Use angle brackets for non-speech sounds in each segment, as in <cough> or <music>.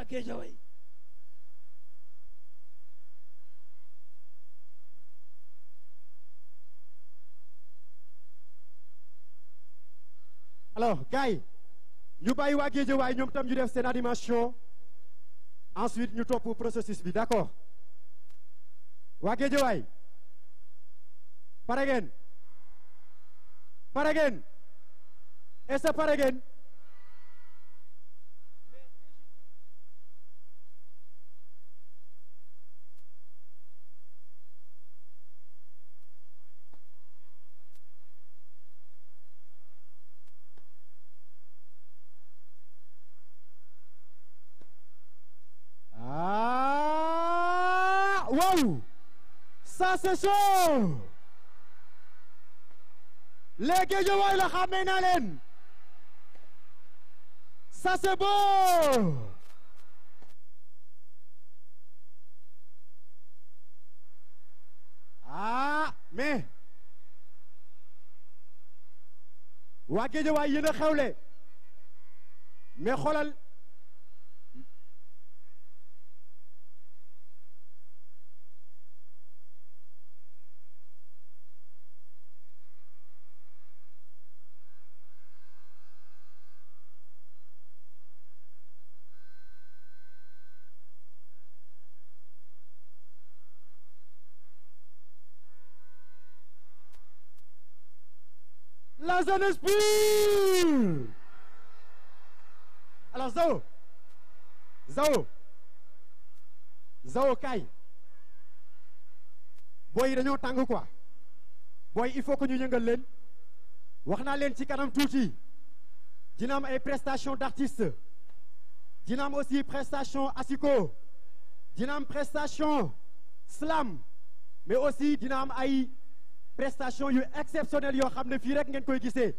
waa Géejawaay alors gars yi ñu bàyyi waa Géejawaay ñoom tam ñu def seen animation ensuite ñu topp processus bi d'accord waa Géejawaay pare ngeen pare ngeen est Ouh ça c'est chaud les Guédiawaye la xàmmee naa leen ça c'est beau ah mais waa Guédiawaye yéen a xewle mais xoolal la jeunesse pure alors Zao Zao Zao kaay booy yi dañoo tàng quoi booy il faut que ñu yëngal leen wax naa leen ci kanam tuuti dina am ay prestation d'artiste dina am aussi prestation asiko dina prestation slam mais aussi dina ay prestation yu exceptionnelle yoo xam ne fii rek ngeen koy gisee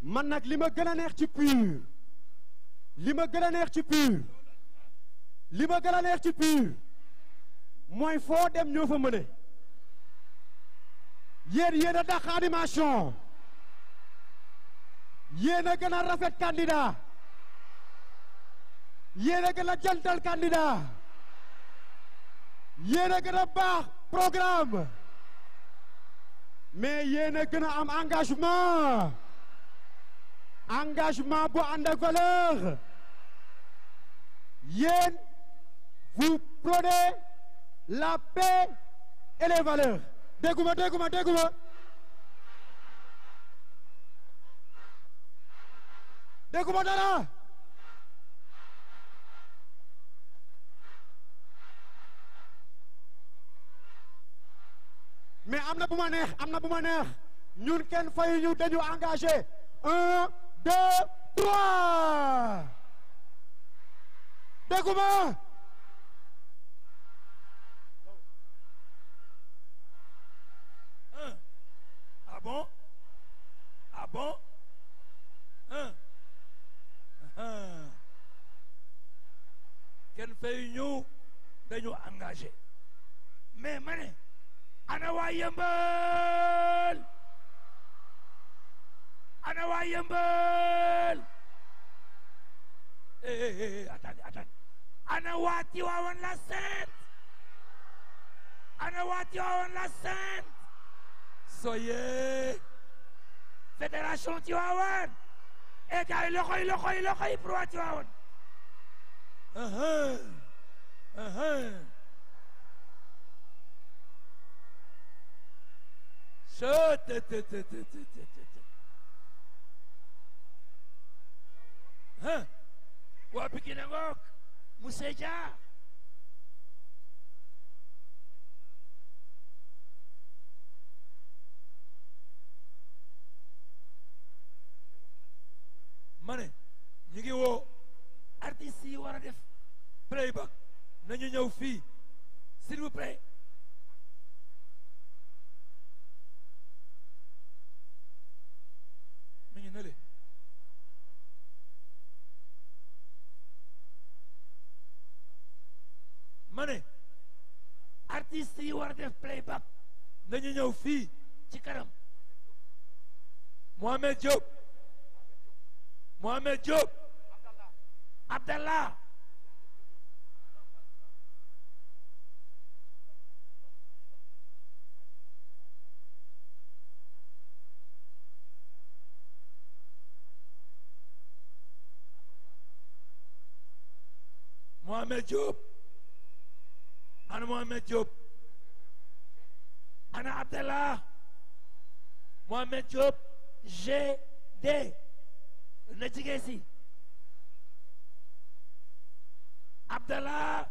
man nag li ma gën a neex ci pur li ma gën a neex ci pur li ma gën a neex ci pur mooy foo dem ñoo fa mëne yéen yéen a dàq animation yéen a gën a rafet candidat yéen a gën a jantal candidat yéen a gën a baax programme mais yéen a gën a am engagement engagement bu ànd ak valeur yéen vous prônez la paix et les valeurs dégguma dégguma dégguma dégguma dara mais am na bu ma neex am na bu ma neex ñun kenn fayuñu dañu engagé un deux trois dégguma un ah bon ah dañu engagé mais ma ana waa yëmbal ana waa yëmbal eh, eh, eh, attendez attendez ana waa Tiwaawan la sant ana waa Tiwaawan la sant soyez fédération Tiwaawan loxo yi loxo yi loxo yi pour waa Huh? Wapigina ngok museja ma ne ñu ngi woo artistes yi war a def playback nañu ñëw fii s'il vous plaît na le ma yi war def playback nañu ñëw fii ci karam Mohamed Diop Mohamed Diop Abdallah Mohamed Diop ana Mohamed Diop ana Abdallah Mohamed Diop GD na jigéen si Abdallah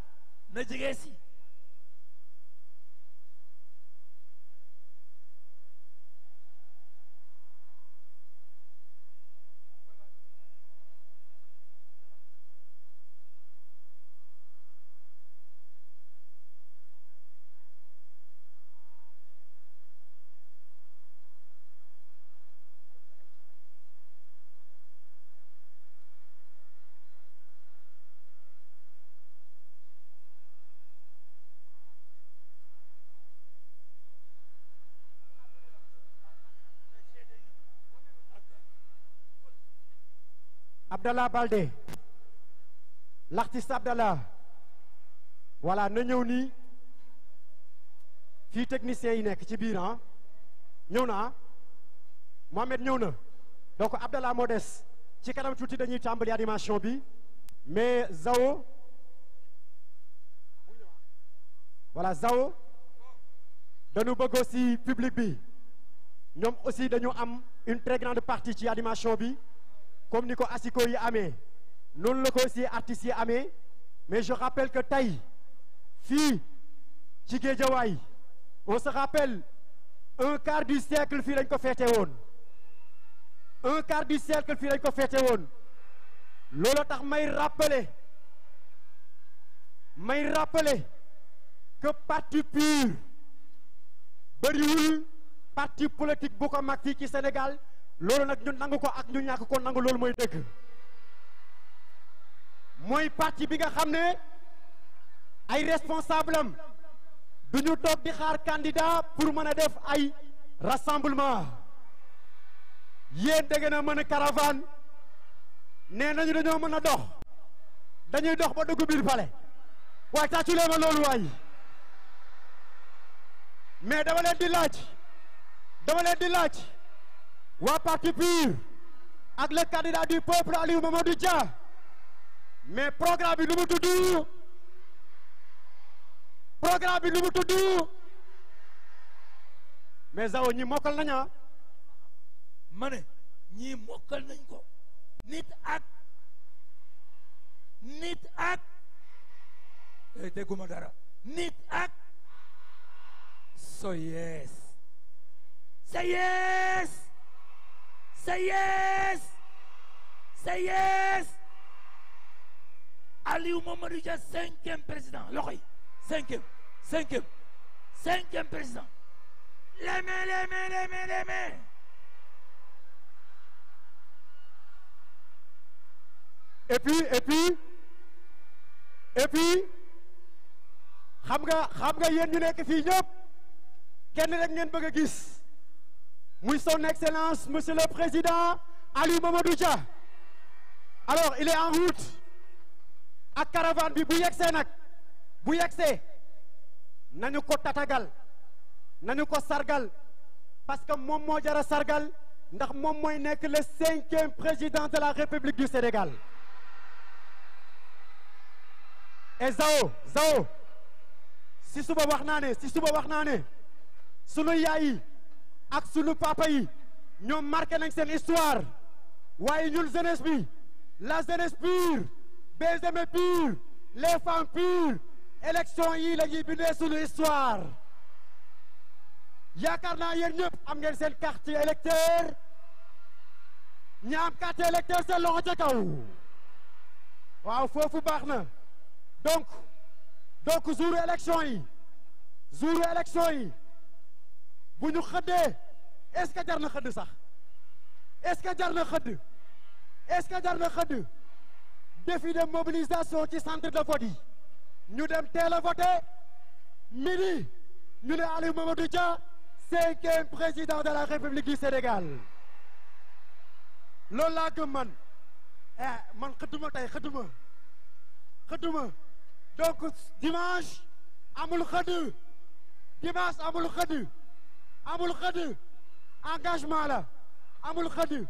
Abdallah Baldé l'artiste Abdallah voilà na ñëw nii fii technicien yi nekk ci biir ah ñëw na ah Mohamed ñëw na donc Abdallah moo des ci kanam tuuti dañuy tàmbali animation bi mais Zao voilà Zao dañu bëgg aussi public bi ñoom aussi dañu am une très grande partie ci animation bi comme ni ko asiko yi amee noonu la ko si artistes yi amee mais je rappelle que tey fii ci Géejawaay on se rappelle un quart du siècle fii lañ ko feete woon un quart du siècle fii lañ ko feete woon loola tax may rappeler may rappeler que parti pur bëriwul parti politique bu ko mag fii ci Sénégal loolu nag ñu nangu ko ak ñu ñàkk ko nangu loolu mooy dëgg mooy parti bi nga xam ne ay responsable am du ñu toog di xaar candidat pour mën a def ay rassemblement yéen da na mën a caravane nee nañu dañoo mën a dox dañuy dox ba dugg biir palais waaye tàccu leen ma loolu waay mais dama leen di laaj dama leen di laaj waa parti PUR ak le candidat du peuple Aliou Mamadou Dia mais programme bi nu mu tudd programme bi nu mu tudd mais Zawo ñi mokkal naña ah? mane ne ñii mokkal nañ ko nit ak nit ak eh, dégguma dara nit ak so yes Say yes. Say yes. Aliou Mamadou président loxo yi cinquième cinquième cinquième président et puis et puis et puis xam ga xam nga yéen ñu nekk fii ñëpp kenn rek ngeen bëgg a gis muy son excellence monsieur le président Aliou Mamadou Dia alors il est en route ak caravane bi bu yegsee nag bu yegsee nañu ko tatagal nañu ko sargal parce que moom moo jara sargal ndax moom mooy nekk le cinquième président de la république du Sénégal et Zao Zao si suba wax naa ne si suba wax naa ne sunu ak sunu papa yi ñoom marqué nañ seen histoire waaye ñun jeunesse bi la jeunesse bi BGM pure les femmes pures élection yi la ñuy bindee sunu histoire yaakaar naa yéen ñëpp am ngeen seen carte électeur ñi am électeur seen loxo ca kaw waaw foofu baax na donc donc jour élection yi jour élection yi bu ñu xëddee est-ce que jar na xëdd sax est-ce que jar na xëdd est mobilisation ci centre de vote ñu dem teel a voté midi ñu ne Aliou Mamadou Dia cinquième président de la République du Sénégal loolu laa gëm man eh, man xëdduma tey xëdduma xëdduma donc dimanche amul xëdd dimanche amul xëdd amul xëdd engagement la amul xëdd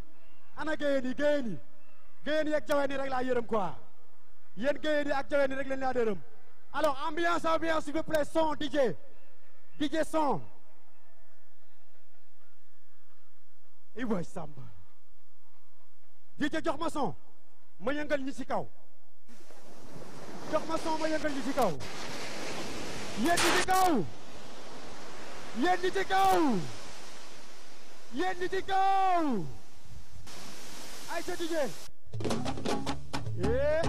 ana géyeen yi géyeen ak jaween yi rek laa yërëm ko yéen géyeen yi ak jaween yi rek leen laa yërëm alors ambiance ambiance si vous plaît son DJ DJ son i way sàmb DJ jox ma son ma yëngal ñi ci kaw jox ma son ma yëngal ñi ci kaw yéen ñi ci kaw yéen ñi ci kaw yéen ñi ci kaw ay sa DJ yee eh!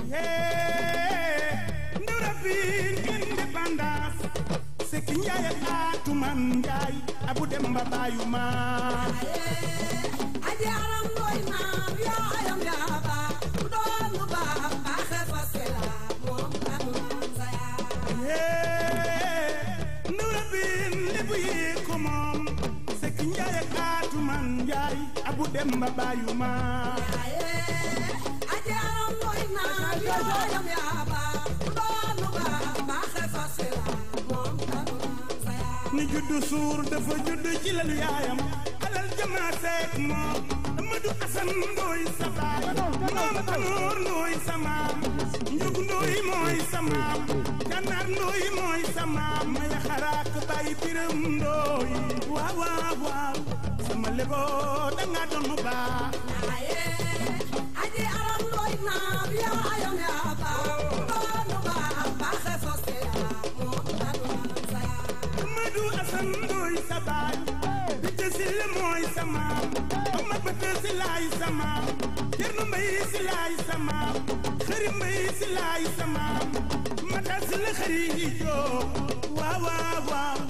eh! yee ndu rabbi indépendance Séki Njaay ak Aatu Man Njaay Abu Demba baayu maam eh, aje aram boy maam yaa aatu man njaay abu demba baayu ma ajaaram mooy naan yooyam yaa ba doonu ba baaxe fase moom tanu ni juddu suur dafa juddu ci yaayam alal jamaat seek moom Seydou Assane Ndoye sa baay maam Tanor Ndoye sa maam Njogu mooy sa maam Ganaar mooy sa maam Maya Xaraak Baye Biram waaw waaw waaw sama lebo danga doon mu baax. Aye aje aram Ndoye naam yaa yaa Silla mooy sama Omar Bata Sillaay a Thierno Mbaye Sillaay sama Xëri Mbaye a sama Mata Silla xëri yi joo a waaw waaw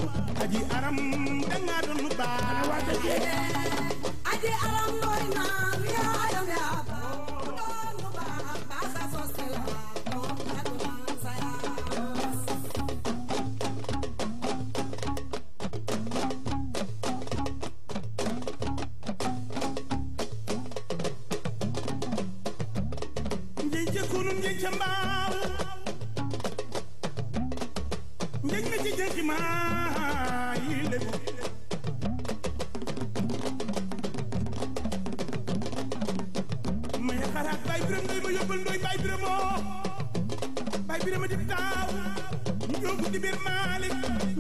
aji aram danga doon baax aji aram nooy maam yaayam yaa ca mbaaw njëg na ci géej gi maa yi lébu bay biram ndoy ma yóbbal ndoy bay biramoo bay birama di taaw njoogu di biir maalik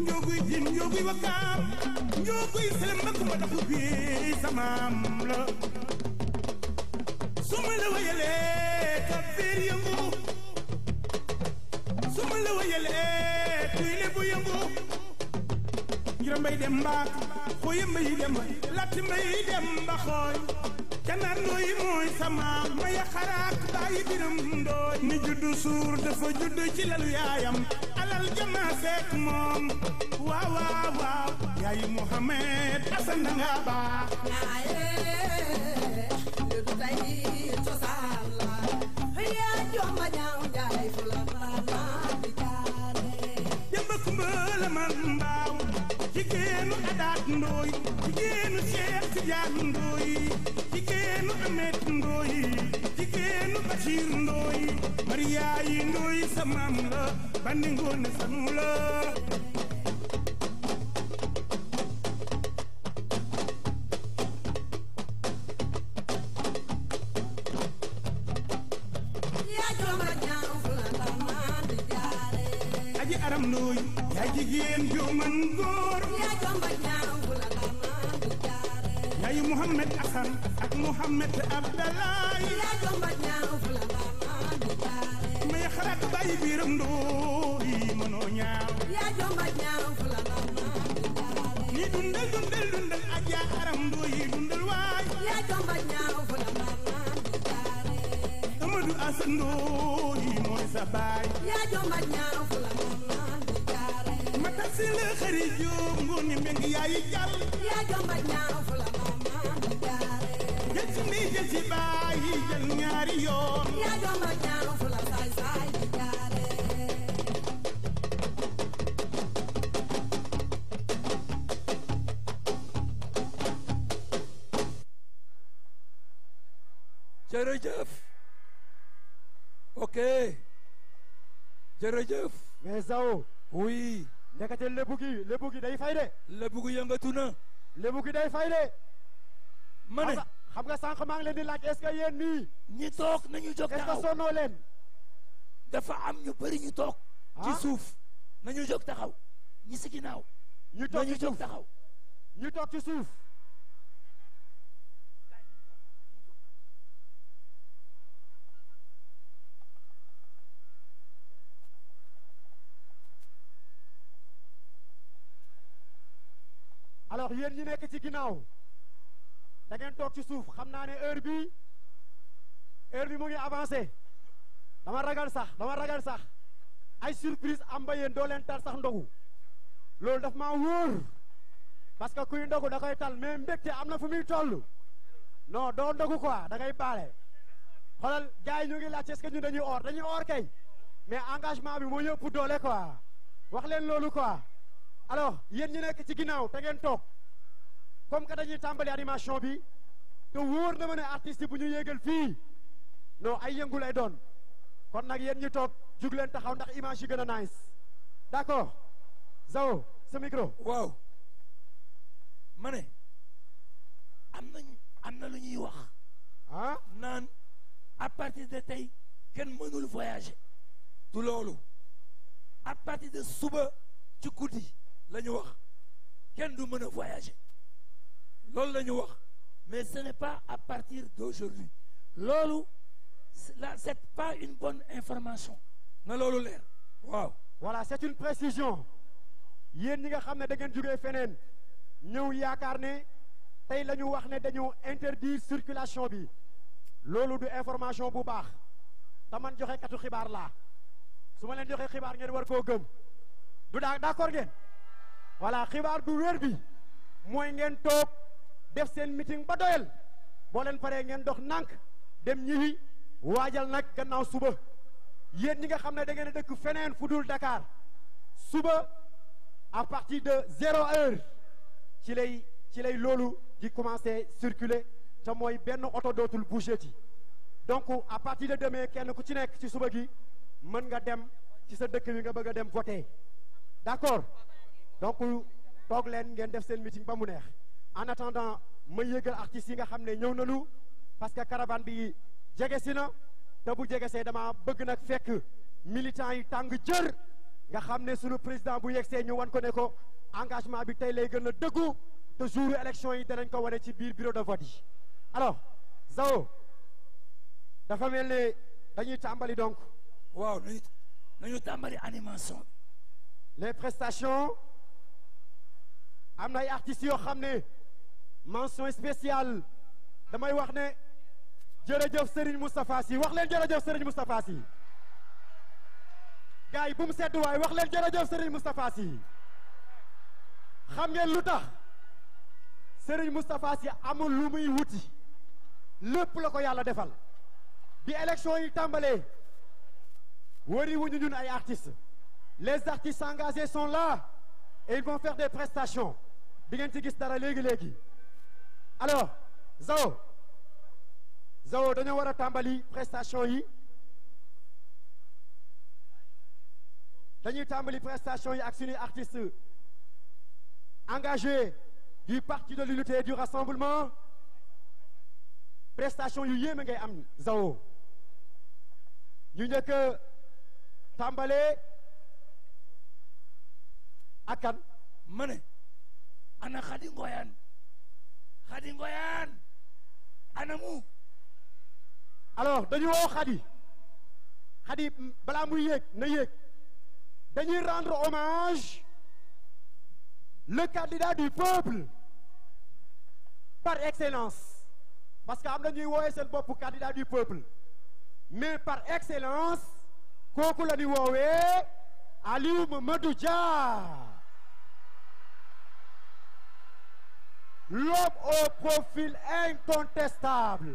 njooguy jin njooguy wakkaam njooguy selem ma kuma bii samaam la su ma la wéyalee kafir yëngu su ma la wéyalee kuy ne bu yëngu ngir mbay dem mbaak xuy mbay dem lati dem ba xooy ganaar nooy mooy sama maya xaraak bàyyi biram ndooy ni juddu suur dafa juddu ci lalu yaayam alal jama seek moom waaw yaayu Muhammad Asan danga baax jigéenu Adaat Ndooy jigéenu Cheikh Tidiane Ndooy jigéenu Amet Ndooy jigéenu Bachir Ndooy Maria yi Ndooy sa maam la bandi ngoone sanu la aji aram ndooy yaa jigéen ju man góor yaay Mouhamed Hassan ak Mouhamed Abdallah may xalaat bàyyi biiram ndóoyi mënoo ñaaw ni dundal dundal dundal ak yaa aram ndóoyi dundal waay Amadou Assane ndóoyi mooy sa baay si la xëri jóob nguur ni mbeng yaayi jàll yaa a ñaaw fu la mama ma jaare jël si ndey jël si bàyyi jël ñaari yoon te lébu gi lébu gi day fay de. lébu gi yëngatu na. lébu gi day fay de. ma xam nga sànq maa ngi leen di laaj est-ce que yéen nii. ñi toog nañu jóg taxaw est-ce que sonnoo leen. dafa am ñu bëri ñu toog. ci ah. suuf nañu jóg taxaw. ñi si ginnaaw. ñu toog ci taxaw. toog ci suuf. alors yéen ñi nekk ci ginnaaw da ngeen toog ci suuf xam naa ne heure bi heure bi mu ngi avancé dama ragal sax dama ragal sax ay surprise am ba yéen doo leen tal sax ndogu loolu daf ma wóor parce que kuy ndogu da koy tal mais mbégte am na fu muy toll non doo ndogu quoi da ngay baale xoolal gars yi ñu ngi laaj est-ce que ñu dañuy or dañuy or kay mais engagement bi moo ñëpp doole quoi wax leen loolu quoi alors yéen ñi nekk ci ginnaaw te ngeen toog comme que dañuy tàmbali animation bi te wóor na ma ne artistes bu ñu yéegal fii non ay yëngu lay doon kon nag yéen ñi toog jug leen taxaw ndax image yi gën a nice d'accord Zao sa micro. waaw ma ne am nañu am na lu ñuy wax. ah naan à partir de tey kenn mënul voyager. du loolu à de suba ci guddi. la ñu wax kenn du mën a voyager loolu la ñu wax mais ce n'est pas à partir d'aujourd'hui loolu là c'est pas une bonne information na loolu leer waaw voilà c'est une précision yéen ñi nga xam ne da ngeen jógee feneen ñëw yaakaar ne tey la ñu wax ne dañu interdire circulation bi loolu du information bu baax te man joxe katu xibaar laa su ma leen joxe xibaar ngeen war koo gëm du daa d'accord ngeen voilà xibaar bu wér bi mooy ngeen toog def seen meeting ba doyal boo leen paree ngeen dox nànk dem ñibi waajal nag gannaaw suba yéen ñi nga xam ne da ngeen a dëkk feneen fu dul dakaar suba à partir de zéro heure ci lay ci lay loolu gi commencer circuler te mooy benn oto dootul bouger donc à partir de demee kenn ku ci nekk ci suba gi mën nga dem ci sa dëkk bi nga bëgg a dem voter d'accord donc toog leen ngeen def seen meeting ba mu neex en attendant ma yëgal artistes yi nga xam ne ñëw na lu parce que caravane bi jege si na te bu jege see dama bëgg nag fekk militants yi tàng jër nga xam ne sunu président bu see ñu wan ko ne ko engagement bi tey lay gën a dëggu te jouru élection yi danañ ko wane ci biir bureau de vote yi alors Zao dafa mel ne dañuy tàmbali donc waaw nañu tàmbali animation les prestations am na ay artistes yoo xam ne mention spéciale damay wax ne jërëjëf Serigne Moustapha Sy wax leen jërëjëf Serigne Moustapha Sy gars yi bu mu sedd waay wax leen jërëjëf Serigne Moustapha Sy xam ngeen lu tax Serigne Moustapha Sy amul lu muy wuti lépp la ko yàlla defal bi élection yi tàmbalee wari wuñu ñun ay artistes les artistes engagés sont et ils vont faire des prestations di ngeen ci gis dara léegi léegi alors Zao Zao dañoo war a tàmbali prestation yi dañuy tàmbali prestation yi ak suñuy artistes engagés du parti de l'unité et du rassemblement prestation yu yéeme ngay am Zao ñu njëkk tàmbalee. akan ma ne ana xadi ngoyaan xadi ngoyaan ana mu alors dañu woo xadi xadi balaa muy yéeg na yéeg dañuy rendre hommage le candidat du peuple par excellence parce que am na ñuy woowee seen bopp candidat du peuple mais par excellence kooku la ñu woowee Aliou Mamadou Dia l'homme au profil incontestable.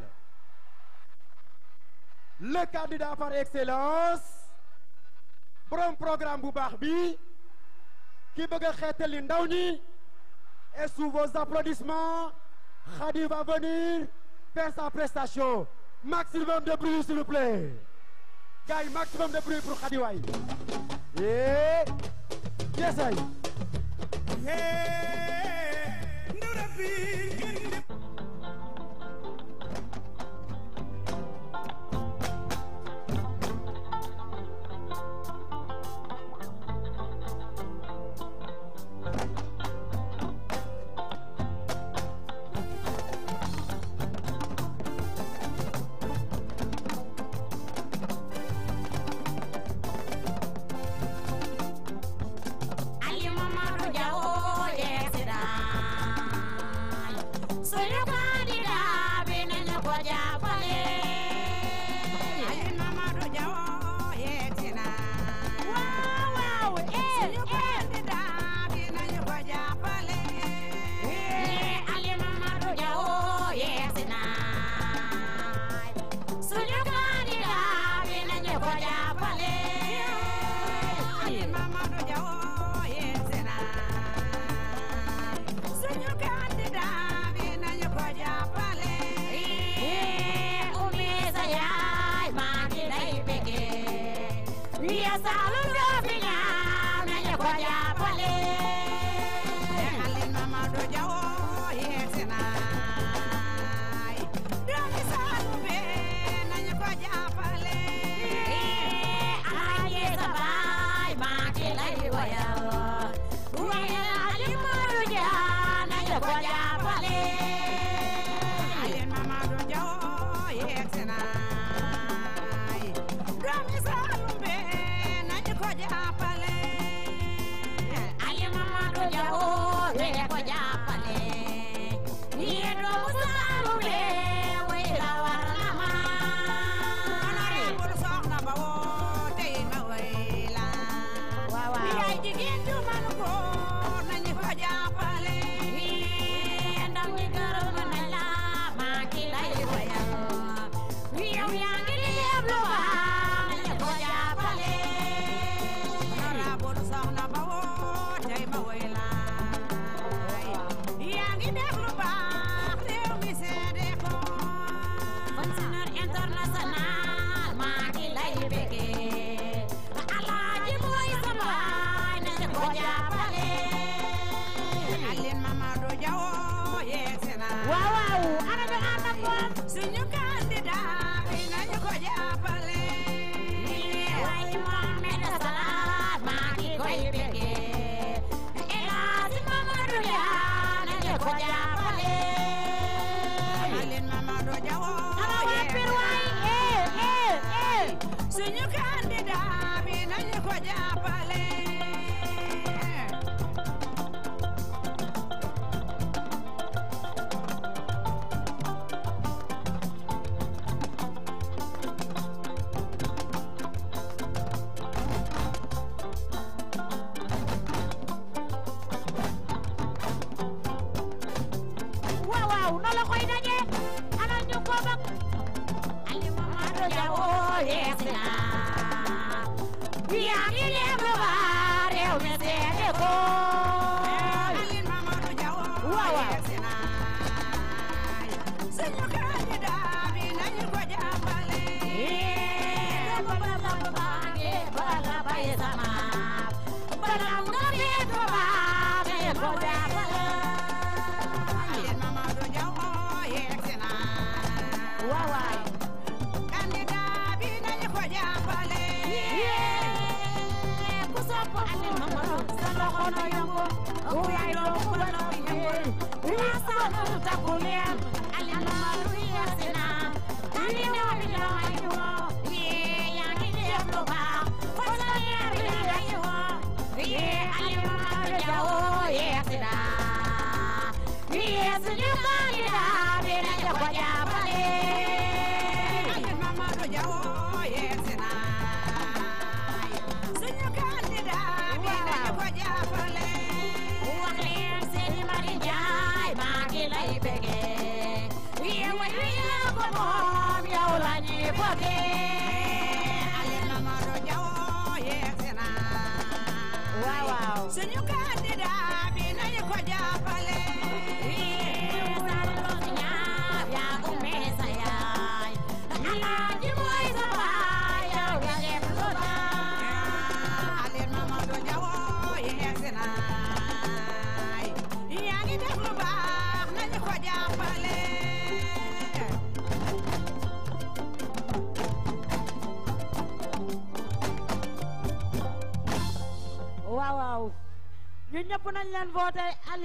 Le candidat par excellence borom programme bu baax bi ki bëgg a xeetali ndaw ñi et sous vos applaudissements Khady venir faire sa prestation maximum de bruit s'il vous plaît gars maximum de bruit pour Khady bir gün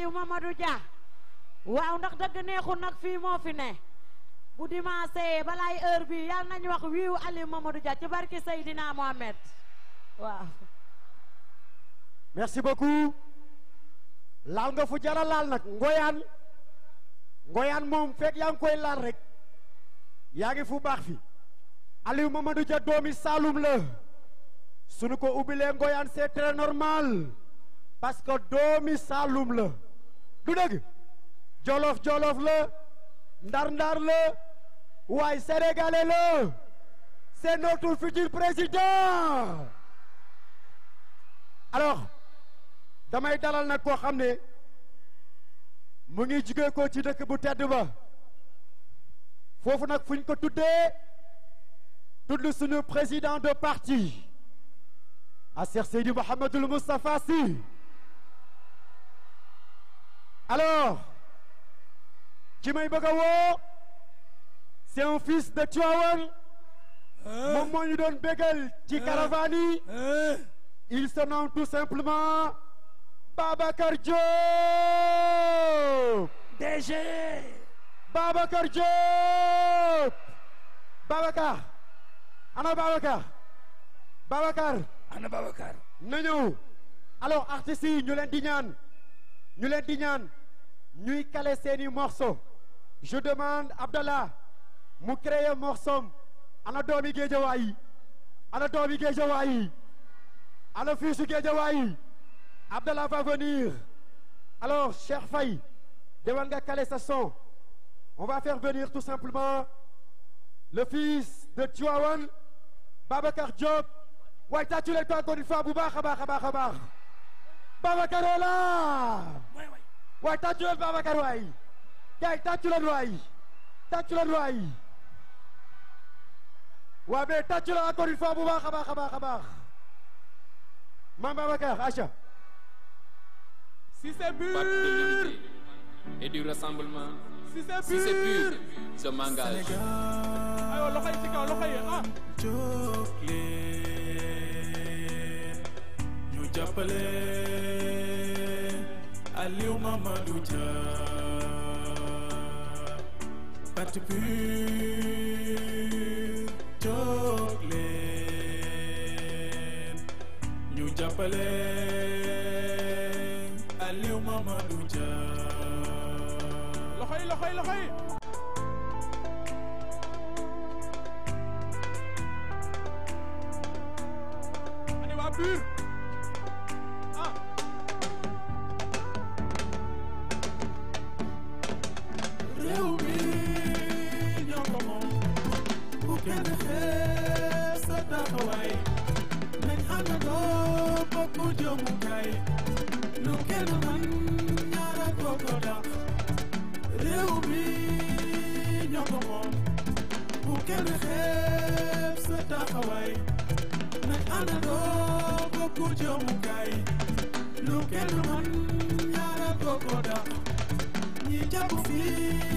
Aliou ndax dëgg nag fii moo fi ne bu dimanche balaay heure bi yal nañu wax wiiw merci beaucoup laal nga fu jara laal nag ngoyaan ngoyaan moom fekk yaa ngi koy laal rek yaa ngi fu baax fi Aliou Mamadou Dia doomi Saloum la suñu ko ubbilee ngoyaan c'est très normal parce que doomi Saloum la du dëgg jolof la ndar ndar la waay sénégalais la c'est notre futur président alors damay dalal nag koo xam ne mu ngi jugee ko ci dëkk bu tedd ba foofu nag fu ñu ko tuddee tudd suñu président de parti a Cheikh Seydi Mouhamadoul Moustapha Sy alors ki may bëgg woo c'est un fils de Tivaouane moom moo ñu doon bégal ci caravane yi il se nomme tout simplement Babacar Diop DG Babacar Diop Babacar ana Babacar Babacar alors artistes ñu leen ñaan ñu leen ñaan ñuy kale seeni morceau je demande Abdallah mu créer morceau ana doomi géejawaay yi ana doomi géejawaay yi ana fiisu géejawaay yi Abdallah va venir alors Cheikh Faye demal nga on va faire venir tout simplement le fils de Tivaouane Babacar Diop waaye tàccu leen ko encore une fois bu baax a baax a baax a baax waa tàccu leen Babacar waay gars yi tàccu leen waay tàccu leen waay waaw mais bu baax a baax baax baax maam Babacar Acha. si c'est pur. et du rassemblement. si c'est pur si c'est pur je m'engage. ci kaw loxo yi ah. Aliou Mamadou Dia pat pur jóg leen ñu jàppale Aliou Mamadou Dia loxoy loxoy loxoy ani waa pur joomu kay lu kenn mën ñaara kooko dàq réew mi ñoo bu kenn xeeb sa taxawaay nañ àndandoo bokku kay lu kenn mën ñaara kooko dàq ñi jàpp fii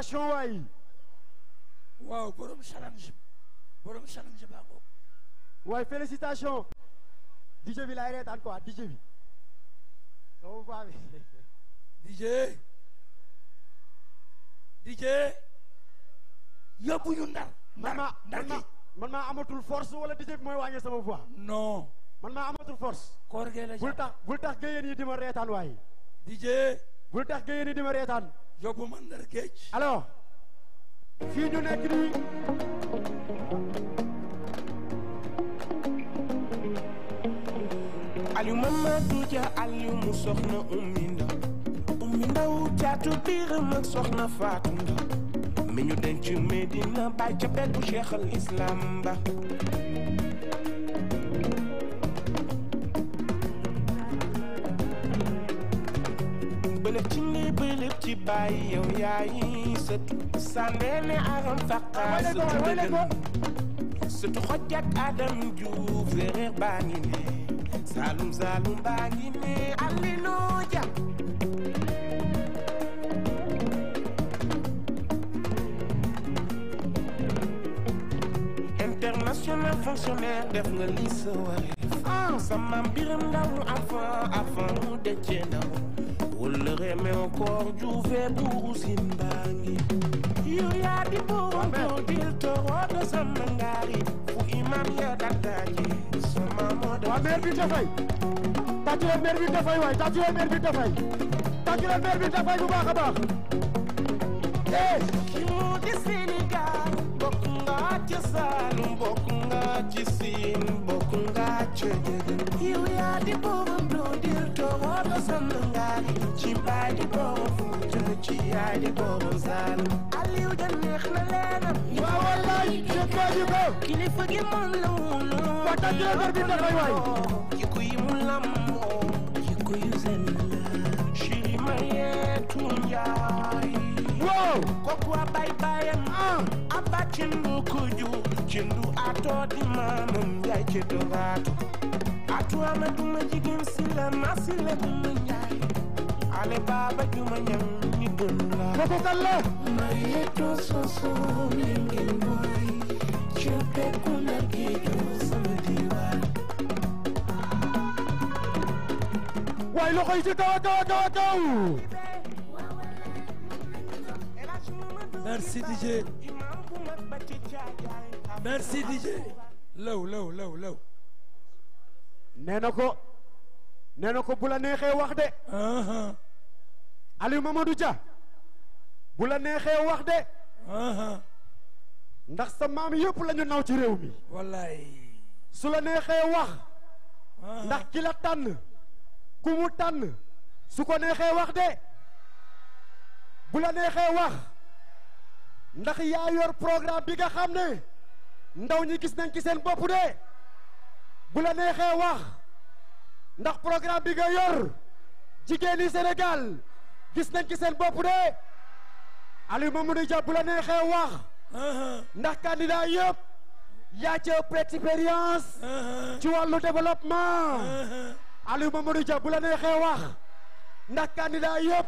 attention waay. waaw borom challenge borom félicitation. DJ bi laay reetaan quoi DJ bi. sama voix bi. <laughs> DJ. DJ. yóbbu ndar. man man maa amatul force wala DJ bi mooy wàññi sama voix. non. man maa amatul force. koor gee la bul tax bul tax yi di reetaan waay. DJ. bul tax nga yéene di ma reetaan yóbbu ma ndar géej alors fii ñu nekk nii Aliou Mamadou Dia Aliou soxna ummi ndaw ummi ndaw caatu biiram ak soxna faatu ndaw mi ñu denc Medina baay ca peggu Cheikh al Islam ba bërëb ci ndey bërëb ci baay yow yaayi ah, sëtu sànneene aram faqaa sëtu dëgën sëtu xoj ak adam juuf séeréer baa ngi ne saalum saalum international fonctionnaire def nga lii sa wareef ah. sama mbiram ndaw avant avant mu wëllëre meew koor waa meer bi dafay tàcculeen meer bi dafay bu baax a baax eh mu di Sénégal nga ci Saalum bokk nga ci Siin bokk nga ci yow yaa di boobu Blodil Togo do Samba Ngaari ci baay di boobu Fuuta ci yaay di boobu Saalum Aliou da neex na leena waa wallaay je kaaju ko kilifa gi moom la wóolu wata jëfar bi dafay waay jikko yi mu lamoo jikko yu zen la Chiri Mayetu Njaay kooku a bay bayam aba cindu kuju cindu ato di maamam yaay cindu gaatu atu ama duma jigéen si la masi la duma njaay ale baaba juma ñam ni dun la kooku kalla mayeto soso mi ngin boy cupe kula geeju sama diwaan waay loxo yi ci kaw kaw kaw kaw merci DJ merci DJ na ko nee na ko bu la neexee wax de Aliou Mamadou bu la neexee wax de ndax sa maam yëpp la ñu naw ci réew mi wallaay su la neexee wax ndax kila la tànn ku mu tànn su ko neexee wax de bu la neexee wax ndax yaa yor programme bi nga xam ne ndaw ñi gis nañ ci seen bopp de bu la neexee wax ndax programme bi nga yor jigéen yi Sénégal gis nañ ci seen bopp de Aliou Mamadou Dia bu la neexee wax uh-huh. ndax candidat yëpp yaa ci ëpp expérience uh-huh. ci wàllu développement uh-huh. Aliou Mamadou Dia bu la neexee wax ndax candidat yëpp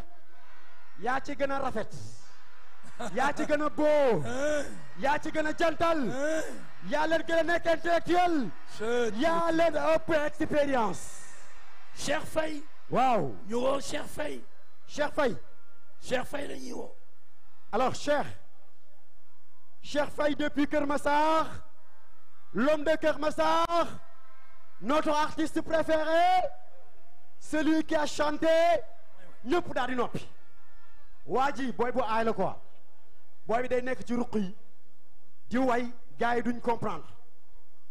yaa ci gën a rafet yaa ci gën a boo eh. yaa ci gën a jantal eh. yaa leen gën a nekk intellectuel yaa leen ëpp expérience Cheikh Faye waaw ñu woo Cheikh Faye Cheikh Faye Cheikh Faye la ñuy woo alors Cheikh Cheikh Faye depuis Kër Massar l'homme de Kër Massar notre artiste préféré celui qui a chanté ñëpp daal di noppi waa ji booy bu aay la booy bi day nekk ci ruq yi di way gars yi duñ comprendre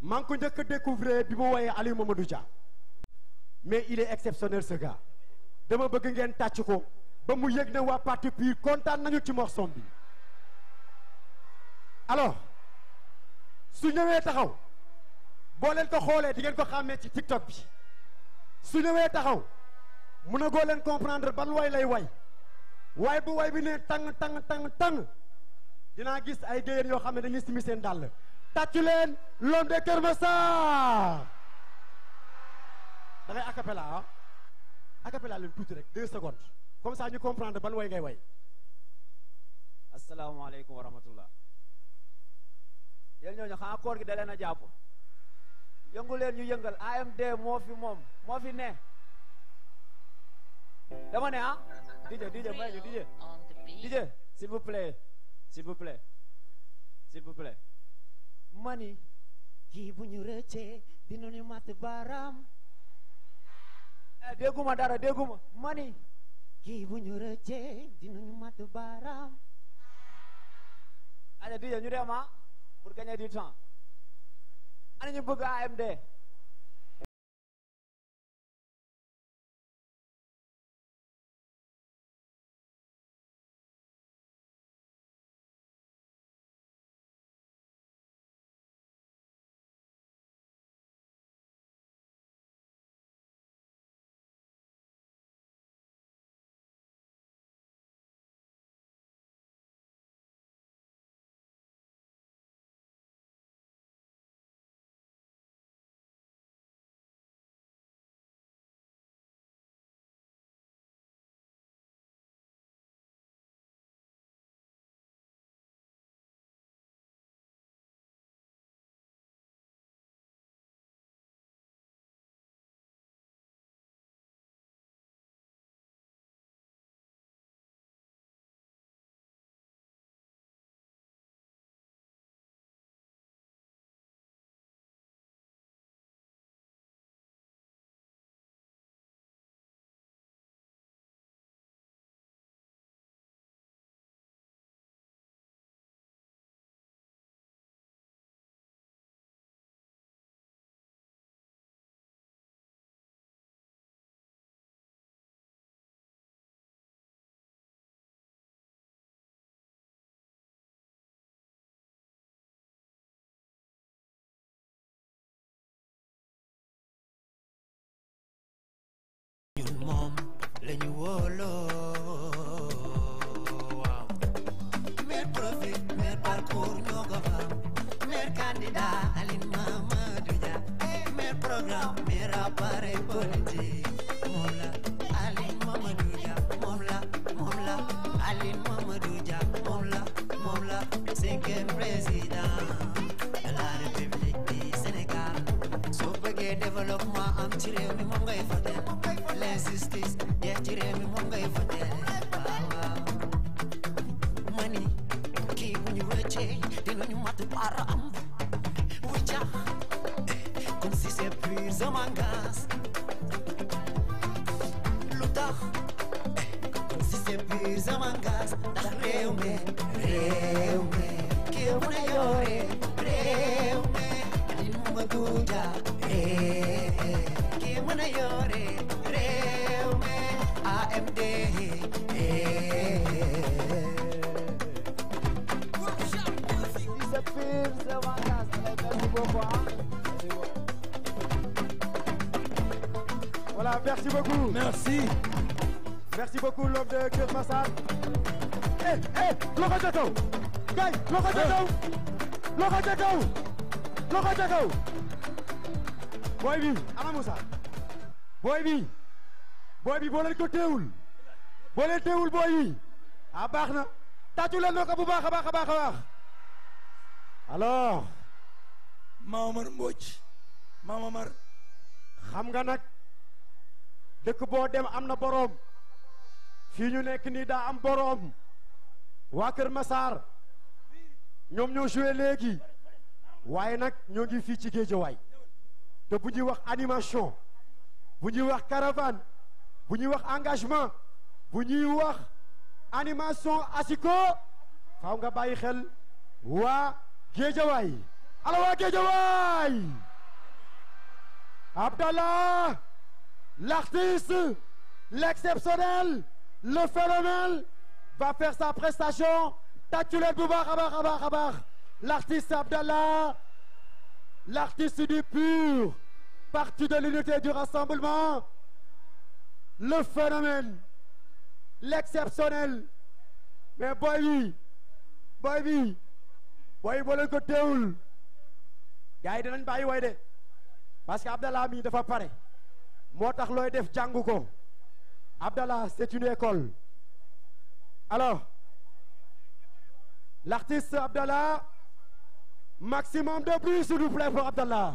maa ngi ko njëkk a découvrir bi mu woyee Aliou Mamadou Dia mais il est exceptionnel ce dama bëgg ngeen tàcc ko ba mu yëg ne waa parti PUR kontaan nañu ci morceau bi alors su ñëwee taxaw boo leen ko xoolee di ngeen ko xàmmee ci TikTok bi su ñëwee taxaw mun a goo leen comprendre ban way lay way waaye bu way bi ne tàng tàng tàng tàng dinaa gis ay géyéen yoo xam ne dañuy simi seen dàll tàccu leen l'homme de Keur Massar da ngay acapella ah acapella leen tuuti rek deux secondes comme ça ñu comprendre ban way ngay way asalaamaaleykum wa rahmatullah yéen ñooñu xanaa koor gi da a jàpp yëngu leen ñu yëngal AMD moo fi moom moo fi ne dama ne ah DJ DJ may ñu DJ DJ s'il vous plaît s'il vous plaît s'il mani kii bu ñu rëccee dinañu mat baaraam eh, dégguma dara dégguma mani kii bu ñu rëccee dinañu mat baaraam allez DJ ñu dem ah pour gagner du temps ana ñu bëgg AMD dañu wóoloo waaw. maire profil maire parcours ñoo ko fa maire candidat Aline Mamadou Dia maire programme maire appareil politique. Merci. Merci beaucoup l'homme de Keur Massar. Eh eh loxo ca kaw. Gaay loxo bi ana Moussa. Boy bi. Boy boo leen ko teewul. Boo teewul boy bi. Ah baax na. Tàccu leen noo ko bu baax a baax a baax a baax. Alors. Maamar Mbodj. Maamar. xam nga nag dëkk boo dem am na boroom fii ñu nekk nii daa am boroom waa Kër Massar ñoom ñoo joué léegi waaye nag ñoo ngi fii ci Géejawaay te bu ñuy wax animation bu ñuy wax caravane bu ñuy wax engagement bu ñuy wax animation asiko faaw nga bàyyi xel waa Géejawaay ala waa Géejawaay Abdallah L'artiste, l'exceptionnel, le phénomène, va faire sa prestation. Tatulel Boubar, Abar, Abar, Abar. L'artiste Abdallah, l'artiste du pur, parti de l'unité du rassemblement, le phénomène, l'exceptionnel. Mais boy bi, boy bi, boy bi boo leen ko teewul. gars yi dinañ bàyyi way de parce que mi dafa pare. moo tax looy def jàng ko Abdallah c'est une école alors l'artiste Abdallah maximum de bruit s'il vous plaît pour Abdallah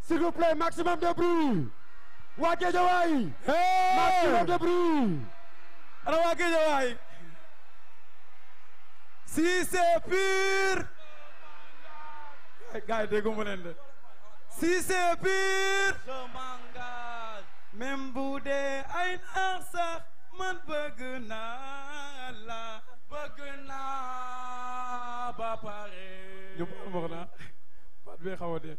s'il vous plaît maximum de bruit waa maximum de ana waa Géejawaay si c'est pur gaay déggu mu leen de si c'est pire je m'engage même bu dee ay man bëgg naa la bëgg naa ba pare ñu baal ma ko bee xaw a dee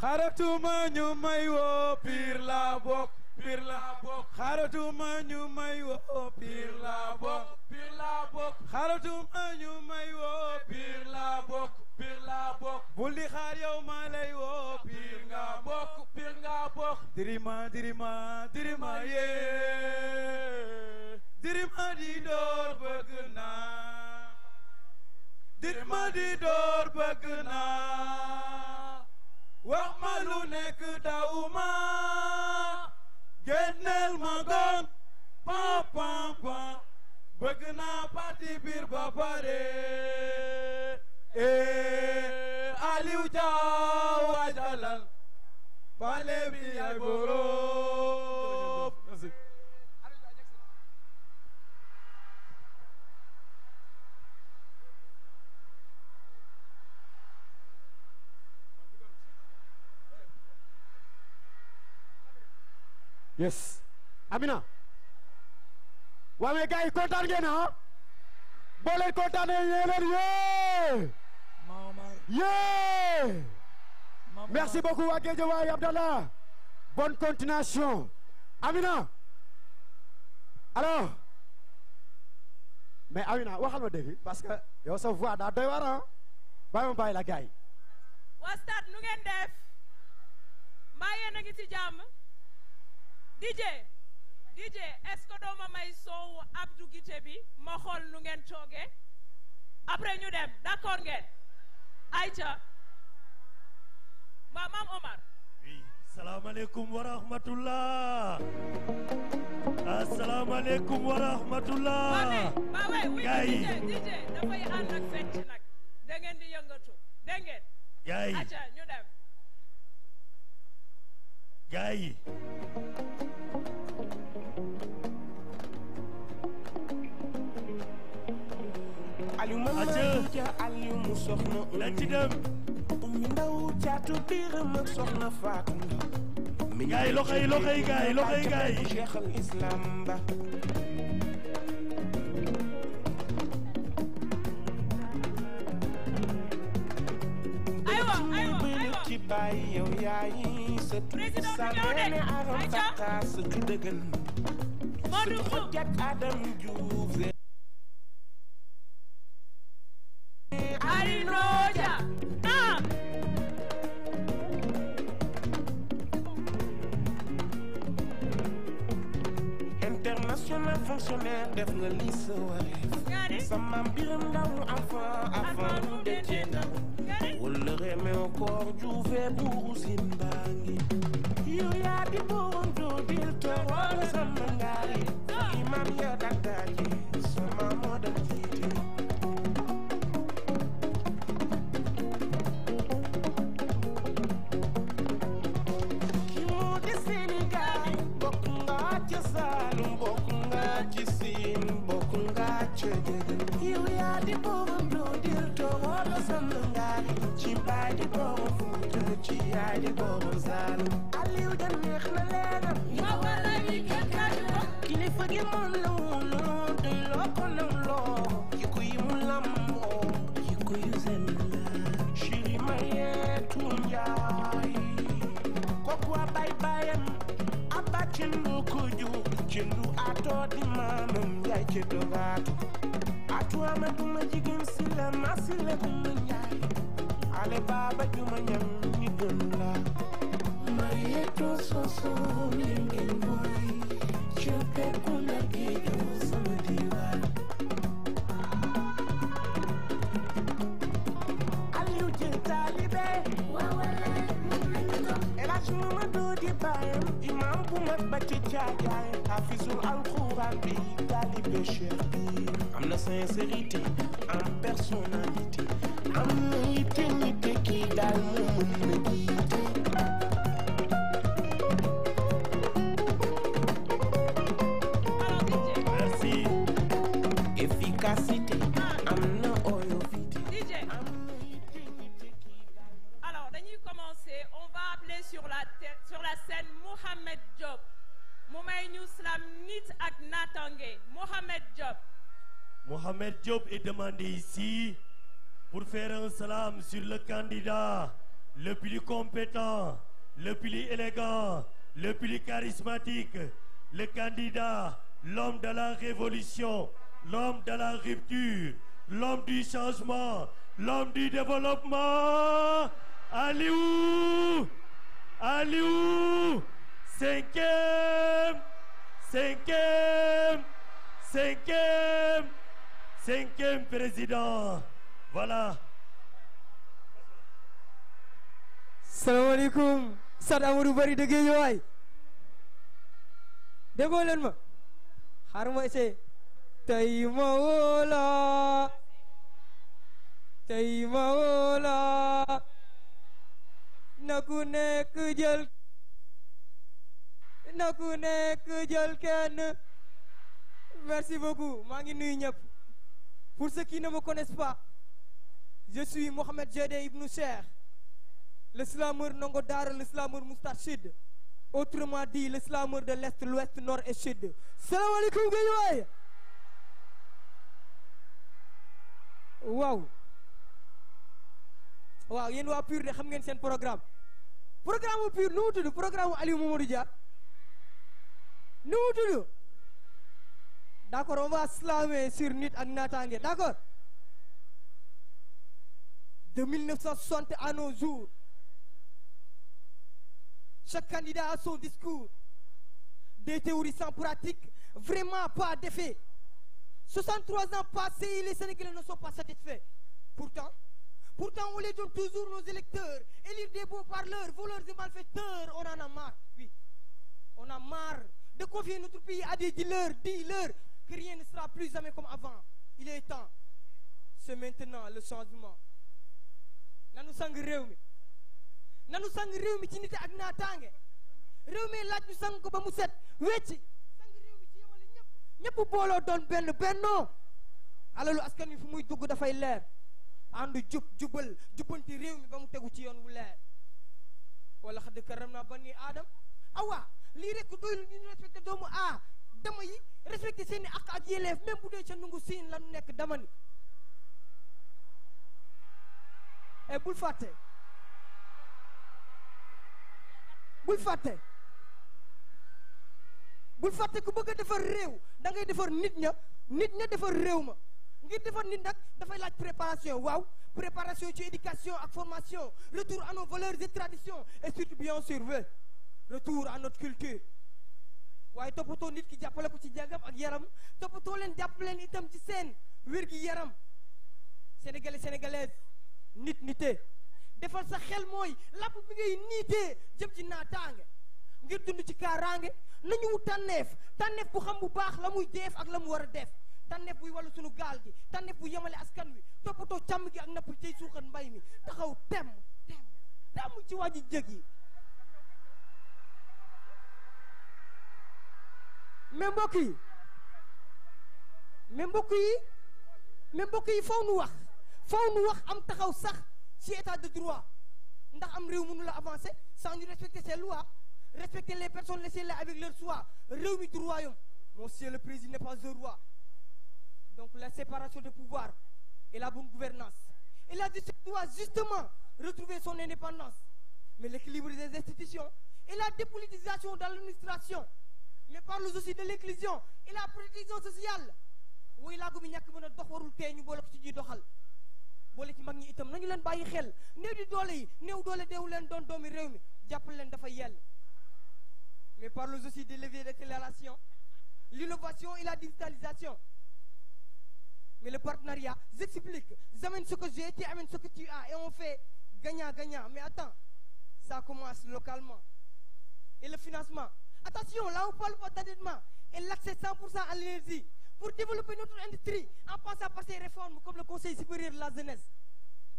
xaratuma ñu may woo may woo piir la bokk piir la bokk bul di xaar yow ma woo piir nga bokk piir nga bokk dirima dirima dirima yee dirima di door bëgg naa wax ma lu nekk tawuma ma gong pam pam pam bëgg naa parti biir ba pare ee eh, Aliou Thiaw waajalal bi ay boro yes Amina waa mais gars yi kontaan ngeen ah boo leen yee yee merci beaucoup waa Guédiawaye Abdallah bonne continuation Amina alors mais Amina waxal ma dégg parce que yow sa voix daa doy waar ah bàyyi la gars yi. waa def mbaa yéen a ngi DJ DJ est-ce que may soowu Abdou Guité bi ma xool nu ngeen tooge après ñu dem d'accord ngeen Aïcha waaw maam Omar oui salaamaaleykum wa rahmatullah asalaamaaleykum wa rahmatullah di yëngatu dégg ngeen gaay loxo yi loxo yi gaay loxo yi gaay Cheikhul Islam ba aywa aywa ci baay yow yaay sa tudd sa mene aram fata sa tudd dëggan sa tudd Adam Diouf Marinoya. ¡Ah! International fonctionnaire def nga lii sa wareef. sama mbiram ndaw avant mu dëjee ndaw. wala koor juufee buuru Zimbangi. yow yaa di borom doo di toroon sama ngaari. Ah. imam ya daggaji. yaay di borom Saalum Aliou ja neex na leena yaa wara yi kakkaaju ba kilifa gi moom la wóolu doy loo ko nam loo jikko yi mu lamboo jikko yu seen la Chiri Mayeetu Njaay kooku a bay bayam abba cendu ko jur cendu atoo di maamam yaay ceddo baatu atu ama duma jigéen si la ma si la duma njaay ale baaba nag ba ci caajaay alxuraan bi taalibe cheikh bi am na am personnalité am na itamit kii daal mu mën Diop est demandé ici pour faire un salam sur le candidat le plus compétent, le plus élégant, le plus charismatique, le candidat, l'homme de la révolution, l'homme de la rupture, l'homme du changement, l'homme du développement, Aliou, Aliou, cinquième, cinquième, cinquième. cinquième président voilà. salaamaaleykum. Sad Amadou Bari de Guédiawaye. déggoo leen ma. ma essayé. tey ma woo la. tey ma woo nekk jël. na nekk jël kenn. merci beaucoup maa ngi nuyu ñëpp. Pour ceux qui ne me connaissent pas, je suis Mohamed Ibn Cheikh, le slameur Nongodar, le slameur autrement dit le de l'Est, l'Ouest, Nord et Sud. Salam alaikum Guédiawaye. waaw waaw yéen waa PUR de xam ngeen seen programme programme PUR nu mu programme Aliou Mamadou Dia nu mu d'accord on va slammer sur nit ak naataange d'accord de à nos jours chaque candidat a son discours des théories sans pratique vraiment pas d'effet 63 ans passés les Sénégalais ne sont pas satisfaits pourtant on les donne toujours nos électeurs élire des beaux parleurs voleurs et malfaiteurs on en a marre oui on a marre de confier notre pays à des dealers dealers que rien ne sera plus jamais comme avant il est temps c'est maintenant le changement nanu sang réew mi nanu sang réew mi ci nite ak naataange réew mi laaj ñu sang ko ba mu set wecci sang réew mi ci yemale ñëpp ñëpp booloo doon benn bennoo alalu askan wi fu muy dugg dafay leer ànd jub jubal jubbanti réew mi ba mu tegu ci yoon wu leer wala xadd karam naa ba nii aadam awa lii rek doylu ñu respecté doomu a dama yi respecté seen ak ak yéleef même bu dee ca nungu siin la nekk dama ni et eh, bul fàtte bul fàtte bul fàtte ku bëgg a defar réew da ngay defar nit ña nit ña defar réew ma ngir defar nit nag dafay laaj préparation waaw préparation ci éducation ak formation retour à nos valeurs et tradition et surtout bien sûr retour à notre culture waaye toppatoo nit ki jàppale ko ci jàggam ak yaram toppatoo leen jàpp leen itam ci seen wér gi yaram sénégalais sénégalaise nit nite defal sax xel mooy làpp bi ngay niitee jëm ci naataange ngir dund ci kaaraange nañu wut tànneef tànneef bu xam bu baax la muy def ak la mu war a def tànneef buy wàllu sunu gaal gi tànneef bu yemale askan wi toppatoo càmm gi ak napp tey suuxat mbay mi taxaw temm temm temm ci waa ji yi mais mbokk yi mais mbokk yi mais mbokk yi faw nu wax faw nu wax am taxaw sax ci état de droit ndax am réew mënu la avancer sans ñu respecter ses lois respecter les personnes laissez-les avec leur soi réew mi du royaume monsieur le président n'est pas un roi donc la séparation des pouvoirs et la bonne gouvernance et la justice doit justement retrouver son indépendance mais l'équilibre des institutions et la dépolitisation de l'administration mais par le souci de l'inclusion et la protection sociale woy laago bi ñàkk mën a dox warul tee ñu boole ko ci ñuy doxal boole ci mag ñi itam nañu leen bàyyi xel néew di doole yi néew doole deewu leen doon doomi réew mi jàppal leen dafa yell mais par le souci de levier d'accélération l'innovation et la digitalisation mais le partenariat j'explique j'amène ce que j'ai tu amènes ce que tu as et on fait gagnant gagnant mais attends ça commence localement et le financement Attention, là où Paul va et l'accès 100% à l'énergie pour développer notre industrie en passant par ces réformes comme le Conseil supérieur la jeunesse.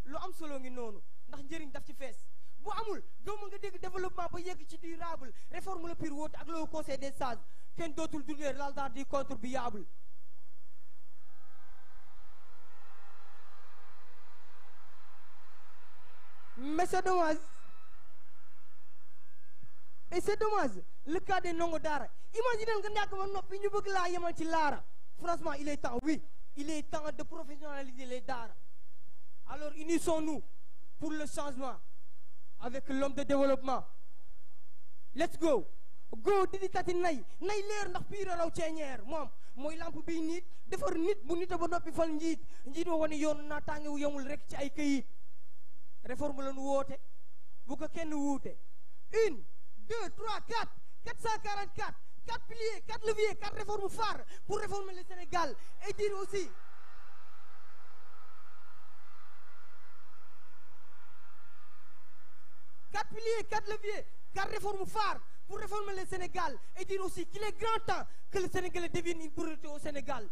lu am solo ngi noonu ndax njëriñ daf ci fees bu amul doo mën nga dégg développement ba yegg ci durable réforme la pire woote ak le conseil des sages kenn dootul dundee l'argent du contribuable mais c'est et c'est dommage le cas des ndongo daara imaginez nga ñàkk ba noppi ñu bëgg laa yemal ci laara franchement il est temps oui il est temps de professionnaliser les daara alors unissons-nous pour le changement avec l'homme de développement let's go go didi tati nay nay leer ndax piir a raw ceeñeer moom mooy lamp bi nit defar nit bu nit ba noppi fal njiit njiit wa wane yoon naataangewu yemul rek ci ay këyit réforme lañu woote bu ko kenn wuute 2, 3, 4, 444, 4 piliers, 4 leviers, 4 réformes phares pour réformer le Sénégal et dire aussi quatre piliers, quatre leviers, quatre réformes phares pour réformer le Sénégal et dire aussi qu'il est grand temps que le Sénégal devienne une priorité au Sénégal.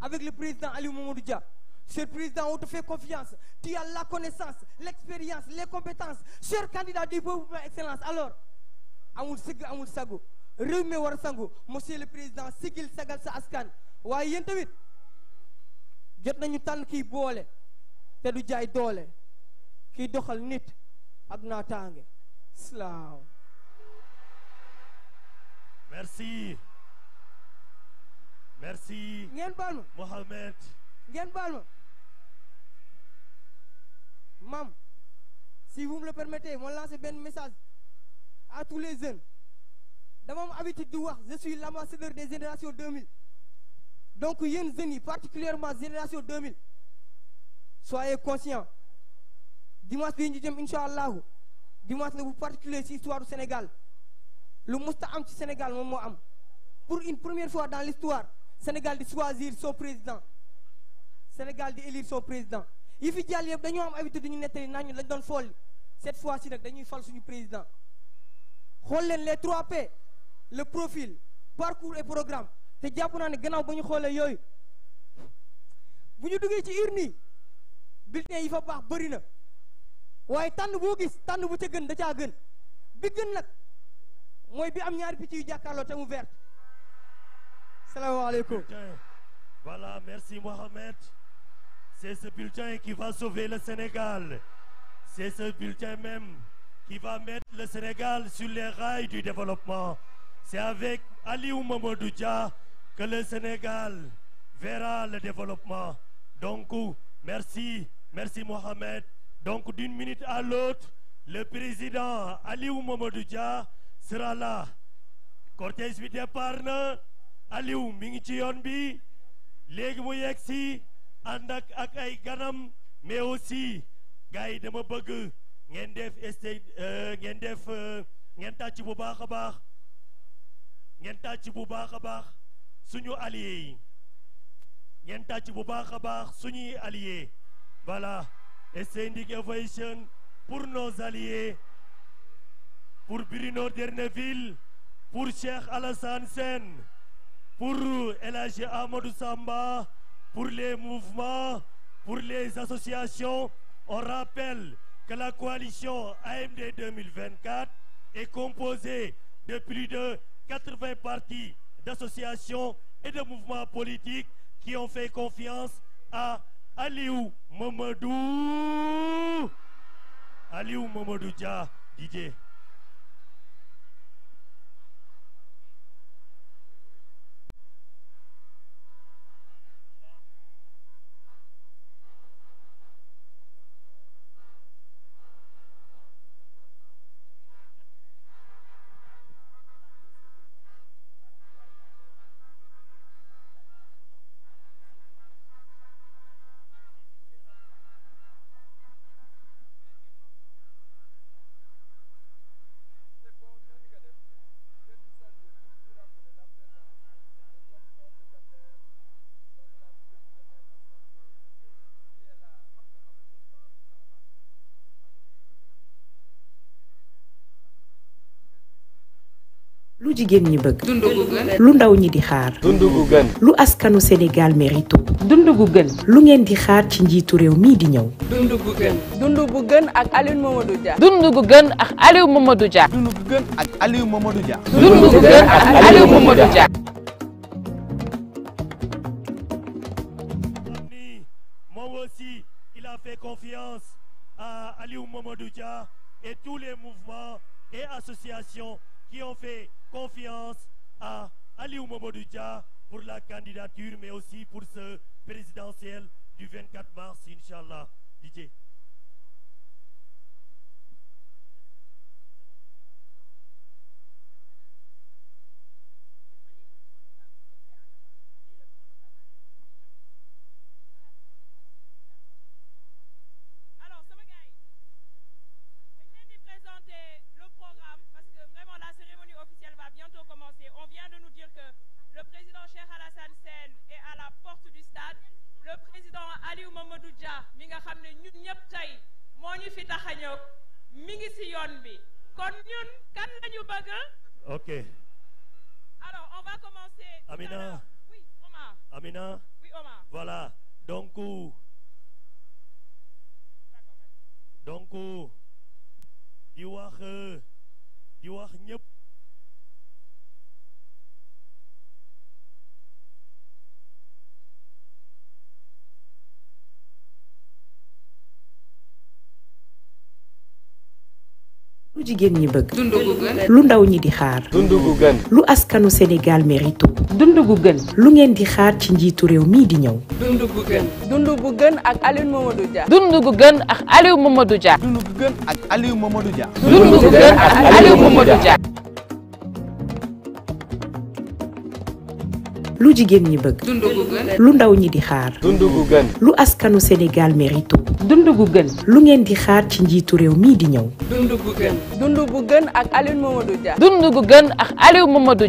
Avec le président Aliou Mamadou Dia, Monsieur le président, on fait confiance. Tu as la connaissance, l'expérience, les compétences. Cher candidat du peuple, excellence. Alors, amul sigg amul sagu réew mi war a sangu monsieur le président sigil sagal sa askan waaye yéen tamit jot nañu tànn kiy boole te du jaay doole kiy doxal nit ak naataange slaaw merci merci ngeen baal ma Mohamed ngeen baal ma maam si vous me le permettez ma lancer benn message à tous les jeunes dama am habitude di wax je suis l'ambassadeur des générations mille donc yéen jeunes yi particulièrement génération 2000 soyez conscients dimanche bii ñu jëm incha allahu dimanche la bu particulier ci histoire du Sénégal lu musta am ci Sénégal moom moo am pour une première fois dans l'histoire Sénégal di choisir son président Sénégal di élire son président yi fi jàll yëpp dañoo am habitude ñu nettali naa ñu lañ doon folli cette fois ci nag dañuy fal suñu président xool leen les trois P le profil parcours et programme te jàpp naa ne gannaaw ba ñu xoolee yooyu bu ñu duggee ci urne yi bulletin yi fa baax bëri na waaye tànn boo gis tànn bu ca gën da caa gën bi gën nag mooy bi am ñaari picc yu jàkkaarloo te mu vert salaamaaleykum voilà merci Mohamed c'est ce bulletin qui va sauver le Sénégal c'est ce bulletin même qui va mettre le Sénégal sur les rails du développement. C'est avec Aliou Mamadou Dia que le Sénégal verra le développement. Donc, merci, merci Mohamed. Donc, d'une minute à l'autre, le président Aliou Mamadou Dia sera là. cortège bi départ na Aliou mi ngi ci yoon bi léegi mu yegg si ànd ay ganam mais aussi gars yi dama bëgg ngeen def essai euh, ngeen def euh, ngeen tàcc bu baax a baax ngeen tàcc bu baax a baax suñu alliés yi ngen tàcc bu baax a baax suñuy alliés voilà standing ovation pour nos alliés pour Bruno Derneville pour Cheikh Alassane pour El Hadji Amadou Samba pour les mouvements pour les associations on rappelle que la coalition AMD 2024 est composée de plus de 80 partis, d'associations et de mouvements politiques qui ont fait confiance à Aliou Mamadou Aliou Dia Didier jigéen ñi bëgg. dundu gu gën ndaw ñi di xaar. lu askanu Sénégal lu ngeen di xaar ci njiitu réew mii di ñëw. dundu gu gën. dundu gu gën ak Aliou Mamadou Dia. dundu les mouvements et associations qui ont fait confiance à Aliou Mamadou Dia pour la candidature, mais aussi pour ce présidentiel du 24 mars, Inch'Allah. DJ. ok jigéen ñi bëgg. lu ndaw ñi di xaar. lu askanu Sénégal mérito. dund gu gën lu ngeen di xaar ci njiitu réew mii di ñëw. dund gu gën. dund gu gën ak Aliou lu jigéen ñi bëgg. lu ndaw ñi di xaar. lu askanu Sénégal mérito. dundu gu gën. lu ngeen di xaar ci njiitu réew mii di ñëw. dundu gu gën. dundu gu gën ak Aliou Mamadou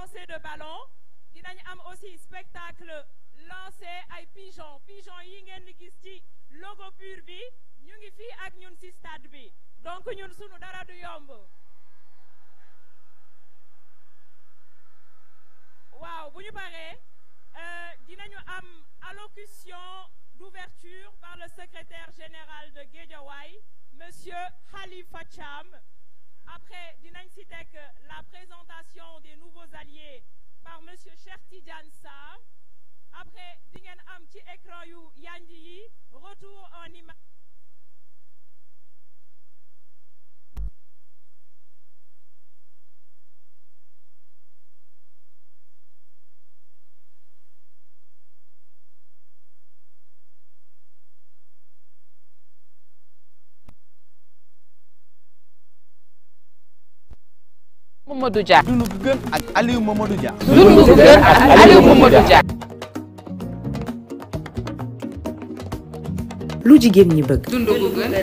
pur bi ñu ngi fii ak bi donc ñun sunu waaw bu ñu paree euh, dinañu am allocution d'ouverture par le secrétaire général de Guédiawaye monsieur Khalifa Cham après dinañ la présentation des nouveaux alliés par monsieur Cheikh après di ngeen am ci écran yu yanji yi retour en image Mamadou Dia. Dundu gën ak Aliou Mamadou Dia. gën ak Aliou lu jigéen ñi bëgg.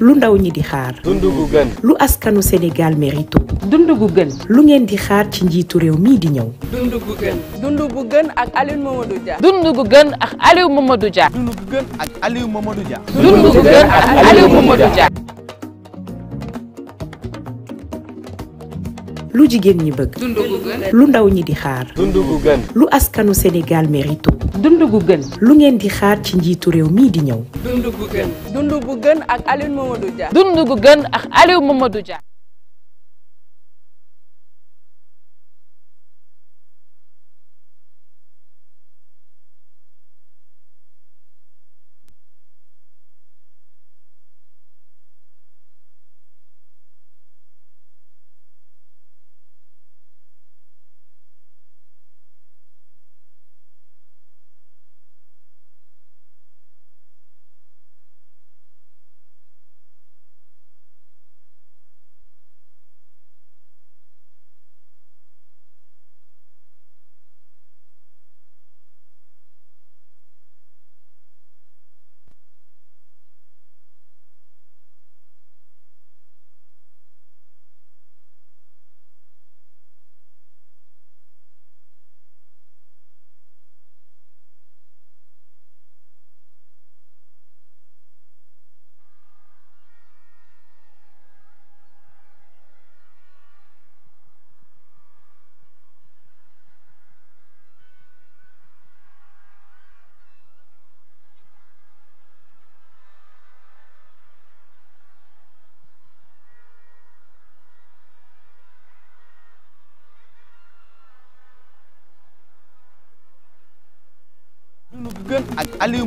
lu ndaw ñi di xaar. dundu gu gën. lu askanu Sénégal mérito. dundu gu gën. lu ngeen di xaar ci njiitu réew mii di ñëw. dundu gu gën. dundu gu gën ak Aliou Mamadou Dia. dundu lu jigéen ñi bëgg. lu ndaw ñi di xaar. lu askanu Sénégal mérito. dund gu gën. lu ngeen di xaar ci njiitu réew mii di ñëw. dund gu gën. dund gën ak Aliou Mamadou Dia.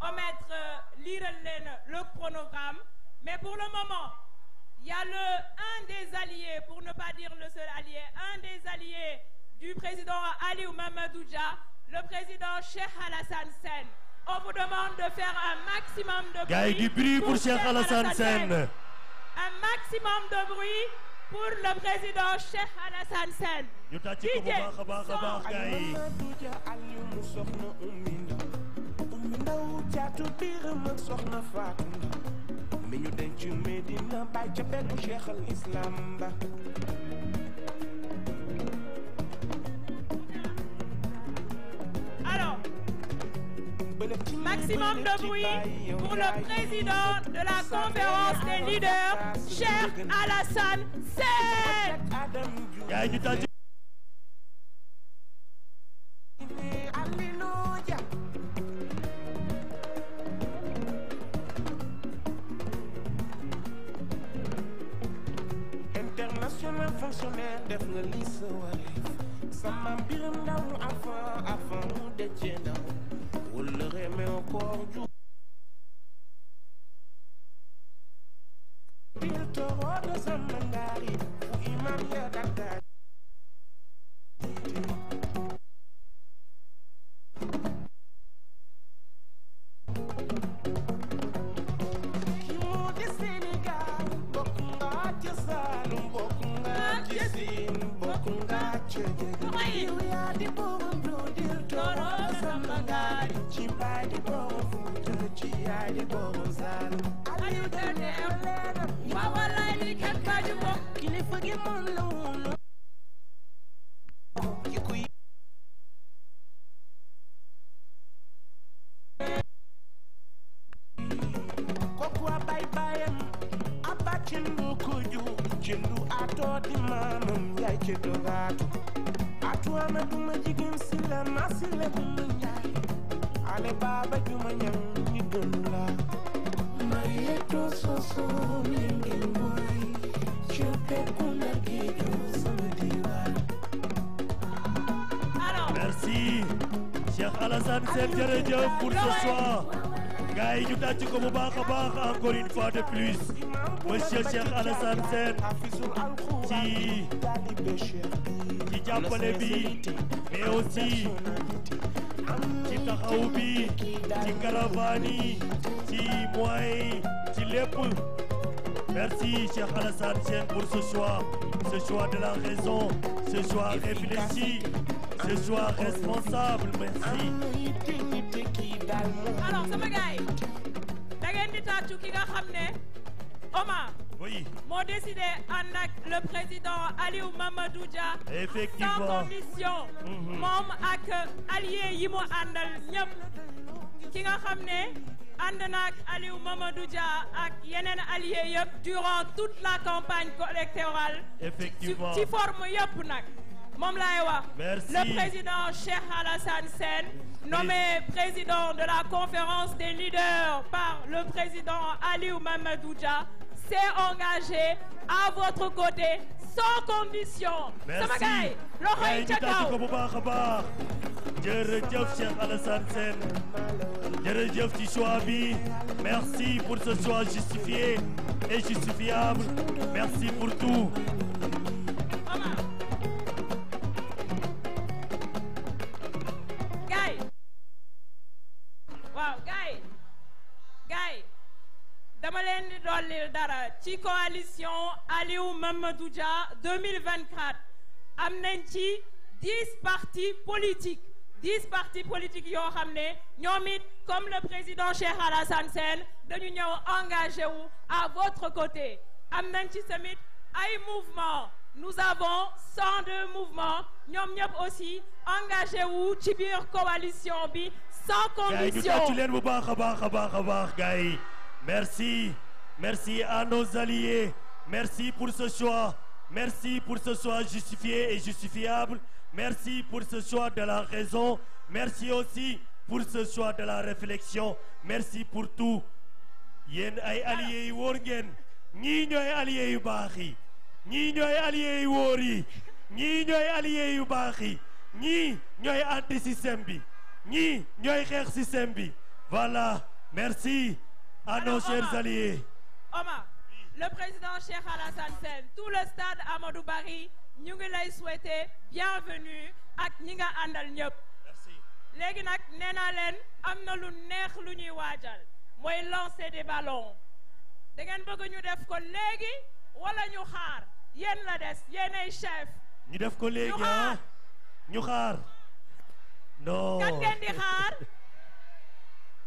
omettre oh, euh, liiral leen le chronogramme mais pour le moment il y a le un des alliés pour ne pas dire le seul allié un des alliés du président Aliou Mamadou le président Cheikh Alassane Sène on vous demande de faire un maximum de bruit gars yi du bruit pour un maximum de bruit pour le président Cheikh Alassane Sène ñu ndaw caatu biiram ak soxna faatu ndaw mi ñu denc Medina bàyyi ca peggu cheikh al islam ba alors maximum de bruit pour le président de la conférence des leaders Cheikh Alassane Sène plus monsieur Cheikh Alassane Sène ci ci bi mais aussi ci taxaw bi ci caravane yi ci moyens ci merci Cheikh Alassane pour ce choix ce choix de la raison ce choix réfléchi ce choix responsable merci. tàccu ki nga xam ne Omar. oui moo décidé le président Aliou Mamadou Dia. effectivement sans condition. Mhm. ak allié yi mu àndal ki nga xam ne ànd na ak Aliou ak yeneen allié yëpp durant toute la campagne électorale. ci forme yëpp nag moom laay wax. merci le président Cheikh Alassane Sène. nommé président de la conférence des leaders par le président Aliou Mamadou Dia engagé à votre côté sans condition. sama gars yi loxo yi ca kaw ko bu baax a baax. jërëjëf Cheikh Alassane Sène jërëjëf ci choix bi merci pour ce dama leen di dollil dara ci coalition Aliou Mamadou Dia 2024 am nañ ci dix partis politiques dix partis politiques yoo xam ne ñoom it comme le président Cheikh Alassane Sène dañu ñëw engagé wu à votre côté am nañ ci tamit ay mouvement nous avons 102 mouvements ñoom ñëpp aussi engagé wu ci biir coalition bi sans condition gaay ñu tàccu leen bu baax a baax a Merci, merci à nos alliés, merci pour ce choix, merci pour ce choix justifié et justifiable, merci pour ce choix de la raison, merci aussi pour ce choix de la réflexion, merci pour tout. yéen ay alliés yi wóor ngeen ñii ñooy alliés yu baax yi ñii ñooy alliés yu i yi ñii ñooy alliés yu baax yi ñii ñooy anti système bi ñii ñooy xeex système bi voilà merci à Alors, ah nos chers Omar, alliés. le président Cheikh Alassane Sène tout le stade Amadou Barry ñu ngi lay souhaiter bienvenue ak ñi nga àndal ñëpp. léegi nag nee naa leen am na lu neex lu ñuy waajal mooy lancer des ballons da bëgg ñu def ko léegi wala ñu xaar yéen la des yéenay chef. ñu def ko léegi ñu xaar. Ah. non kan ngeen di xaar. <laughs>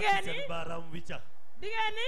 di ni baaraam wi ca ni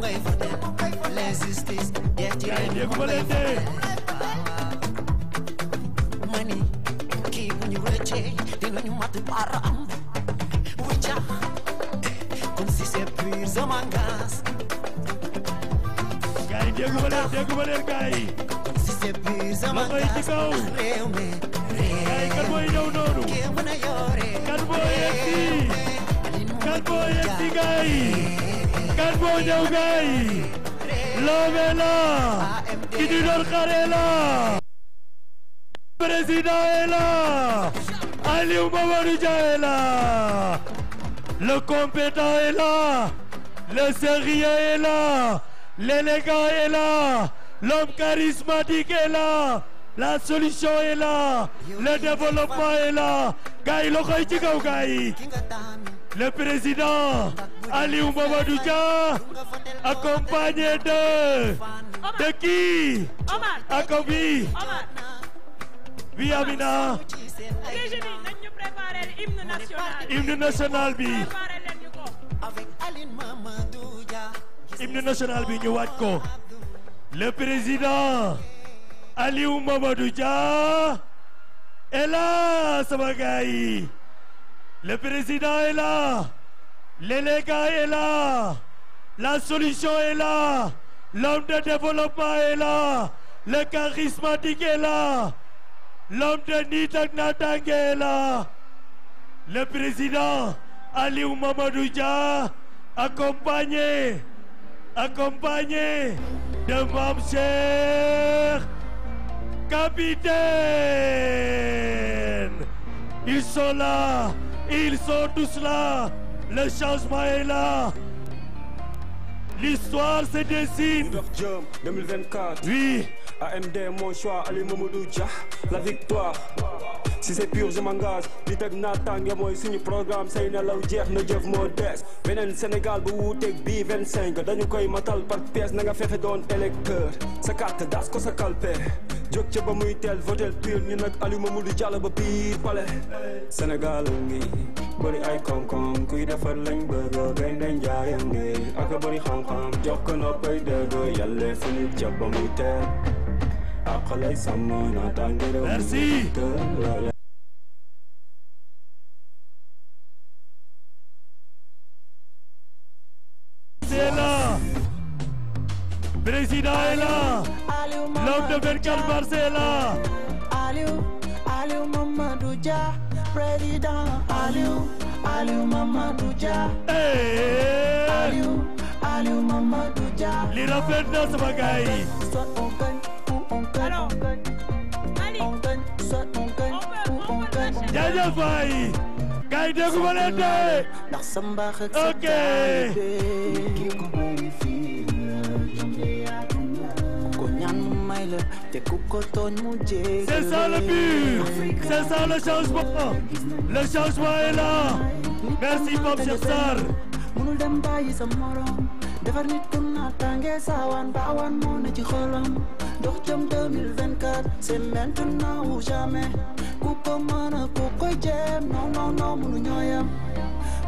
ngay voté l'injustice def ci réew moom ngay mani kii bu ñu rëccee dinañu mat baaraam wicca comme si c'est pur zamangas gars yi déggu ma leen déggu ma leen gars si c'est pur zamangas réew mi réew kan mooy ñëw noonu kii mën a yore kan mooy yegg si kan mooy yegg si gars yi kan moo ñëw gaay Lobé la ki ñu doon président est là Aliou Mamadou Dia est là le compétent est le sérieux est là l'élégant est l'homme charismatique est la solution est le développement est là gaay loxoy ci kaw gaay le président Aliou Mamadou Dia de de qui Akobi oui Amina hymne national bi hymne national bi ñu waaj ko le président Aliou Mamadou Dia et Le président est là. Les légat est là. La solution est là. L'homme de développement est là. Le charismatique est là. L'homme de nit ak est là. Le président Aliou Mamadou accompagné accompagné de Mame Cheikh capitaine. Ils Ils sont tous là. Le changement est là. L'histoire se dessine. 2024. Oui. AMD mon choix Ali Mamadou Dia la victoire si c'est pur je m'engage li teg naataange mooy ñu programme say nelaw jeex na jëf moo dees beneen Sénégal bu wuuteeg bii 25 dañu koy matal par pièce nanga nga fexe doon électeur sa carte daas ko sa kalpe jóg ca ba muy teel votel pur ñu nag Ali Mamadou Dia la ba biir palais Sénégal ngi bëri ay koom-koom kuy defar lañ bëgg gañ dañ jaayam ni ak bëri xam-xam jox ko noppay dëgg yàlla fu nit jàpp ba muy teer ak lay sàmm naa tàngi réew merci Président est là l'homme de 24 mars est là Aliou Aliou Mamadou Dia président Aliou Aliou Mamadou Dia. Eh. Aliou Aliou Mamadou Dia. li rafet na sama gars yi. soit on gagne ou on gagne. on gagne on gagne soit on gagne ou on gagne. jaajëf waay. gars yi déggu ma leen de. ndax sa mbaax ak sa taalibe. ok. may la te ku ko tooñ mu jéggi. c'est ça le but c'est ça le changement le changement est là merci Pape Cheikh Sarr. munul dem bàyyi sa morom defar nit ku naataange saawaan baawaan moo ne ci xolam dox jëm 2024 c'est maintenant ou jamais ku ko mën a ku koy jéem non non non munu ñooyam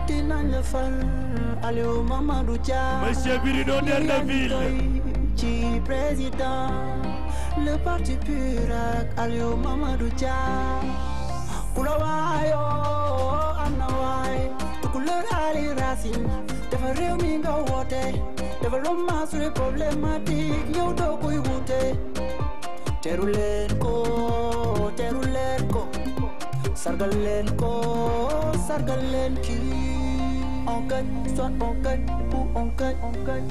dinañ la fal Aliou Mamadou Dia. monsieur Birido der na ville. ci président le parti pur ak Aliou Mamadou Dia ku la waayoo am na waay tukulóor Ali Racine dafa réew mi nga woote développement sur les problématiques yow doo koy teru leen ko teru leen ko sargal leen ko sargal leen kii on gagne soit on gagne ou on gagne on gagne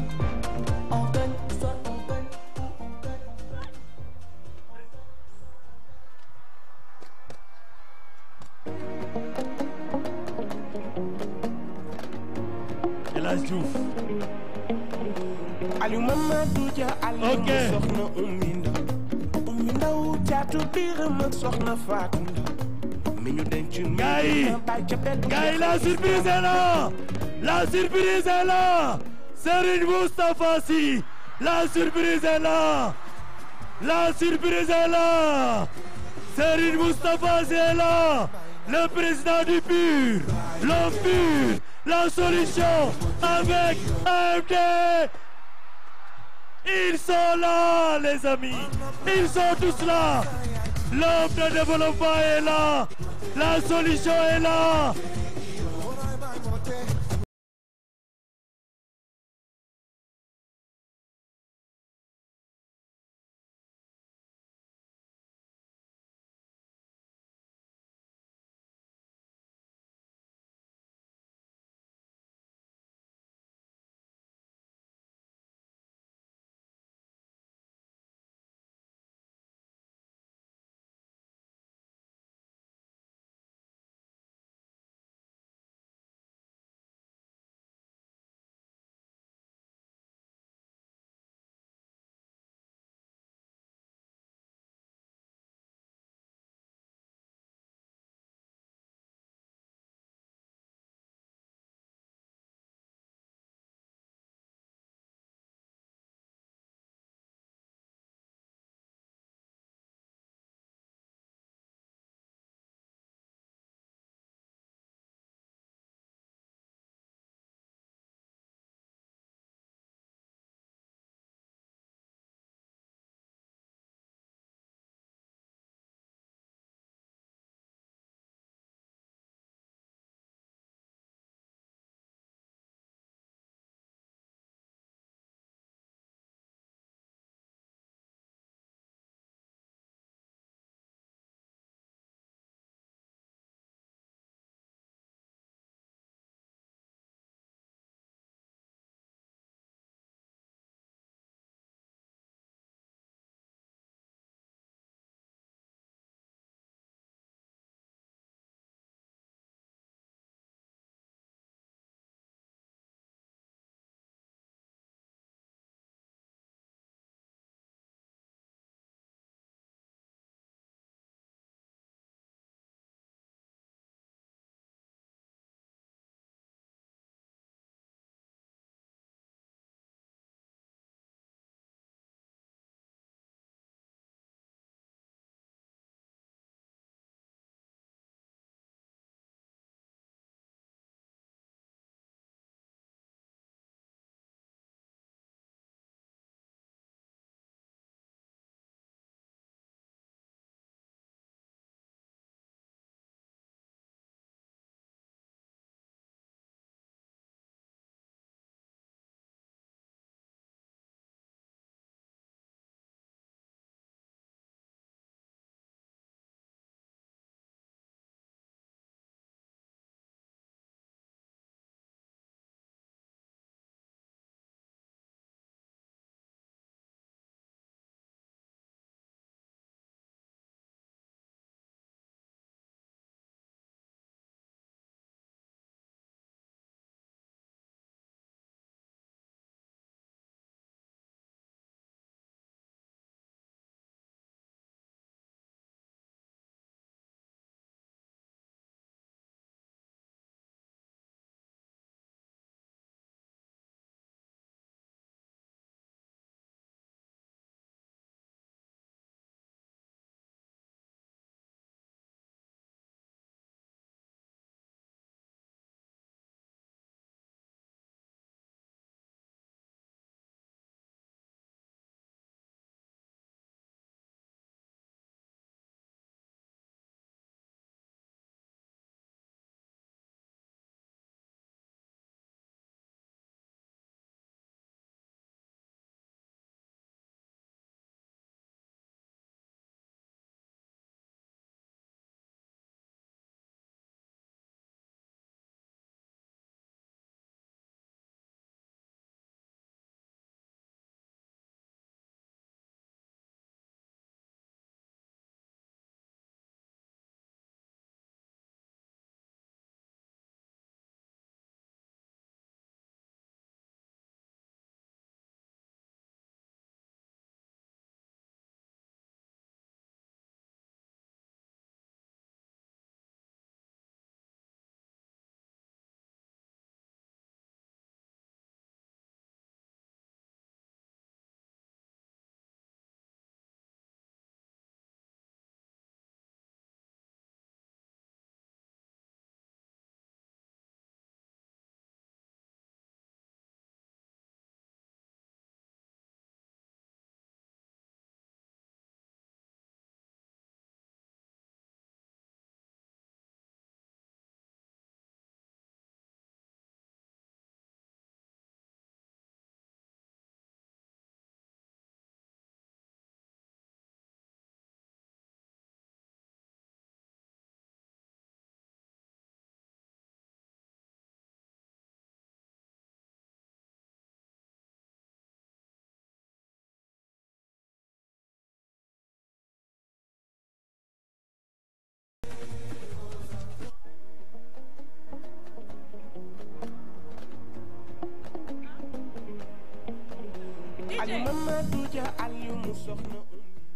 la surprise la surprise est la surprise est la surprise est là Serigne Moustapha le président du PUR, le PUR, la solution avec AMD. Ils sont là, les amis. Ils sont tous là. L'homme de développement est là. La solution est là.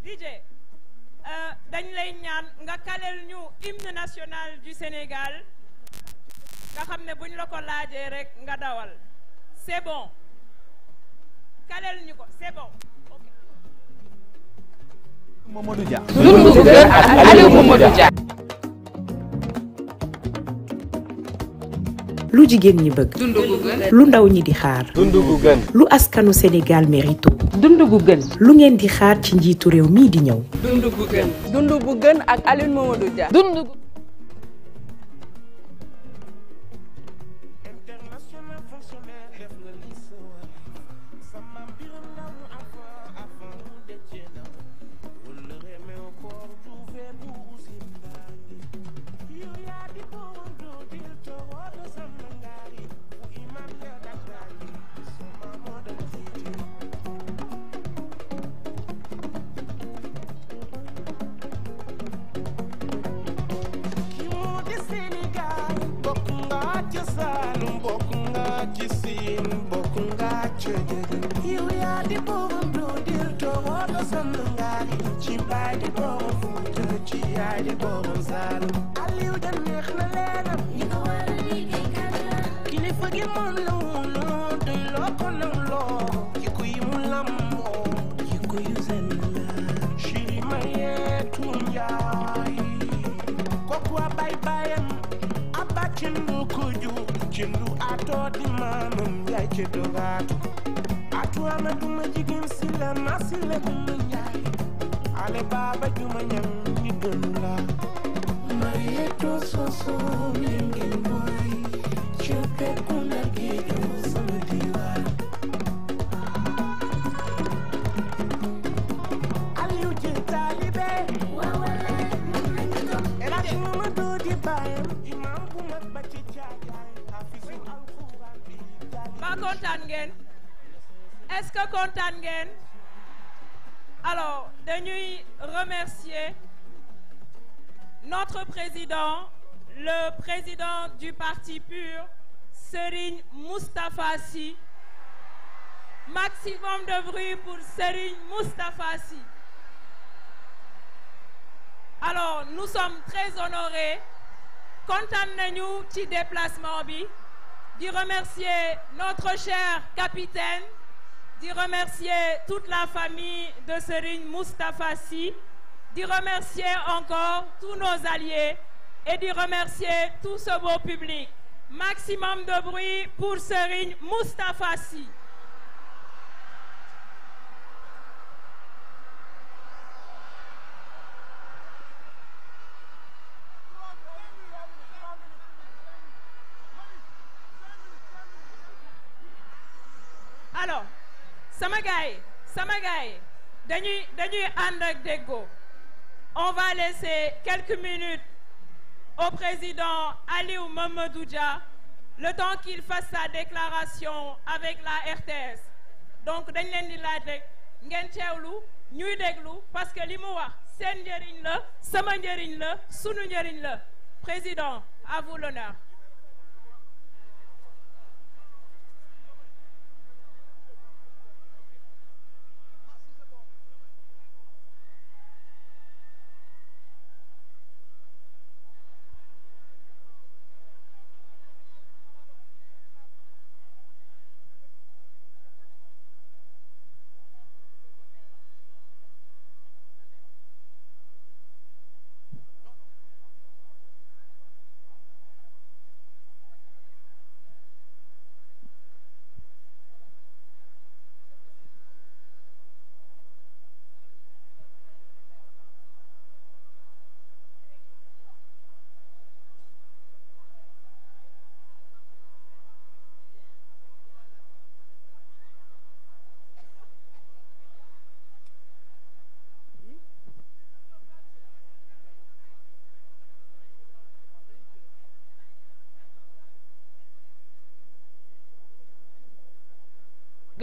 DJ euh, dañ lay ñaan nga kaleel ñu hymne national du Sénégal nga xam ne buñ la ko laajee rek nga dawal c'est bon kaleel ñu ko c'est bon ok Mamadou Dia. Mamadou Dia ak Aliou Mamadou Dia lu jigéen ñi bëgg. lu ndaw ñi di xaar. lu askanu Sénégal mérito. dund gu gën. lu ngeen di xaar ci njiitu réew mii di ñëw. born blue, dear to what was on the guy. Uh, she by the born food, the G. I. the born saddle. I live the Nechnalena. You know what I need? Can you forgive my loan? No, the lock on the law. You could you lambo. You could use it. She my head to yai. Kokwa bye bye. Um. Abachindu kuju. Chindu ato di manum. Yai chedogatu. Asuwaana duma jigéen si la naa si la duma njaay ale baaba juma ñam ñi gën la Mariyeetu soso mi ngi mooy cupe kunda géeju sama diwaan Aliyu jël taalibe waawale moom la ñu doon Elaaji Mamadu di baayam imaam bu ba ci jaajaay hafizu alxuraan bi maa kontaan ngeen est-ce que kontaan ngeen alors dañuy remercier notre président le président du parti PUR Serigne Moustapha maximum de bruit pour Serigne Moustapha alors nous sommes très honorés kontaan nañu ci déplacement bi di remercier notre cher capitaine di remercier toute la famille de Serigne Moustapha Sy di remercier encore tous nos alliés et di remercier tout ce beau public maximum de bruit pour Serigne Moustapha Sy sama gars yi sama dañuy dañuy ànd ak déggoo on va laisser quelques minutes au président Aliou Mamadou Dia le temps qu'il fasse sa déclaration avec la RTS donc dañ leen di laaj rek ngeen teewlu ñuy déglu parce que li mu wax seen njëriñ la sama njëriñ la sunu njëriñ la président à vous l'honneur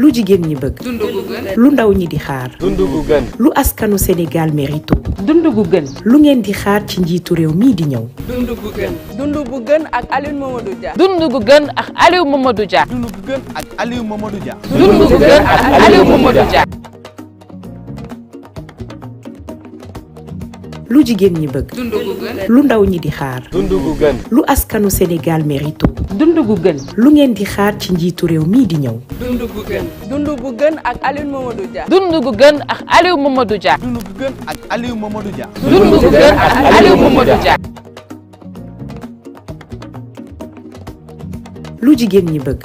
lu jigéen ñi bëgg. lu ndaw ñi di xaar. dund gu gën. lu askanu Sénégal mérito. dund gu gën. lu ngeen di xaar ci njiitu réew mii di ñëw. dund gu gën. dund gu gën ak Aliou Mamadou dund gu gën ak Aliou Mamadou lu jigéen ñi bëgg. lu ndaw ñi di xaar. lu askanu Sénégal mérito. dund gu gën. lu ngeen di xaar ci njiitu réew mii di ñëw. dund gu gën. dund gu gën ak Aliou Mamadou Dia. dund lu jigéen ñi bëgg.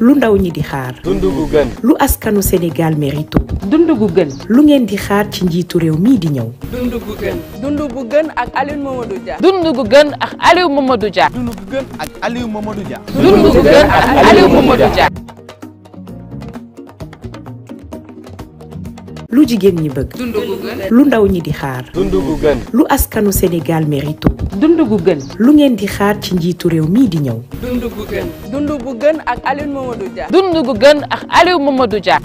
lu ndaw ñi di xaar. dund gu gën. lu askanu Sénégal mérito. dund gu gën. lu ngeen di xaar ci njiitu réew mii di ñëw. dund gu gën. dund gu gën ak Aliou Mamadou Dia. dund lu jigéen ñi bëgg. lu ndaw ñi di xaar. lu askanu Sénégal mérito. dund gu gën. lu ngeen di xaar ci njiitu réew mii di ñëw. dund gu gën. dund gu gën ak Aliou Mamadou Dia.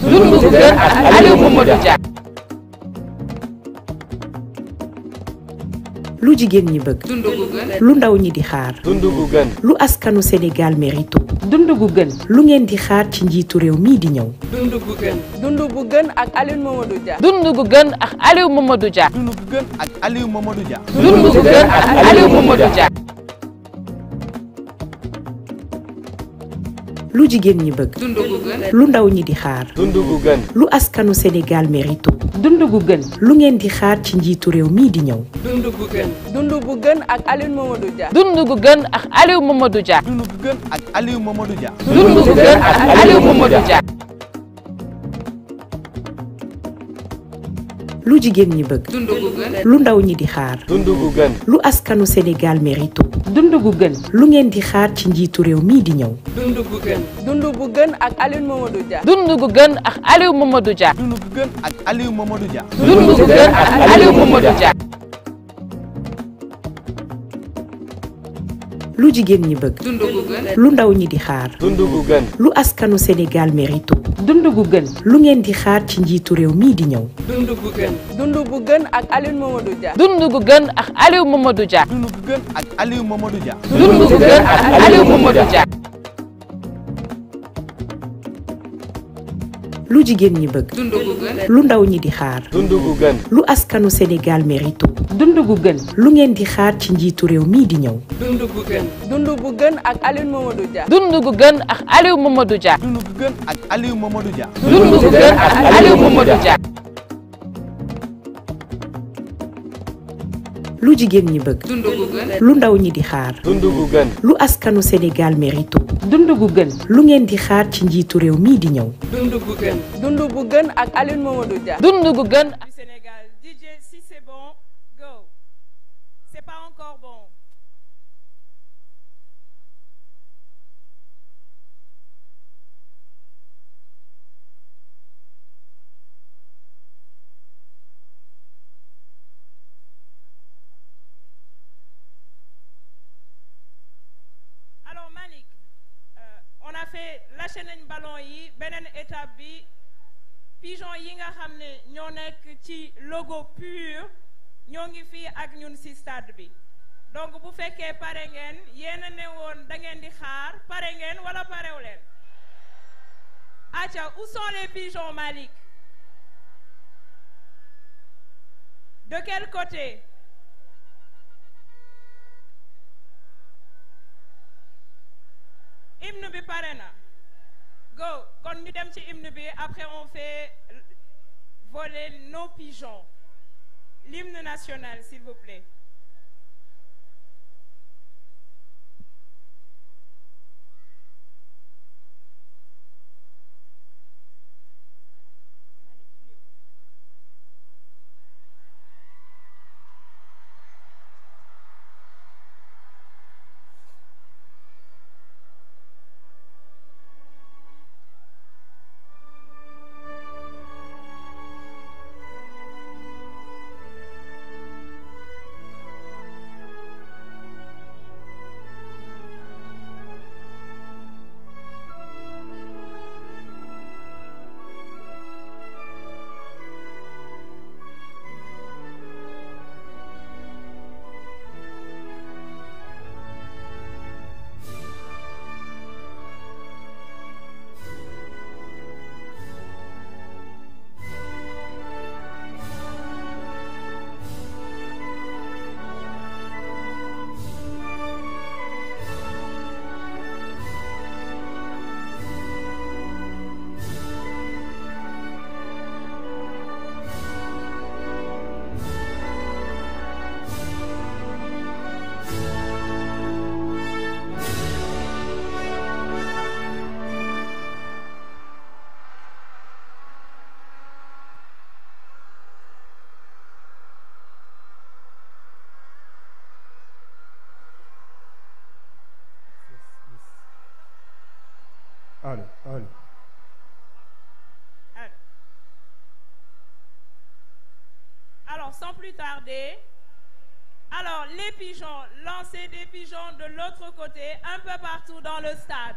dund lu jigéen ñi bëgg. lu ndaw ñi di xaar. lu askanu Sénégal mérito. dund gu gën. lu ngeen di xaar ci njiitu réew mii di ñëw. dund gu gën. dund gu gën ak Aliou Mamadou Dia. dund lu jigéen ñi bëgg. lu ndaw ñi di xaar. dund gu gën. lu askanu Sénégal mérito. dund gu gën. lu ngeen di xaar ci njiitu réew mii di ñëw. dund gu gën. gën ak Aliou Mamadou Dia. dund lu jigéen ñi bëgg. lu ndaw ñi di xaar. lu askanu Sénégal mérito. dund gu gën. lu ngeen di xaar ci njiitu réew mii di ñëw. dund gu gën. dund gu ak Aliou Mamadou Dia. dund lu jigéen ñi bëgg. lu ndaw ñi di xaar. dund gu gën. lu askanu Sénégal mérito. dund gu gën. lu ngeen di xaar ci njiitu réew mii di ñëw. dund gu gën. ak Aliou Mamadou Dia. dund lu jigéen ñi bëgg. lu ndaw ñi di xaar. lu askanu Sénégal mérito. dund gu gën. lu ngeen di xaar ci njiitu réew mii di ñëw. dund gu gën. dund gu gën ak Aliou Mamadou Dia. dund lu jigéen ñi bëgg. lu ndaw ñi di xaar. lu askanu Sénégal mérito. dund gu gën. lu ngeen di xaar ci njiitu réew mii di ñëw. lâché nañ ballon yi beneen étape bi pigeon yi nga xam ne ñoo nekk ci logo pur ñoo ngi fii ak ñun ci stade bi donc bu fekkee pare ngeen yéen ne woon da di xaar pare ngeen wala parew leen aca où sont les pigeons Malick de quel bi pare na go kon ñu dem ci hymne bi après on fait voler nos pigeons l'hymne national s'il vous Alô, alô. Alô. Alors, sans plus tarder, alors les pigeons, lancer des pigeons de l'autre côté, un peu partout dans le stade.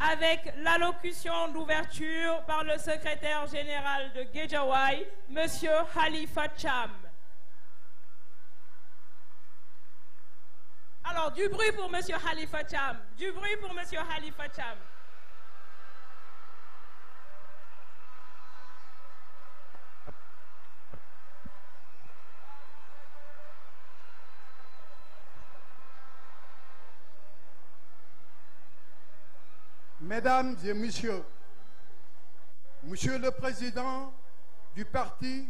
avec l'allocution d'ouverture par le secrétaire général de Guédiawaye, monsieur Khalifa Cham. du bruit pour monsieur Khalifa Cham, du bruit pour monsieur Khalifa Cham. Mesdames et Messieurs, Monsieur le Président du parti,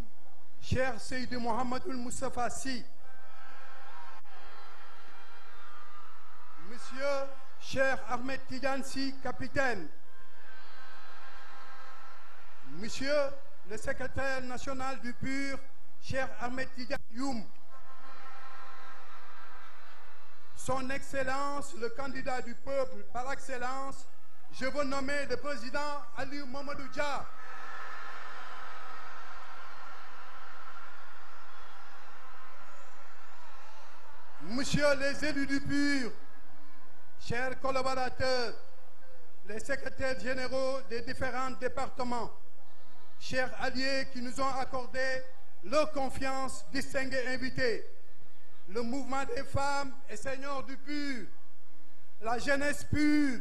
cher Seydou Mohamedou Moustapha Sy, Monsieur, cher Ahmed Tidiane Sy, capitaine, Monsieur le secrétaire national du PUR, cher Ahmed Tidiane Youm, Son Excellence, le candidat du peuple par excellence, je veux nommer le président Aliou Mamadou Monsieur les élus du PUR, chers collaborateurs, les secrétaires généraux des différents départements, chers alliés qui nous ont accordé leur confiance, distingués invités, le mouvement des femmes et seigneurs du PUR, la jeunesse pure,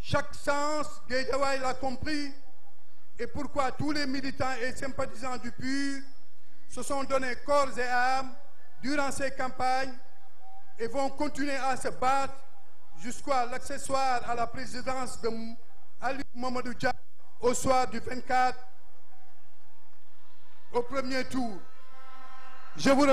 Chaque sens, Guédiawaï l'a compris, et pourquoi tous les militants et sympathisants du PUR se sont donnés corps et âme durant ces campagnes et vont continuer à se battre jusqu'à l'accessoire à la présidence de Ali Mamadou Dia au soir du 24 au premier tour. Je vous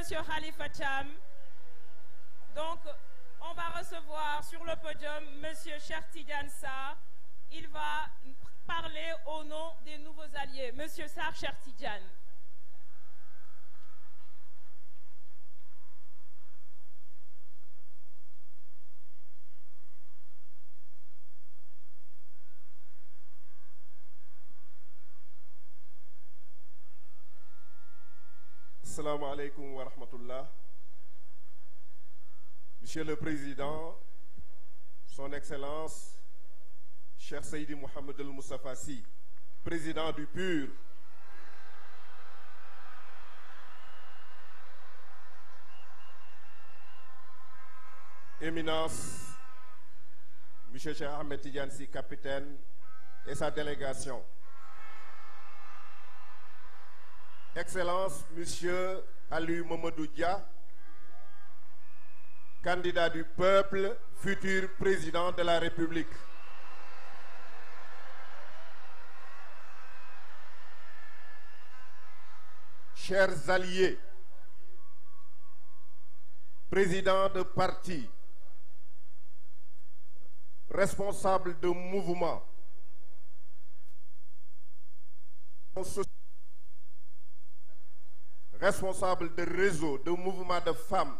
Monsieur Khalifa Cham. Donc, on va recevoir sur le podium Monsieur Chertidian Sarr. Il va parler au nom des nouveaux alliés. Monsieur Sarr Chertidian. asalaamaaleykum wa rahmatullah monsieur le président son excellence cheikh seydi mouhamad al moustapha si président du PUR éminence monsieur cheikh ahmed tidiane si capitaine et sa délégation Excellence, Monsieur Aliou Mamadou Dia, candidat du peuple, futur président de la République. Chers alliés, présidents de parti, responsables de mouvements, responsable de réseau de mouvement de femmes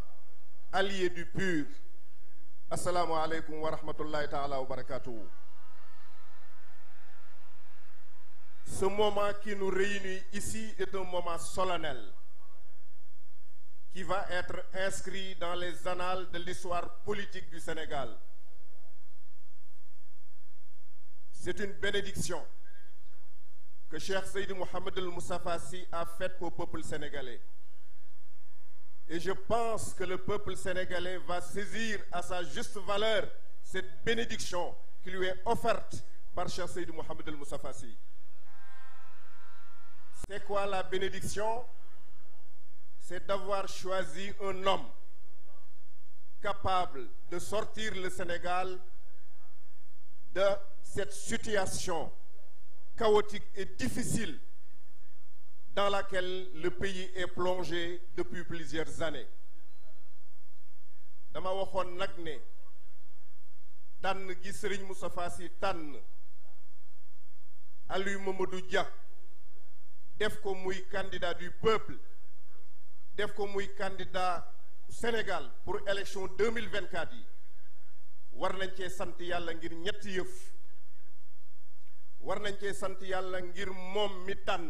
alliées du PUR asalaamualeykum wa rahmatullahi taala wa ce moment qui nous réunit ici est un moment solennel qui va être inscrit dans les annales de l'histoire politique du Sénégal. C'est une bénédiction que Cheikh Seydi Mohamed El Moustapha Sy a faite au peuple sénégalais. Et je pense que le peuple sénégalais va saisir à sa juste valeur cette bénédiction qui lui est offerte par Cheikh Seydi Mohamed El Moustapha Sy. C'est quoi la bénédiction? C'est d'avoir choisi un homme capable de sortir le Sénégal de cette situation chaotique et difficile dans laquelle le pays et plongé depuis plusieurs années dama waxoon nag ne tànn gi Serigne Moustapha Sy tànn Aliou Mamadou Dia def ko muy candidat du peuple def ko muy candidat Sénégal pour élection 2024 yi war nañ cee sant yàlla ngir ñetti yëf war nañ cee sant yàlla ngir moom mi tànn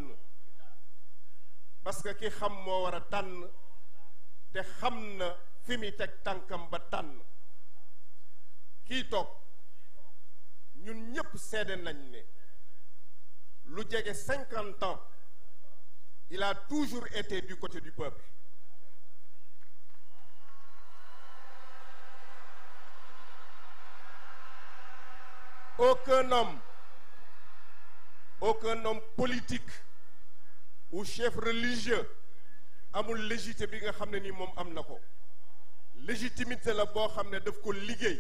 parce que ki xam moo war a tànn te xam na fi mi teg tànkam ba tànn kii toog ñun ñépp seede nañ ne lu jege cinquante ans il a toujours été du côté du peuple aucun aucun homme politique ou chef religieux amul légité bi nga xam ne ni moom am na ko légitimité la boo xam ne daf ko liggéey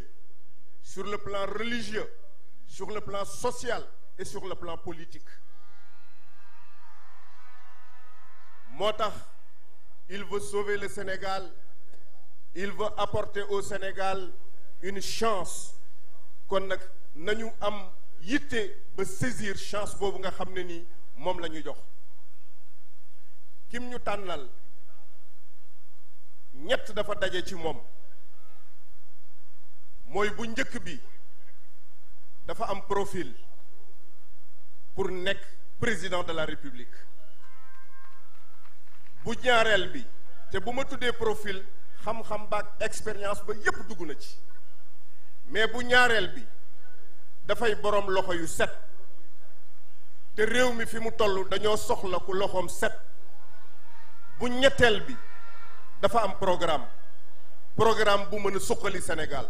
sur le plan religieux sur le plan social et sur le plan politique moo tax il veut sauver le Sénégal il veut apporter au Sénégal une chance kon nag nañu am yitte ba saisir chance boobu nga xam ne ni moom la ñu jox kim ñu tànnal ñett dafa daje ci moom mooy bu njëkk bi dafa am profil pour nekk président de la république bu ñaareel bi te bu ma tuddee profil xam-xam baak expérience ba yépp dugg na ci mais bu ñaareel bi dafay borom loxo yu set te réew mi fi mu tollu dañoo soxla ku loxoom set bu ñetteel bi dafa am programme programme bu mën a suqali Sénégal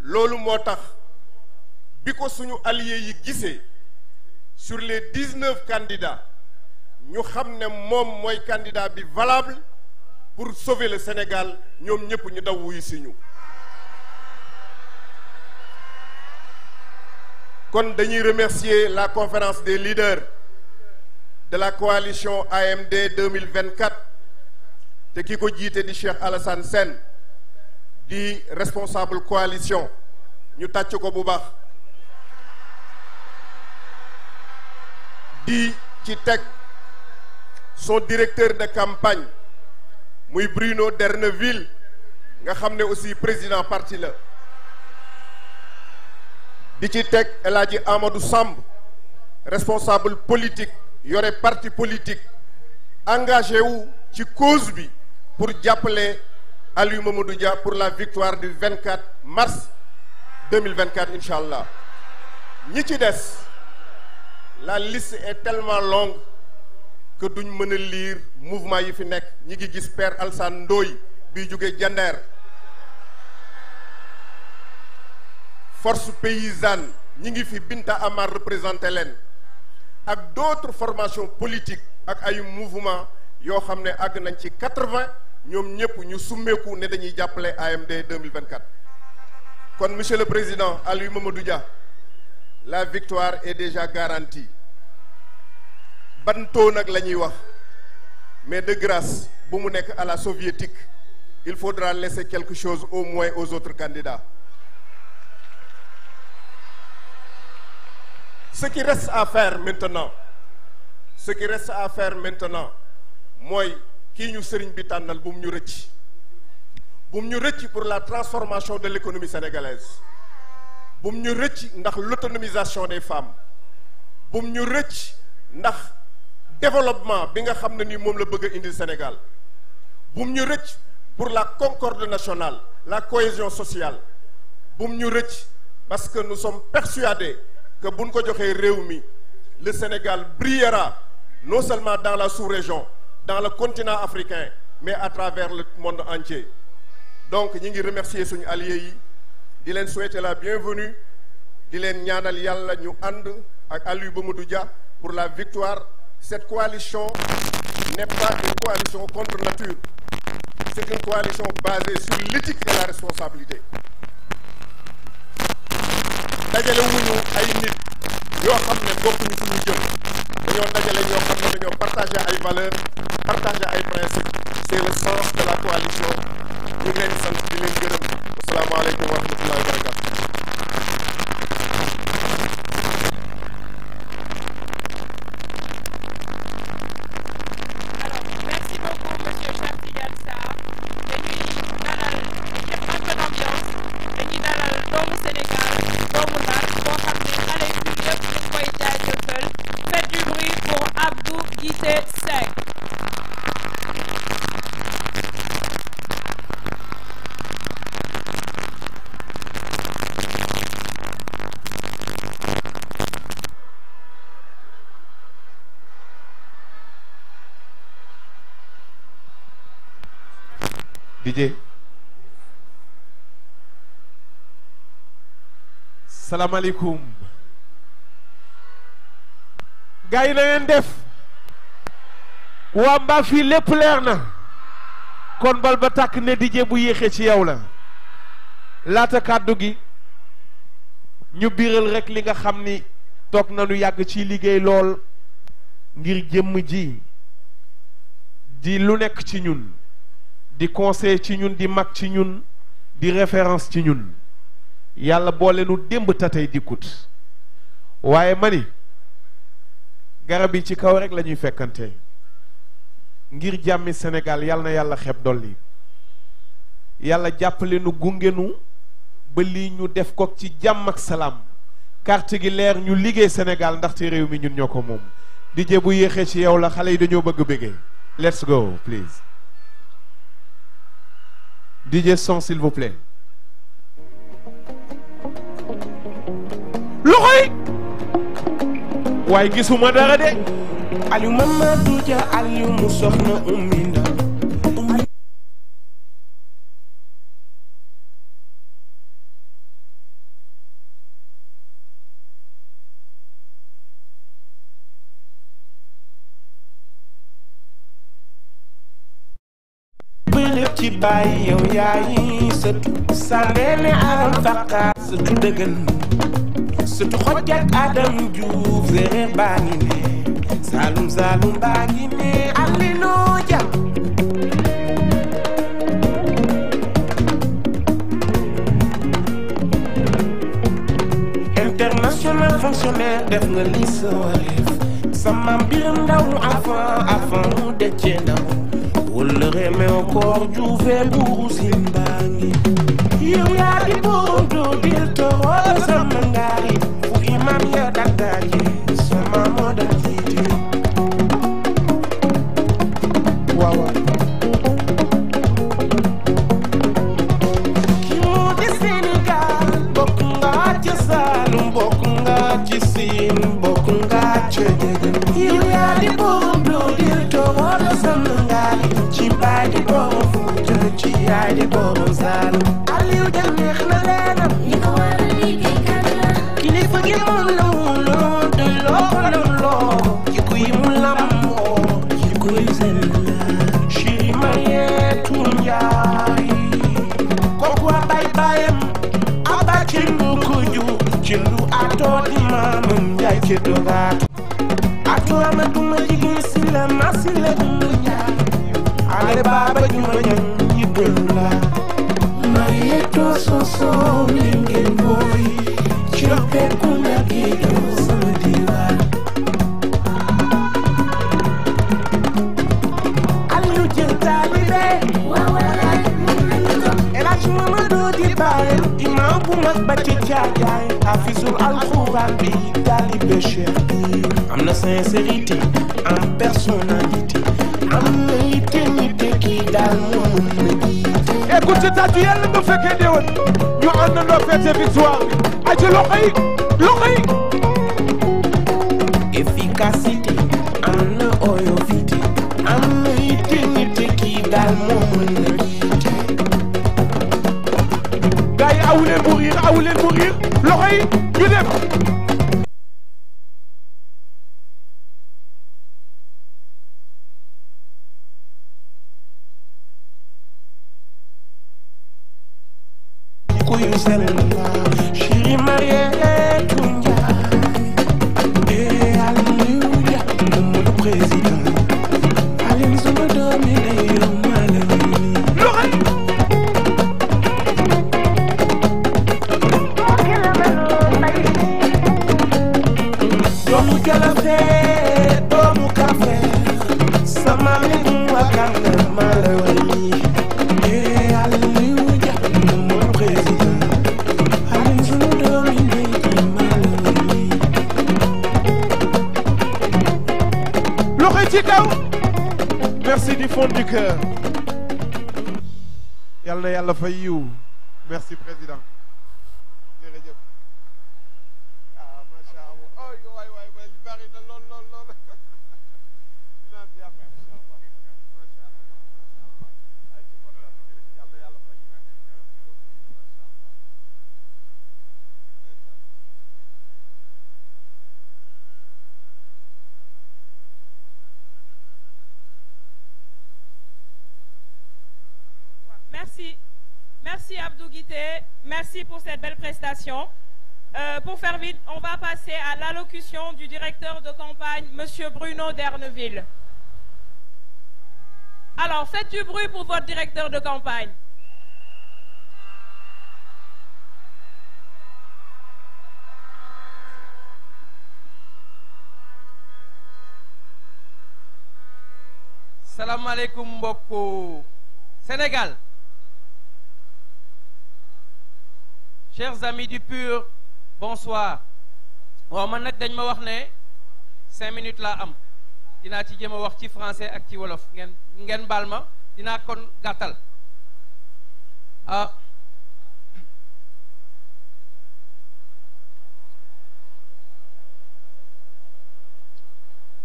loolu moo tax bi ko suñu alliés yi gisee sur les dix-neuf candidats ñu xam ne moom mooy candidat bi valable pour sauver le Sénégal ñoom ñëpp ñu daw wuyu si ñu kon dañuy remercier la conférence des leaders de la coalition AMD 2024 te ki ko jiite di Cheikh Alassane Sène di responsable coalition ñu tàcc ko bu baax di ci teg son directeur de campagne muy Bruno Derneville nga xam ne aussi président parti la li ci teg El Hadji Amadou Samb responsable politique yore parti politique engagé wu ci cause bi pour jàppale Aliou Mamadou Dia pour la victoire du 24 mars 2024 incha allah ñi ci des la liste est tellement long que duñ mën a lire mouvement yi fi nekk ñi ngi gis Père Alsane Ndoye bi jóge jander force paysanne ñi ngi fi Binta Amar représenté leen ak d'autres formations politiques ak ay mouvement yoo xam ne àgg nañ ci quatre-vingt ñoom ñëpp ñu summeeku ne dañuy jàppale AMD 2024 kon monsieur le président Aliou Mamadou Dia la victoire est déjà garantie bantoo nag la ñuy wax mais de grâce bu mu nekk à la soviétique il faudra laisser quelque chose au moins aux autres candidats ce qui reste à faire maintenant ce qui reste à maintenant mooy kii ñu sëriñ bi tànnal bu ñu rëcc bu ñu rëcc pour la transformation de l'économie sénégalaise bu mu ñu rëcc ndax l'autonomisation des femmes bu ñu rëcc ndax développement bi nga xam ne ni moom la bëgg a indi Sénégal bu ñu rëcc pour la concorde nationale la cohésion sociale bu ñu rëcc parce que nous sommes persuadés que buñ ko joxee réew mi le Sénégal brillera non seulement dans la sous-région dans le continent africain mais à travers le monde entier donc ñi ngi remercier suñu allié yi di leen souhaiter la bienvenue di leen ñaanal yàlla ñu ànd ak ba mu du Dia pour la victoire cette coalition n'est pas une coalition contre nature c'est une coalition basée sur l'éthique et la responsabilité dajale wuñu ay nit yoo xam ne bokkuñu fu ñu jëm dañoo dajale ñoo xam ne dañoo partagé ay valeurs partagé ay principes c' est sens de la coalition ñu ngi leen di sant di leen gërëm barakatu dijee salaamaaleykum na ngeen def waa mbaa fii lépp leer na kon bal ba tàkk ne dijee bu yéexee ci yow la laata kàddu gi ñu biral rekk li nga xam ni toog nañu yàgg ci liggéey lool ngir jëmm ji di lu nekk ci ñun di conseil ci ñun di mag ci ñun di référence ci ñun yàlla booleenu nu démb ta tey dikkut waaye ma ni garab yi ci kaw rek lañuy fekkante ngir jàmmi Sénégal yàlla na yàlla xeb dolli yàlla jàppale nu gunge ba lii ñu def ko ci jàmm ak salaam carte gi leer ñu liggéey Sénégal ndaxte réew mi ñun ñoo ko moom di bu yéexee ci yow la xale yi dañoo bëgg bégee let's go DJ son s'il vous plaît loxo yi waaye gisuma dara de Aliou Mamadou Dia Aliou mu soxna ummi bàyyi yow yaayi sëtu sàndeene aram faqaar sëtu dëgën sëtu xojjat adam juuf séeréer baa ngi ne saalum saalum baa ngi ne alleluya international fonctionnaire def nga lii wareef sa maam biram ndaw mu avant avant mu wëllëre meew koor juufe buuru Sine baa ngi yow yaa di borom doo dil toro sama ngaari ci Tuubaa atuwama duma jigéen si la masi la ale baaba juma ñan jibbalu la ma yettoo sosoo mi ngeen sincérité en personnalité am na yitte yitte kii daal moom mën na yitte. écoute tatu yàlla nga fekkee déwén ñu àndandoo fête victoire bi ay ci loxo yi. pour cette belle prestation. Euh, pour faire vite, on va passer à l'allocution du directeur de campagne, Monsieur Bruno Derneville. Alors, faites du bruit pour votre directeur de campagne. salaamaaleykum mbokku Sénégal. chers amis du pur bonsoir waaw man nag dañ ma wax ne cinq minutes laa am dinaa ci jéem a wax ci français ak ci wolof ngeen ngeen baal ma dinaa kon gàttal ah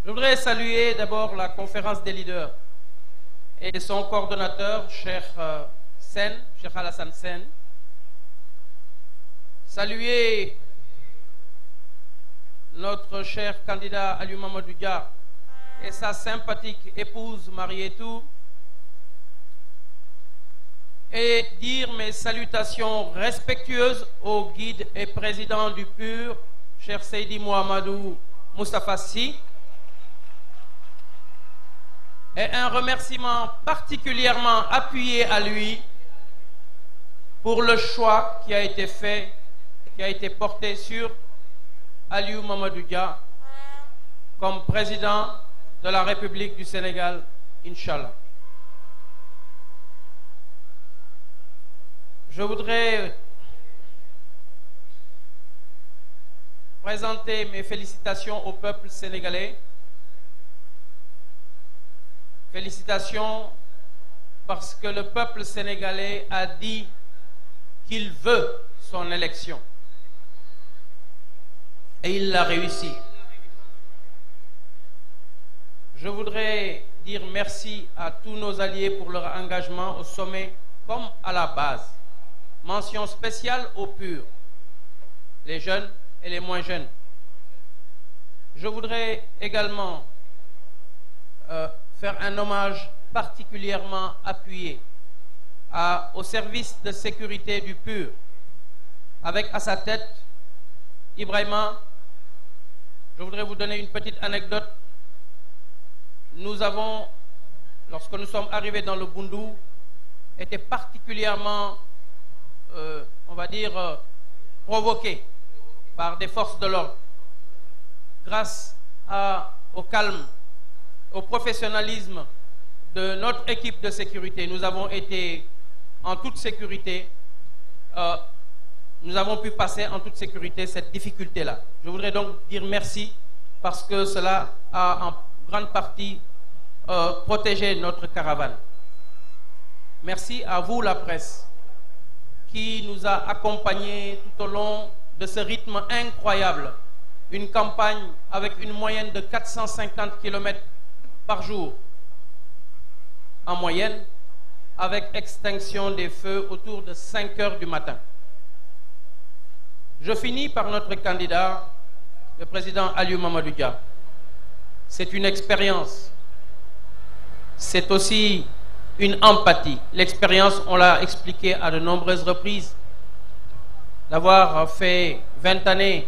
Je voudrais saluer d'abord la conférence des leaders et son coordonnateur, Cheikh euh, Sen, Cheikh Alassane Sen, saluer notre cher candidat Aliou Mamadou Dia et sa sympathique épouse Marietou et dire mes salutations respectueuses au guide et président du PUR, cher Seydi Mohamedou Moustapha Sy, et un remerciement particulièrement appuyé à lui pour le choix qui a été fait qui a été porté sur Aliou Mamadou Dia comme président de la République du Sénégal, Inch'Allah. Je voudrais présenter mes félicitations au peuple sénégalais. Félicitations parce que le peuple sénégalais a dit qu'il veut son élection. Et il l'a réussi. Je voudrais dire merci à tous nos alliés pour leur engagement au sommet comme à la base. Mention spéciale au PUR, les jeunes et les moins jeunes. Je voudrais également euh, faire un hommage particulièrement appuyé à, au service de sécurité du PUR, avec à sa tête Ibrahima Je voudrais vous donner une petite anecdote. Nous avons, lorsque nous sommes arrivés dans le Bundu, été particulièrement, euh, on va dire, euh, par des forces de l'ordre. Grâce à, au calme, au professionnalisme de notre équipe de sécurité, nous avons été en toute sécurité. Euh, nous avons pu passer en toute sécurité cette difficulté-là. Je voudrais donc dire merci parce que cela a en grande partie euh, protégé notre caravane. Merci à vous, la presse, qui nous a accompagnés tout au long de ce rythme incroyable. Une campagne avec une moyenne de 450 km par jour en moyenne, avec extinction des feux autour de 5 heures du matin. Je finis par notre candidat, le président Aliou Mamadou Dia. C'est une expérience. C'est aussi une empathie. L'expérience, on l'a expliqué à de nombreuses reprises, d'avoir fait 20 années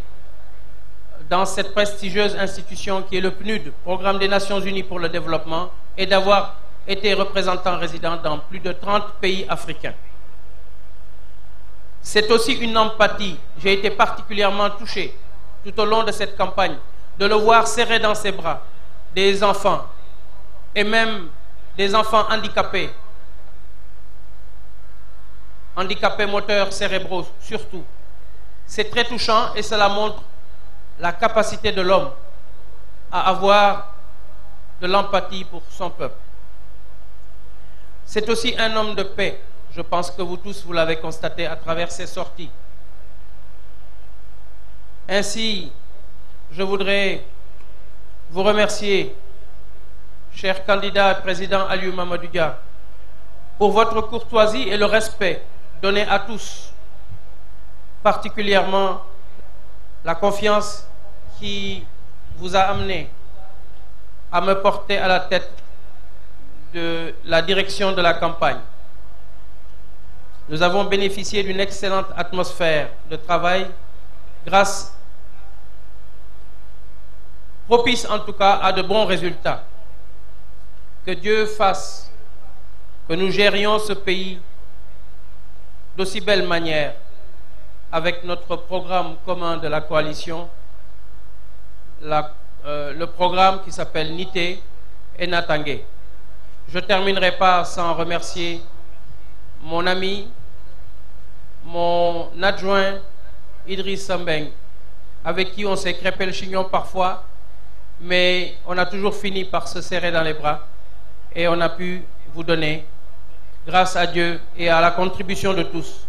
dans cette prestigieuse institution qui est le PNUD, Programme des Nations Unies pour le Développement, et d'avoir été représentant résident dans plus de 30 pays africains. C'est aussi une empathie. J'ai été particulièrement touché tout au long de cette campagne de le voir serrer dans ses bras des enfants et même des enfants handicapés, handicapés moteurs cérébraux surtout. C'est très touchant et cela montre la capacité de l'homme à avoir de l'empathie pour son peuple. C'est aussi un homme de paix Je pense que vous tous, vous l'avez constaté à travers ces sorties. Ainsi, je voudrais vous remercier, cher candidat et président Aliou Mamadou Dia, pour votre courtoisie et le respect donné à tous, particulièrement la confiance qui vous a amené à me porter à la tête de la direction de la campagne. Nous avons bénéficié d'une excellente atmosphère de travail, grâce, propice en tout cas à de bons résultats. Que Dieu fasse que nous gérions ce pays d'aussi belle manière avec notre programme commun de la coalition, la, euh, le programme qui s'appelle Nité et Natangé. Je terminerai pas sans remercier mon ami mon adjoint Idriss Sambeng, avec qui on s'est crêpé le chignon parfois, mais on a toujours fini par se serrer dans les bras et on a pu vous donner, grâce à Dieu et à la contribution de tous,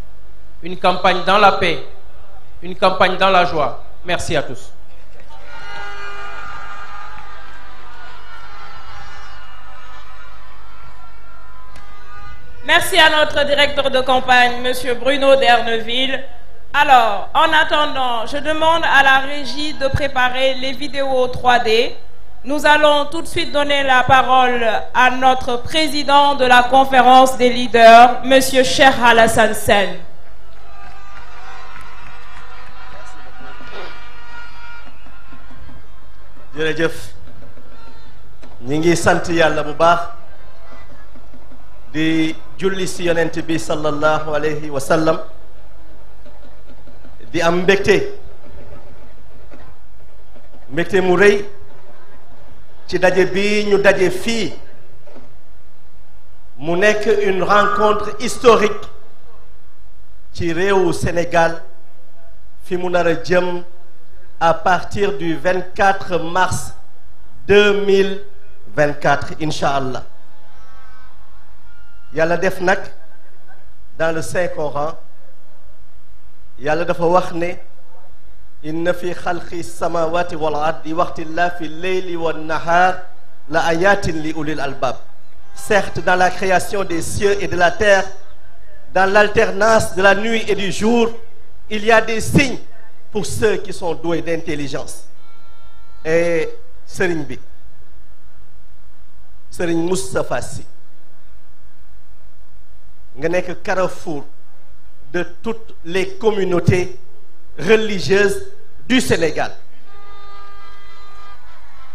une campagne dans la paix, une campagne dans la joie. Merci à tous. Merci à notre directeur de campagne, Monsieur Bruno Derneville. Alors, en attendant, je demande à la régie de préparer les vidéos 3D. Nous allons tout de suite donner la parole à notre président de la conférence des leaders, Monsieur Cheikh Alassane Sène. jërëjëf ñi ngi sant yàlla bu baax di julli si yonent bi sallallahu alayhi wa sallam di am mbégte mbégte mu rëy ci daje bi ñu daje fii mu nekk une rencontre historique ci réewu Sénégal fi mu nar jëm à partir du 24 mars 2024 incha allah yàlla def nag dans le saint coran yàlla dafa wax ne inna fi xalqi samawati wal ardi waxtilaafi leyli wannahaar la ayatin li ulil albab certes dans la création des cieux et de la terre dans l'alternance de la nuit et du jour il y a des signes pour ceux qui sont doués d'intelligence et sëriñ bi sëriñ Moustapha Sy nga nekk carrefour de toutes les communautés religieuses du Sénégal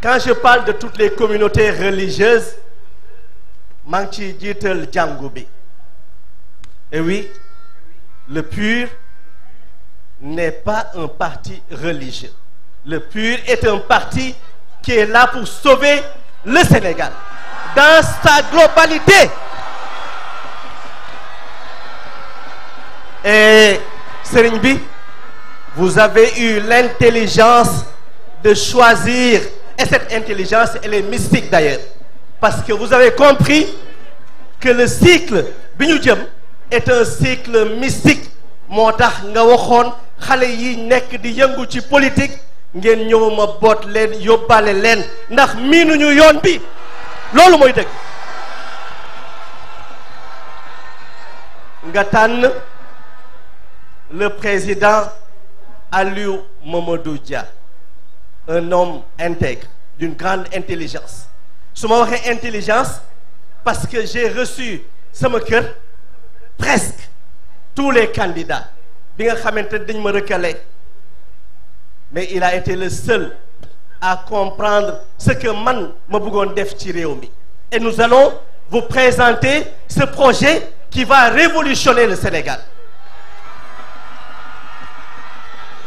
quand je parle de toutes les communautés religieuses maa ngi ciy jiital jàngu bi et oui le PUR n'est pas un parti religieux le PUR est un parti qui est là pour sauver le Sénégal dans sa globalité et sëriñ bi vous avez eu l'intelligence de choisir et cette intelligence et les mystique d'ailleurs parce que vous avez compris que le cycle bi ñu jëm est un cycle mystique moo tax nga waxoon xale yi nekk di yëngu ci politique ngeen ñëw ma boot leen yóbbaale leen ndax miinuñu yoon bi loolu mooy dëgg nga tànn le président Aliou Mamadou Dia un homme intègre d'une grande intelligence su ma waxee intelligence parce que j'ai reçu sama kër presque tous les candidats bi nga xamante ne dañ ma recalé mais il a été le seul à comprendre ce que man ma bëggoon def ci réew mi et nous allons vous présenter ce projet qui va révolutionner le Sénégal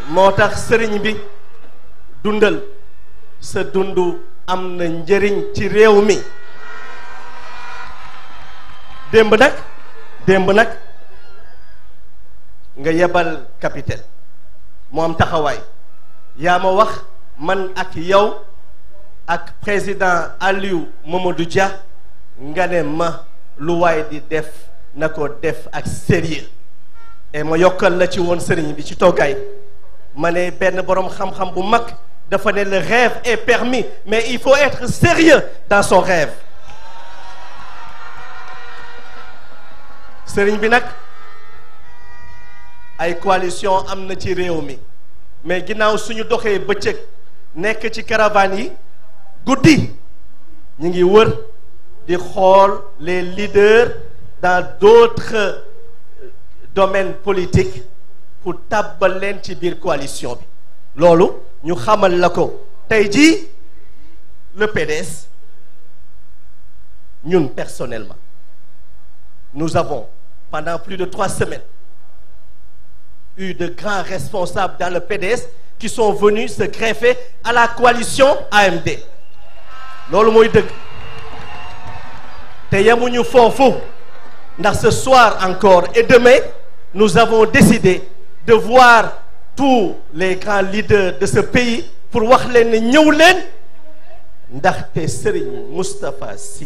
moo tax sëriñ bi dundal sa dund am na njëriñ ci réew mi démb nag démb nag nga yebal capitaine mu am taxawaay yaa ma wax man ak yow ak président Aliou Mamadou Dia nga ne ma lu waay di def na ko def ak sérieux et ma yokkal la ci woon sëriñ bi ci toggaay ma ne benn borom xam-xam bu mag dafa ne le rêve permis mais il faut être sérieux dans son rêve sëriñ bi nag ay coalition am na ci réew mi mais ginnaaw suñu doxee bëccëg nekk ci caravane yi guddi ñu ngi wër di xool les leaders dans d'autres domaines politiques pour leen ci biir coalition bi loolu ñu xamal la ko tey jii le PDS ñun personnellement nous avons pendant plus de trois semaines eu de grands responsables dans le PDS qui sont venus se greffer à la coalition AMD loolu mooy dëgg te yemuñu foofu ndax ce soir encore et demain nous avons décidé de voir tous les grands leaders de ce pays pour wax leen ne ñëw leen ndaxte Serigne Moustapha Sy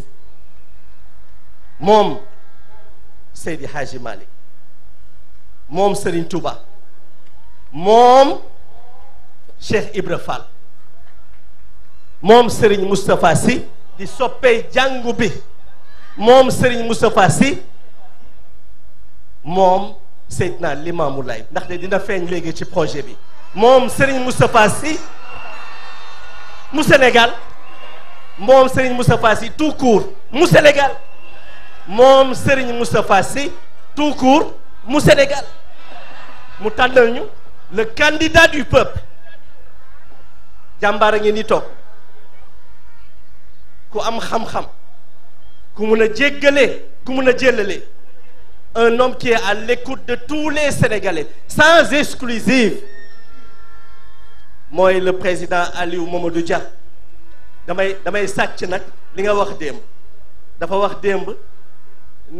moom Seydi Hadji Malick moom Serigne Touba moom Cheikh Ibra Fall moom Serigne Moustapha Sy di soppee jàngu bi moom sëriñ Moustapha Sy moom Seydina Limamou lay ndaxte dina feeñ léegi ci projet bi moom Serigne Moustapha si mu Sénégal moom Serigne Moustapha Sy tout court mu Sénégal moom Serigne Moustapha Sy tout court mu Sénégal mu tànnal ñu le candidat du peuple jàmbaar a ngeen di toog ku am xam-xam ku mun a jéggale ku mun a jéllale un homme qui à l'écoute de tous les Sénégalais sans exclusive mooy le président Aliou Mamadou Dia damay damay sàcc nag li nga wax démb dafa wax démb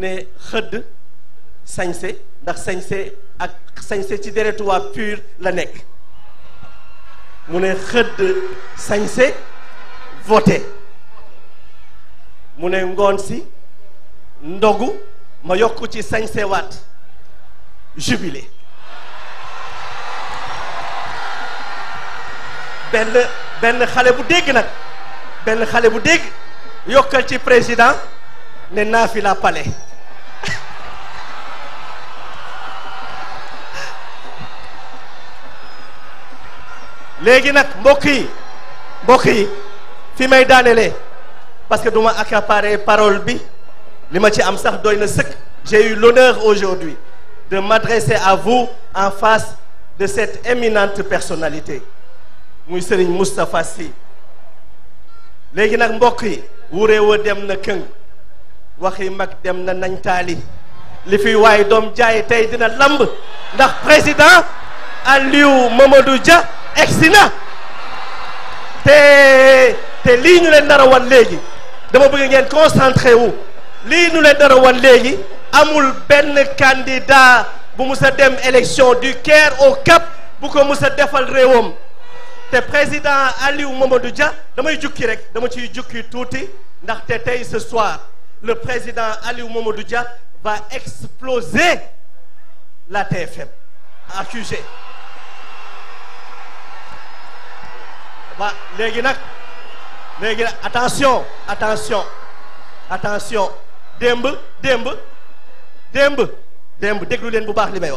ne xëdd sañse ndax sañse ak sañse ci deretu waa la nekk mu ne xëdd sañse voté mu ne ngoon si ndogu ma yokk ci sañsewaat jubilé benn benn xale bu dégg nag benn xale bu dégg yokkal ci président ne naa fi la palais léegi nag mbokk yi mbokk yi fi may daanelee parce que du ma accaparer parole bi li ma ci am sax doy na sëkk j'ai eu l'honneur aujourd'hui de m'adresser à vous en face de cette éminente personnalité muy Serigne Moustapha si léegi nag mbokk yi wuréewa dem na këng waxi mag dem na nañ taali li fi waaye doom jaay tey dina lamb ndax président Aliou Mamadou Dia egsi na te te lii ñu leen nar a léegi dama bëgg ngeen concentré wu lii nu leen dara wan léegi amul benn candidat bu mus a dem élection du Caire au Cap bu ko mus a defal réewam te président Aliou Mamadou Dia damay jukki rek dama ciy jukki tuuti ndaxte tey ce soir le président Aliou Mamadou Dia va exploser la TFM à QG waa léegi nag léegi nag attention attention attention démb démb démb démb déglu leen bu baax li may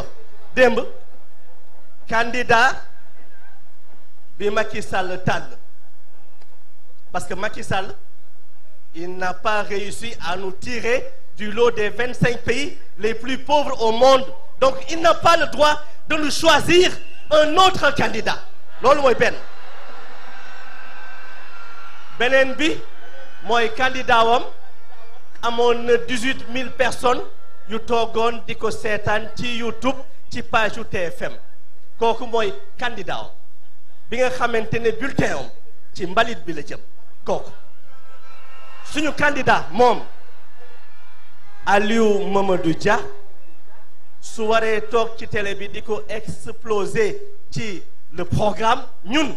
bi Macky Sall parce que Macky Sall il n'a pas réussi à nous tirer du lot des vingt-cinq pays les plus pauvres au monde donc il n'a pas le droit de nous choisir un autre candidat loolu mooy benn beneen bi mooy candidat wam amoon na dix-huit mille personnes yu toogoon di ko seetaan ci YouTube ci page yu TFM kooku mooy candidat bi nga xamante ne bultin am ci mbalit bi la jëm kooku suñu candidat moom Aliou Mamadou ja su waree toog ci télé bi di ko exploser ci le programme ñun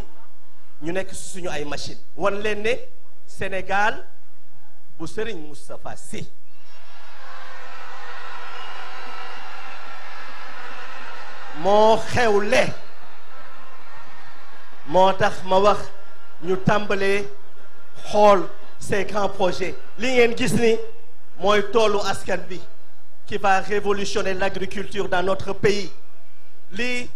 ñu nekk suñu ay machine wan leen ne Sénégal bu sëriñ Moustapha Sy moo xewle moo tax ma wax ñu tàmbalee xool ces grands projet li ngeen gis ni mooy toolu askan bi qui va révolutionner l'agriculture dans notre pays lii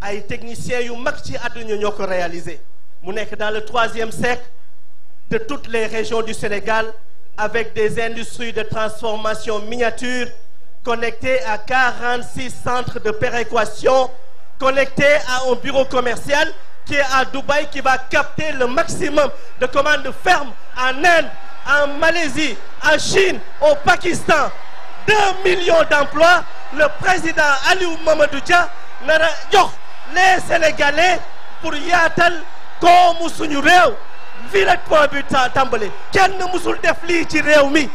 ay techniciens yu mag ci àdduna ñoo ko réalisé mu nekk dans le troisième siècle de toutes les régions du Sénégal avec des industries de transformation miniature connectées à 46 centres de péréquation, connectées à un bureau commercial qui à Dubaï, le maximum de commandes fermes en en Malaisie, en Chine, au le président Aliou Mamadou Dia nara jox les pour yaatal koomu suñu réew fii rek point bi tàmbali kenn musul def lii ci réew mi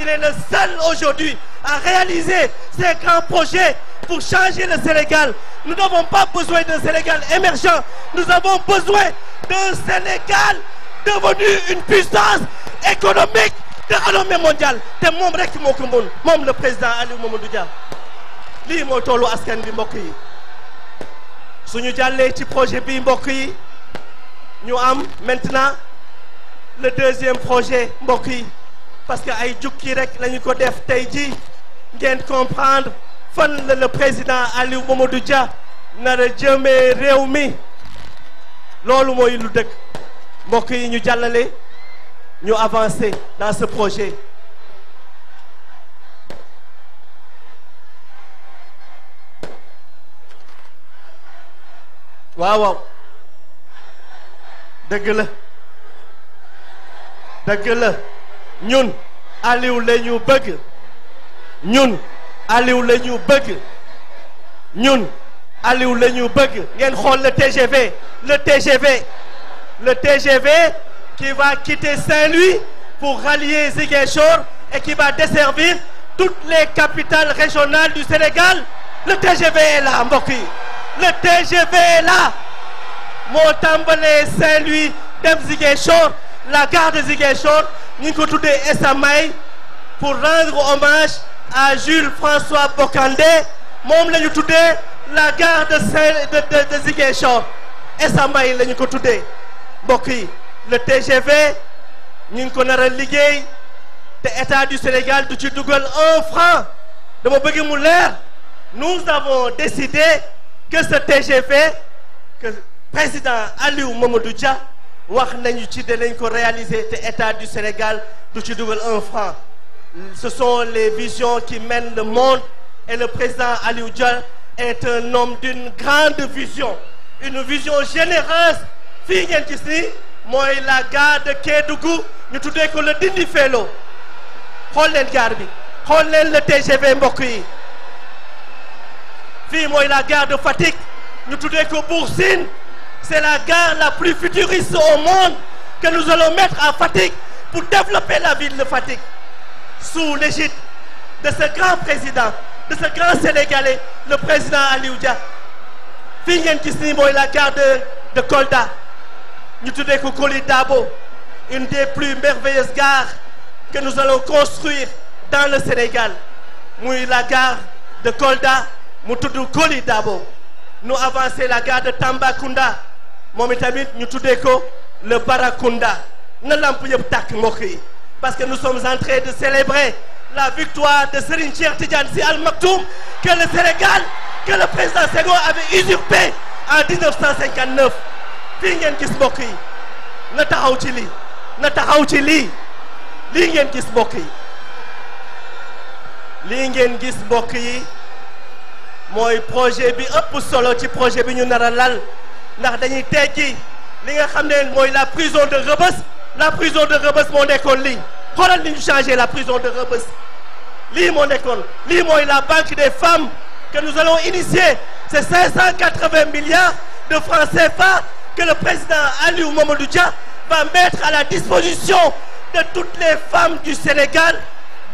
il est le seul aujourd'hui à réaliser ces grands projets pour changer le Sénégal nous n'avons pas besoin d'un Sénégal émergent nous avons besoin d'un Sénégal devenu une puissance économique de mondiale te moom rek moo ko mën le président Aliou Mamadou Dia lii mooy toolu askan bi mbokk yi suñu jàllee ci projet bi mbokk yi ñu am maintenant le deuxième projet mbokk yi parce que ay jukki rek lañu ko def tey ji ngeen comprendre fan la le président Aliou Mamadou Dia nar jëmee réew mi loolu mooy lu dëkk mbokk yi ñu jàllale ñu avancer dans ce projet waaw waaw dëgg la dëgg la ñun Aliou la ñu bëgg ñun Aliou la ñu bëgg ñun Aliou la ñu bëgg ngeen xool le TGV le TGV le TGV qui va quitter Saint-Louis pour rallier Ziguinchor et qui va desservir toutes les capitales régionales du Sénégal le TGV est là mbokk yi est Saint-Louis dem Ziguinchor la gare de Ziguinchor ñu ngi ko tuddee Essamay pour rendre hommage à Jules François Bocandé moom la ñu tuddee la gare de Saint de de de Ziguinchor Essamay la ñu ko tuddee mbokk yi le TGV ñu ngi ko nar liggéey te état du Sénégal du ci dugal un franc dama bëgg mu leer nous avons décidé que ce TGV que président Aliou Mamadou Dia. wax nañu ci danañ ko réaliser te état du Sénégal du ci dugal un franc ce sont les visions qui mènent le monde et le président Aliou Dia est un homme d'une grande vision une vision généreuse fii ngeen gis si mooy la gare de Kédougou ñu tuddee ko le Dindi Félo xool leen gare bi xool leen le TGV mbokk yi fii mooy la gare de Fatick ñu tuddee ko Bour C'est la gare la plus futuriste au monde que nous allons mettre à Fatick pour développer la ville de Fatick sous l'égide de ce grand président de ce grand Sénégalais le président Aliou Dia fii ngeen gis nii mooy la gare de de Kolda ñu tuddee ko Koli Dabo une des plus merveilleuses gares que nous allons construire dans le Sénégal muy la gare de Kolda mu tudd Koli Dabo nous avancer la gare de Tambacounda moom itamit ñu tuddee ko le Barakunda na lamp yëpp tàkk mbokk yi parce que nous sommes en train de célébrer la victoire de Serigne Cheikh Tidiane Sy Al Maktoum que le Sénégal que le président Senghor avait usurpé en 1959 ngeen gis mbokk yi na taxaw ci lii na taxaw ci lii lii ngeen gis mbokk yi li ngeen gis mbokk yi mooy projet bi ëpp solo ci projet bi ñu nar a lal ndax dañuy teggi li nga xam ne mooy la prison de la prison de Rebeuss moo nekkoon lii xoolal ni ñu la prison de lii moo nekkoon lii mooy la banque des femmes que nous allons initier c'est 580 milliards de francs CFA que le président Aliou Mamadou Dia va mettre à la disposition de toutes les femmes du Sénégal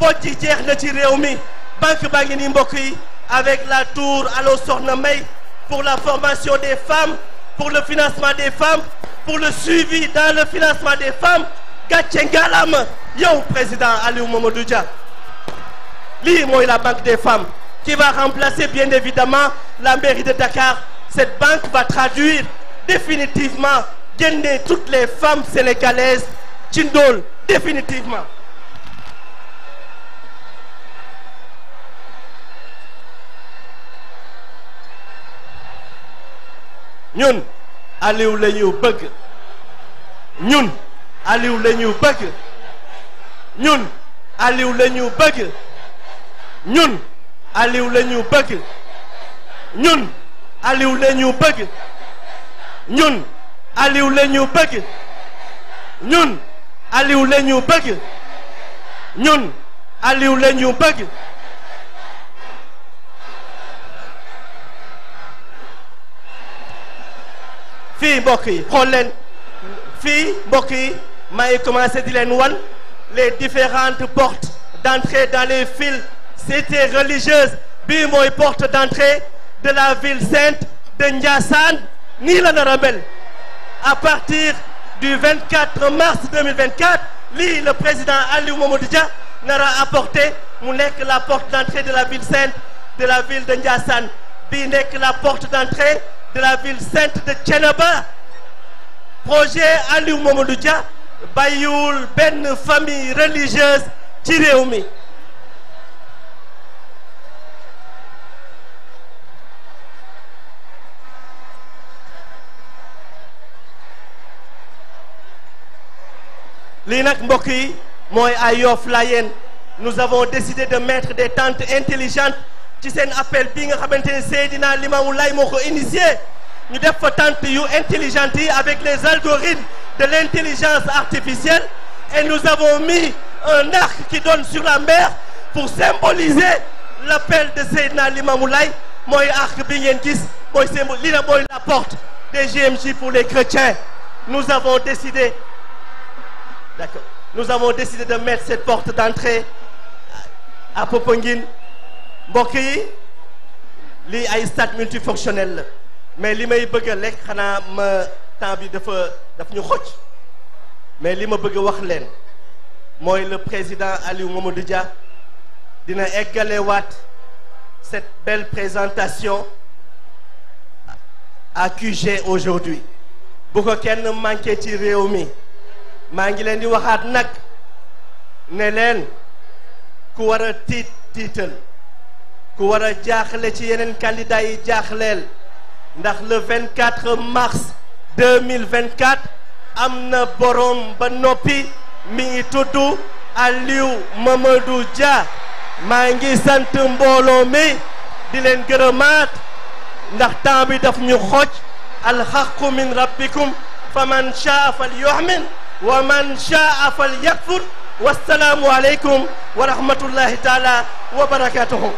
boo jeex na ci réew mi banque baa ngi nii mbokk yi avec la tour Allô Soxna May pour la formation des femmes pour le financement des femmes pour le suivi dans le financement des femmes gàcce yow président Aliou Mamadou Dia lii mooy la banque des femmes qui va remplacer bien évidemment la mairie de Dakar cette banque va traduire définitivement génne toutes les femmes sénégalaises ci ndóol définitivement ñun Aliou la ñu bëgg ñun Aliou la ñu bëgg ñun Aliou la ñu bëgg ñun Aliou la ñu bëgg ñun Aliou la ñu bëgg ñun Aliou la ñu bëgg ñun Aliou la ñu bëgg ñun Aliou la ñu bëgg fii mbokk yi xool mbokk yi may commencé di leen wan les différentes portes d'entrée dans les villes cités religieuses bii mooy porte d'entrée la ville sainte de Ndiassane nii la nar a mel à partir du 24 mars 2024 lii le président Aliou Mamadou Dia nar a apporté mu nekk la porte d'entrée de la ville sainte de la ville de Ndiassane bii nekk la porte d'entrée de la ville sainte de Thiénaba projet Aliou Mamadou Dia bàyyiwul benn famille religieuse ci réew mi lii nag mbokk yi mooy ay Yoff Layeen nous avons décidé de mettre des tentes intelligentes ci seen appel bi nga xamante ne Seydina Limamou Laye moo ko initié ñu def fa tente yu intelligente yi avec les algorithmes de l'intelligence artificielle et nous avons mis un arc qui donne sur la mer pour symboliser l'appel de Seydina Limamou Laye mooy arc bi ngeen gis mooy symbole li la mooy la porte des JMJ pour les chrétiens nous avons décidé d'accord nous avons décidé de mettre cette porte d'entrée à Popenguine mbokk yi lii ay stade multifonctionnel la mais li may bëgg lekk xanaa ma temps bi dafa daf ñu xoj mais li ma bëgg wax leen mooy la président Aliou Mamadou jaa dina eggalewaat cette belle présentation à QG aujourd'hui bu ko kenn manqué ci réew mi maa ngi leen di waxaat nag ne leen ku war a tiit tiital ku war a jaaxle ci yeneen candidat yi jaaxleel ndax le 24 mars 2024 am na borom ba noppi mi ngi tudd Aliou Mamadou Dia maa ngi sant mbooloo mi di leen gërëmaat ndax temps bi daf ñu xooj alxaqu min rabbikum fa man shaa fal yu'min wa man shaa fal yakfur wassalaamu aleykum wa rahmatullahi taala wa barakatuhu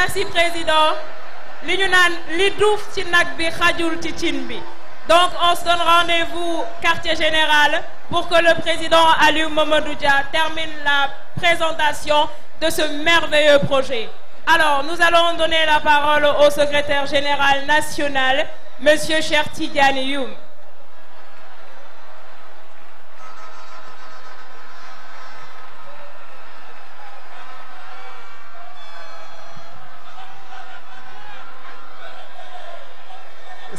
merci président li ñu naan li duuf ci nag bi xajul ci cin bi donc on se donne rendez-vous quartier général pour que le président Aliou Mamadou Dia termine la présentation de ce merveilleux projet alors nous allons donner la parole au secrétaire général national monsieur Cheikh Tidiane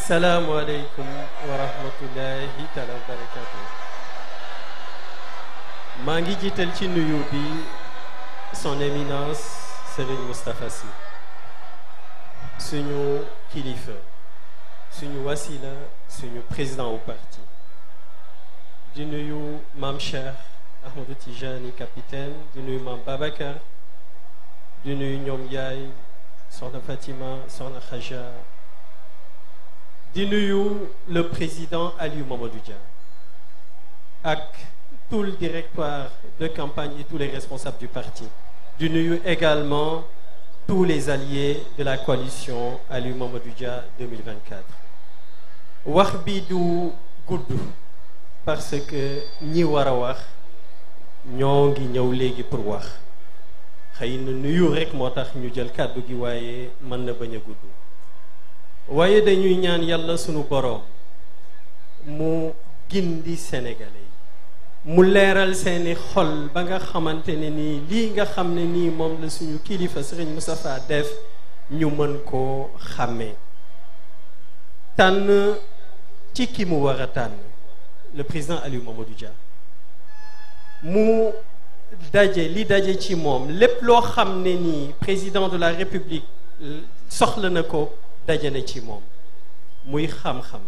asalaamualeykum wa rahmatullahi taala wa barakatuh maa ngi jiital ci nuyu bi son éminence Serigne Moustapha Sy suñu kilifa suñu wasila suñu président au parti di nuyu maam Cheikh Ahmadou Tijani capitaine di nuyu maam Babacar di nuyu ñoom yaay soxna Fatima soxna Xaja di nuyu le président Aliou Mamadou Dia ak tout le directoire de campagne et tous les responsables du parti di nuyu également tous les alliés de la coalition Aliou Mamadou Dia 2024 wax bi du gudd parce que ñi war a wax ñoo ngi ñëw léegi pour wax xëy na nuyu rek moo tax ñu jël kàddu gi waaye mën na bañ a gudd waaye dañuy ñaan yàlla suñu boroom mu gindi sénégalais yi mu leeral seeni xol ba nga xamante ne nii lii nga xam ne nii moom la suñu kilifa sëriñ Moustapha def ñu mën koo xàmmee tànn ci ki mu war tànn le président Aliou Mamadou Dia mu daje li daje ci moom lépp loo xam ne nii président de la république euh, soxla na ko dajale ci moom muy xam-xam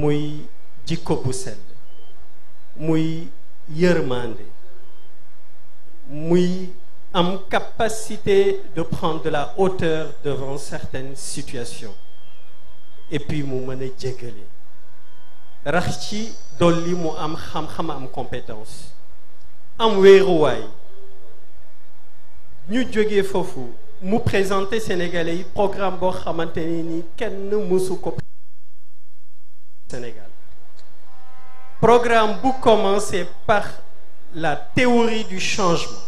muy jikko bu sell muy yërmande muy am capacité de prendre de la hauteur devant certaines situations et puis mu mën a jégale rax ci dolli mu am xam-xam am compétence am wéeruwaay ñu jógee foofu mu présenté sénégalais yi programme boo xamante ne ni kenn mësu ko Sénégal programme bu commencé par la théorie du changement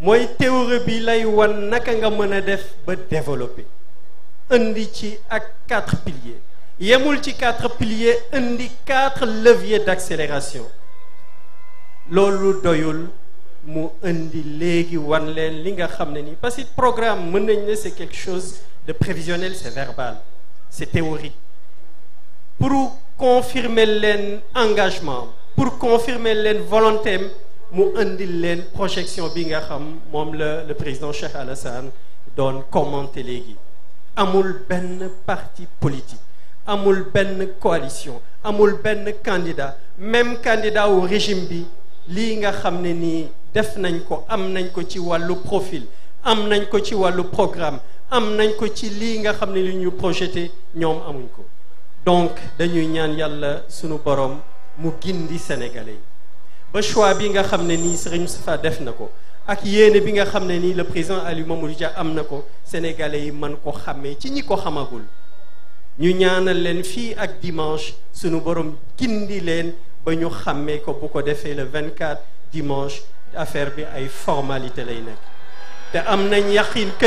mooy théorie bi lay wan naka nga mën a def ba développer indi ci ak quatre piliers yemul ci quatre piliers indi quatre leviers d'accélération loolu doyul mu indi léegi wan leen li nga xam ne nii parce que programme mën nañ ne c'est quelque chose de prévisionnel c'est verbal c'est théorique pour confirmer leen engagement pour confirmer leen volonté mu indil leen projection bi nga xam moom la le président Cheikh Alassane doon commenté léegi amul ben parti politique amul benn coalition amul benn candidat même candidat wu régime bi lii nga xam ne nii def nañ ko am nañ ko ci wàllu profil am nañ ko ci wàllu programme am nañ ko ci lii nga xam ne li ñu projeté ñoom amuñ ko donc dañuy ñaan yàlla sunu borom mu gindi sénégalais yi ba choix bi nga xam ne nii Serigne Moustapha def na ko ak yéene bi nga xam ne nii le président Aliou Mamadou Dia am na ko sénégalais yi man ko xàmmee ci ñi ko xamagul ñu ñaanal leen fii ak dimanche sunu borom gindi leen ba ñu xàmmee ko bu ko defee le 24 dimanche affaire bi ay formalité lay nekk te am nañ yaqin que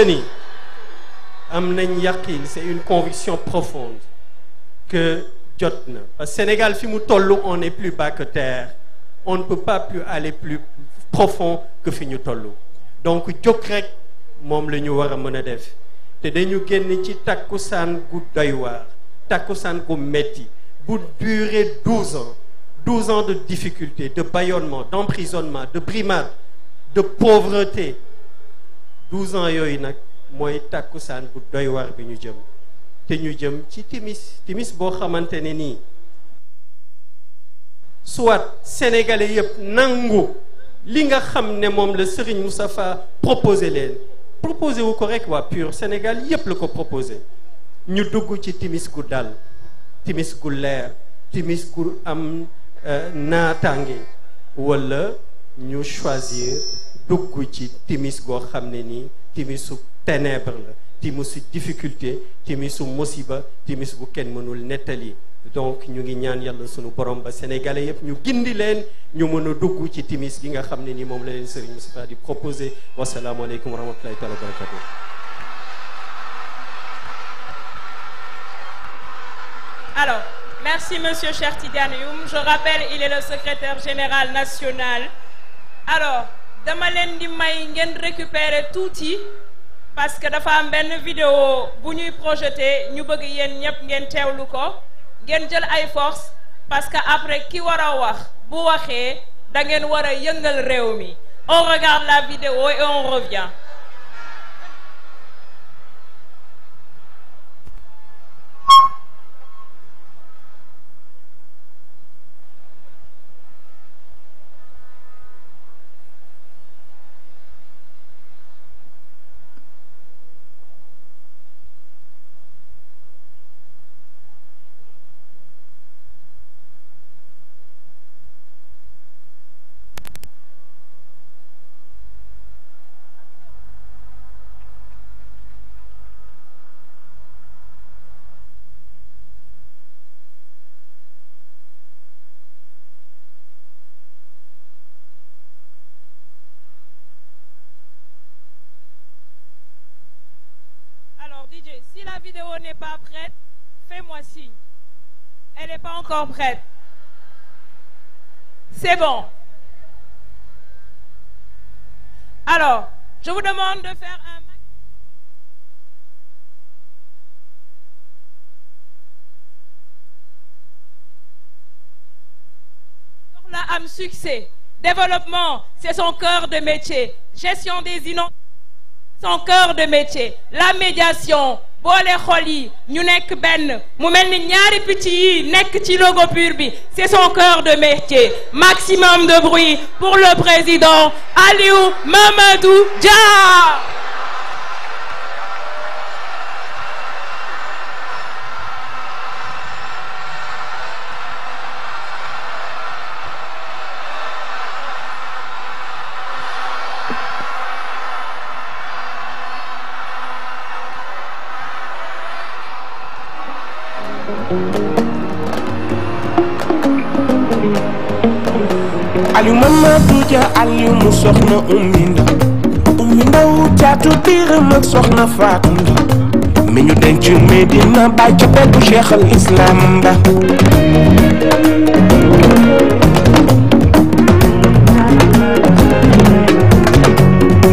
am nañ yaqin c'est une conviction profonde que jot na parce Sénégal fi mu toll on est plus bas que terre on ne peut pas plus aller plus profond que fi ñu tollu donc jóg rekk moom la ñu war a mën a def te dañu génn ci takkusaan gu doy waar takkusaan gu metti bu durer douze ans 12 ans de difficultés, de bâillonnement, d'emprisonnement, de brimade, de pauvreté 12 ans yooyu nag mooy tàkkusaan bu doy war bi ñu jëm te ñu jëm ci timis timis boo xamante ne nii soit sénégalais yëpp nangu li nga xam ne moom la Serigne Moustapha proposé leen proposé wu ko rek waa PUR Sénégal yëpp la ko proposé ñu dugg ci timis gu dal timis gu leer timis gu am Euh, naataange wala ñu choisir dugg ci timis goo xam ne nii timisu ténèbre la timisu difficulté timisu musiba timis bu kenn mënul nettali donc ñu ngi ñaan yàlla sunu borom ba sénégalais yëpp ñu gindi leen ñu mën a dugg ci timis gi nga xam ne nii moom la leen Serigne Moustapha di proposé wasalaamualeykum wa rahmatulahi taala wa Merci, Monsieur Chertiganium. Je rappelle, il est général national. Alors, dama leen di may ngeen récupérer tuuti parce que dafa am benn vidéo bu ñuy projeté ñu bëgg yéen ñëpp ngeen teewlu ko ngeen jël ay force parce que après ki war a wax bu waxee da ngeen war a yëngal réew mi on regarde la vidéo et revient vidéo n'est pas prête, fais-moi signe. Elle n'est pas encore prête. C'est bon. Alors, je vous demande de faire un... la Développement, c'est son cœur de métier. Gestion des inondations, son cœur de métier. La médiation, boole xol yi ñu nekk benn mu mel ni ñaari picc nekk ci logo pur bi c'est son cœur de métier maximum de bruit pour le président Aliou Mamadou Dia soxna ummi ndaw ummi ndaw caatu tiiram ak soxna faatu ndaw mi denc Medina Baay ca peggu al islam ba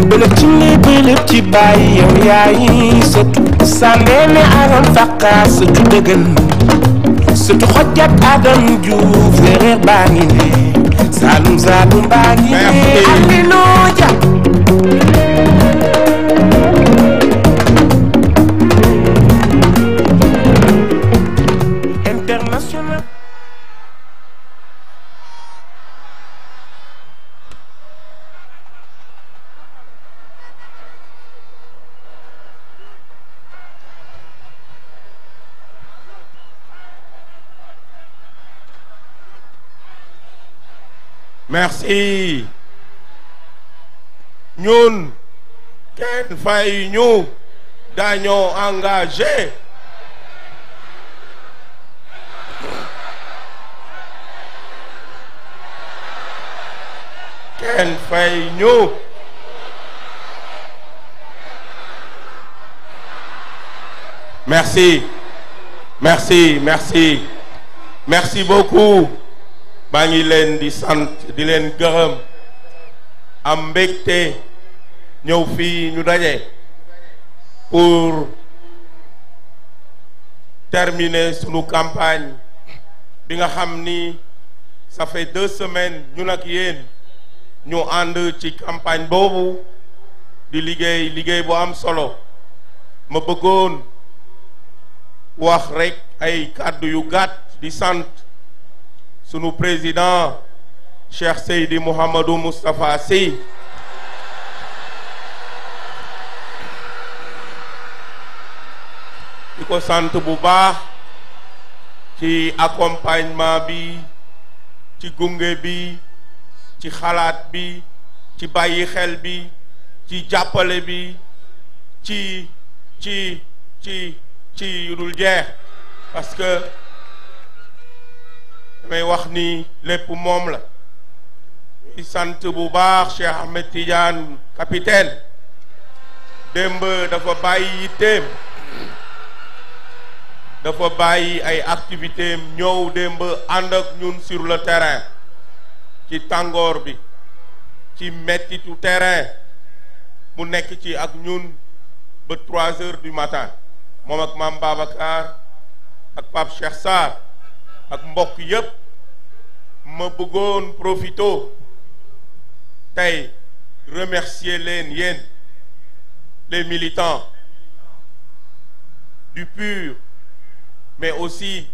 bëlëb ci ne bëlëb ci bàyyi yow yaayi sëtu sàndeene aram faqaa sëtu dëggan sëtu xojjat adam juuf séeréer baa ngi ne Saloum Saloum baa ngi nii ak Minouja merci ñun kenn fay ñu dañoo engagé kenn fay ñu merci merci merci merci maa ngi leen di sant di leen gërëm am mbégte ñëw fii ñu dajee pour terminer sunu campagne bi nga xam ni ça fait semaine ñu ñun ak yéen ñu ànd ci campagne boobu di liggéey liggéey bu am solo ma bëggoon wax rekk ay kàddu yu gàtt di sant sunu président Cheikh Seydi Mouhamadou Moustapha Sy di ko sant bu baax ci accompagnement bi ci gunge bi ci xalaat bi ci bàyyi xel bi ci jàppale bi ci ci ci ci yu jeex parce que damay wax ni lépp moom la ñuy sant bu baax Cheikh Ahmed Tidiane capitaine démb dafa bàyyi yitteem dafa bàyyi ay activitéem ñëw démb ànd ak ñun sur le terrain ci tàngoor bi ci mettitu terrain mu nekk ci ak ñun ba trois heures du matin moom ak maam Babacar ak Pape Cheikh Sarr ak mbokk yépp ma bëggoon profito tey remercier leen yéen les militants du PUR mais aussi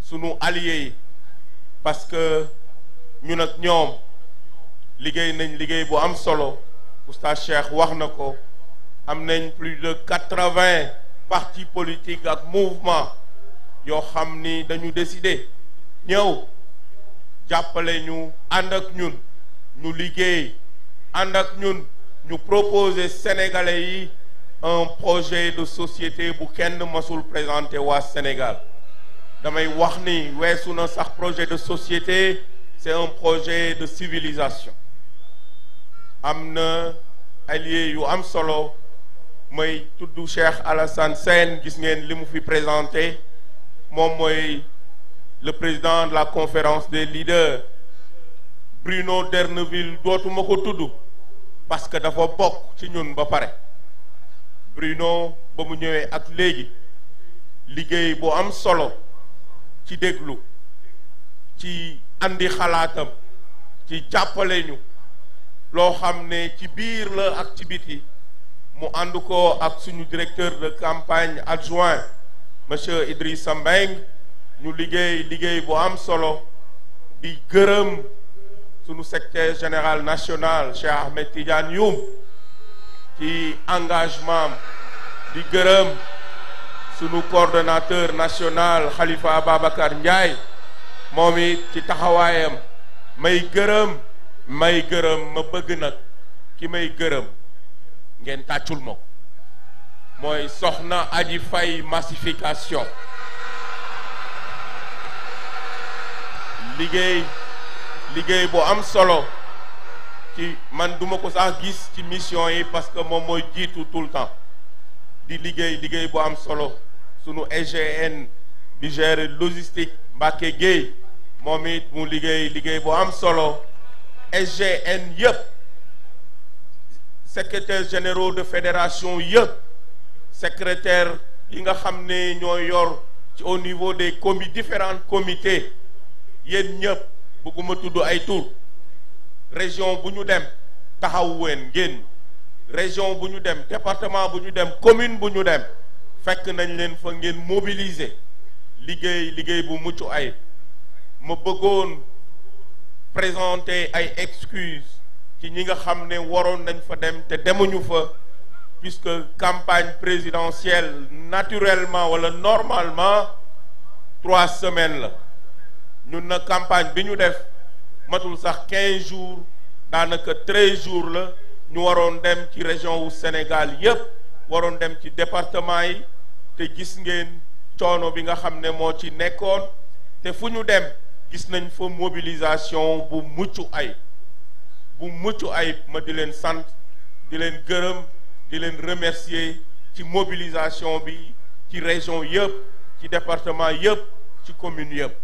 sunu alliés yi parce que ñun ak ñoom liggéey nañ liggéey bu am solo oustaz Cheikh wax na ko am nañ plus de quatre-vingts partis politiques ak mouvement yoo xam ni dañu décider ñëw jàppale ñu ànd ak ñun ñu liggéey ànd ak ñun ñu proposer sénégalais yi un projet de société bu kenn mësul présenté waa Sénégal damay wax ni weesu na sax projet de société c'est un projet de civilisation am na allié yu am solo may tudd Cheikh Alassane Sène gis ngeen li mu fi présenté moom mooy le président de la conférence des leaders Bruno Derneville dootuma ko tudd parce que dafa bokk ci ñun ba pare Bruno ba mu ñëwee ak léegi liggéey bu am solo ci déglu ci andi xalaatam ci jàppale ñu loo xam ne ci biir la ak ci biti mu ànd ko ak suñu directeur de campagne adjoint monsieur Idrissa Mbengue ñu liggéey liggéey bu am solo di gërëm sunu secrétaire général national Cheikh Ahmed Tidiane Youm ci engagement di gërëm sunu coordonnateur national Khalifa Ababacar Ndiaye moom it ci taxawaayam may gërëm may gërëm ma bëgg nag ki may gërëm ngeen tàccul ma mooy soxna aji fay massification liggéey liggéey bu am solo ci man duma ko sax gis ci mission yi parce que moom mooy jiitu tout le temps di liggéey liggéey bu am solo sunu EGN bi gère logistique Mbacke Gueye moom it mu liggéey liggéey bu am solo EGN yëpp secrétaire généraux de fédération yëpp secrétaire yi nga xam ne ñoo yor ci au niveau des comi différents comités yéen ñëpp bëgguma tudd ay tur région bu ñu dem taxawu ween ngeen région bu ñu dem département bu ñu dem commune bu ñu dem fekk nañ leen fa ngeen mobiliser liggéey liggéey bu mucc ay ma bëggoon présenter ay excuses ci ñi nga xam ne waroon nañ fa dem te demuñu fa puisque campagne présidentielle naturellement wala normalement trois semaines la ñun na campagne bi ñu def matul sax quinze jours daanaka treize jours la ñu waroon dem ci région wu Sénégal yépp waroon dem ci département yi te gis ngeen coono bi nga xam ne moo ci nekkoon te fu ñu dem gis nañ fa mobilisation bu mucc ay bu mucc ay ma di leen sant di leen gërëm di leen remercier ci mobilisation bi ci région yëpp ci département yëpp ci commune yëpp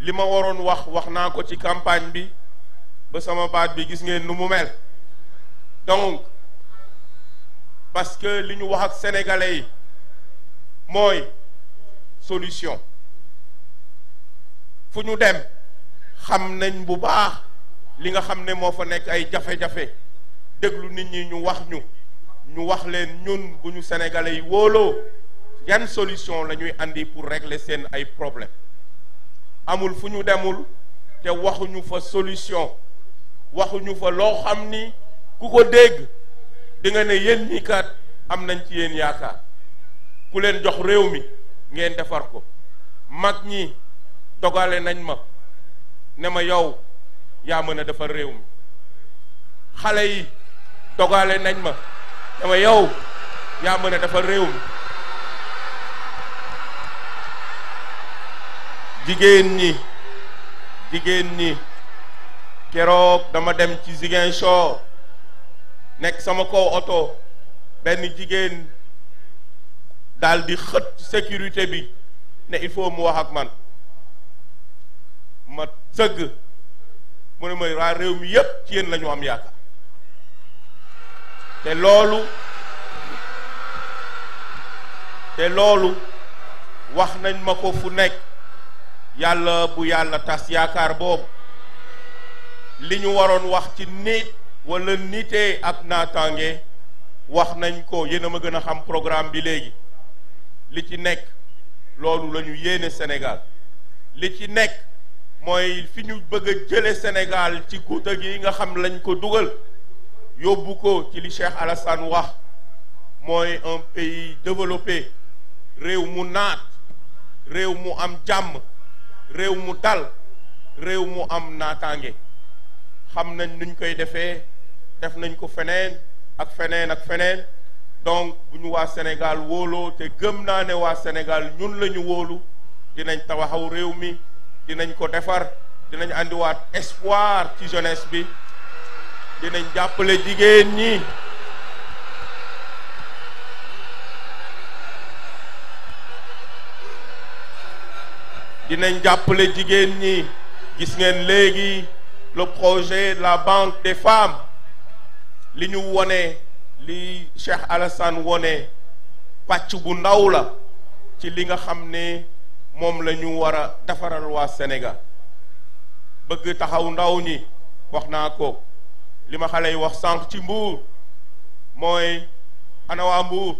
li ma waroon wax wax naa ko ci campagne bi ba sama baat bi gis ngeen nu mu mel donc parce que li ñu wax ak sénégalais yi mooy solution fu ñu dem xam nañ bu baax li nga xam ne moo fa nekk ay jafe-jafe déglu nit ñi ñu wax ñu ñu wax leen ñun bu ñu sénégalais yi wóoloo yan solution la ñuy andi pour régler seen ay problème amul fu ñu demul te waxuñu fa solution waxuñu fa loo xam ni ku ko dégg di nga ne yéen ñi am nañ ci yéen yaakaar ku leen jox réew mi ngeen defar ko mag ñi dogale nañ ma ne ma yow yaa mën a defar réew mi xale yi dogaale nañ ma dama yow yaa mën a dafa réew mi jigéen ñi jigéen ñi keroog dama dem ci Ziguinchor nekk sama kaw oto benn jigéen daal di xët sécurité bi ne il faut mu wax ak man ma sëgg mu ne ma raa réew mi yépp ci yéen la ñu am yaakaar te loolu te loolu wax nañ ma ko fu nekk yàlla bu yàlla tas yaakaar boobu li ñu waroon wax ci nit walla nitee ak naataange wax nañ ko yéen a ma gën a xam programme bi léegi li ci nekk loolu lañu yéene Sénégal li ci nekk mooy fi ñu bëgg a jële Sénégal ci guuta gi nga xam lañ ko dugal yóbbu ko ci li Cheikh Alassane wax mooy un pays développé réew mu naat réew mu am jàmm réew mu dal réew mu am naataange xam nañ nuñ koy defee def nañ ko feneen ak feneen ak feneen donc bu ñu waa Sénégal wóoloo te gëm naa ne waa Sénégal ñun lañu ñu dinañ tabaxaw réew mi dinañ ko defar dinañ àndiwaat espoir ci jeunesse bi dinañ jàppale jigéen ñi dinañ jàppale jigéen ñi gis ngeen léegi le projet la banque des femmes li ñu wone li Cheikh Alassane wone pàcc bu ndaw la ci li nga xam ne moom lañu ñu war a defaral waa Sénégal bëgg taxaw ndaw ñi wax naa ko li ma xale yi wax sànq ci mbuur mooy ana waa mbuur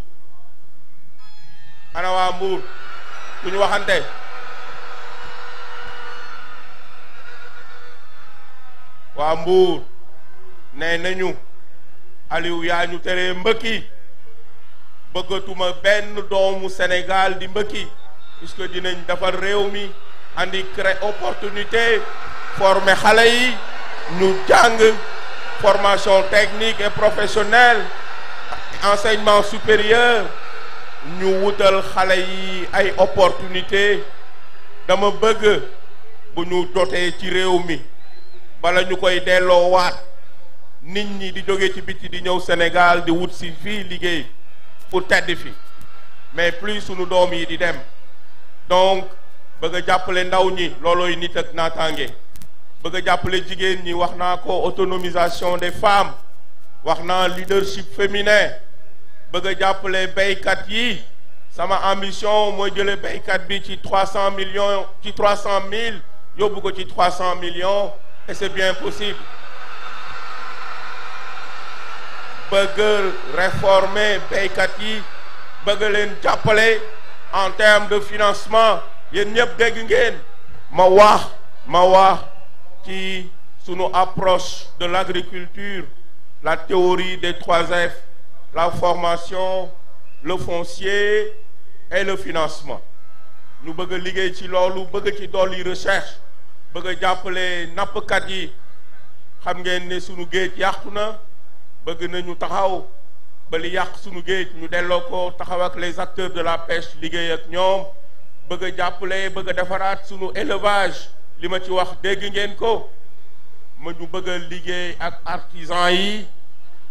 ana waa mbuur duñu waxante waa mbuur nee nañu aliw yaa ñu teree mbëkki bëggatuma benn doomu Sénégal di mbëkki puisque dinañ defar réew mi andi créer opportunité former xale yi ñu jàng formation technique et professionnelle enseignement supérieur ñu wutal xale yi ay opportunité dama bëgg bu ñu dotee ci réew mi bala ñu koy delloowaat nit ñi di jóge ci biti di ñëw Sénégal di wut si fii liggéey pour tedd fi mais plus sunu doom yi di dem donc bëgg jàppale ndaw ñi loolooy nit ak naataange. bëgg jàppale jigéen ñi wax naa ko autonomisation des femmes wax naa leadership féminin bëgg jàppale béykat yi sama ambition mooy jële béykat bi ci trois cent millions ci trois cent mille yóbbu ko ci trois cent millions et c'est bien possible bëgg réformer béykat yi bëgg leen jàppale en termes de financement yéen ñëpp dégg ngeen ma wax ma wax ci sunu approche de l'agriculture la théorie des trois F la formation le foncier et le financement ñu bëgg a liggéey ci loolu bëgg ci dolli recherche bëgg a jàppale nappkat yi xam ngeen ne sunu géej yàqu na bëgg nañu taxaw ba li yàq sunu géej ñu delloo ko taxaw ak les acteurs de la pêche liggéey ak ñoom bëgg jàppale bëgg a defaraat sunu élevage li ma ci wax dégg ngeen ko ma ñu bëgg liggéey ak artisan yi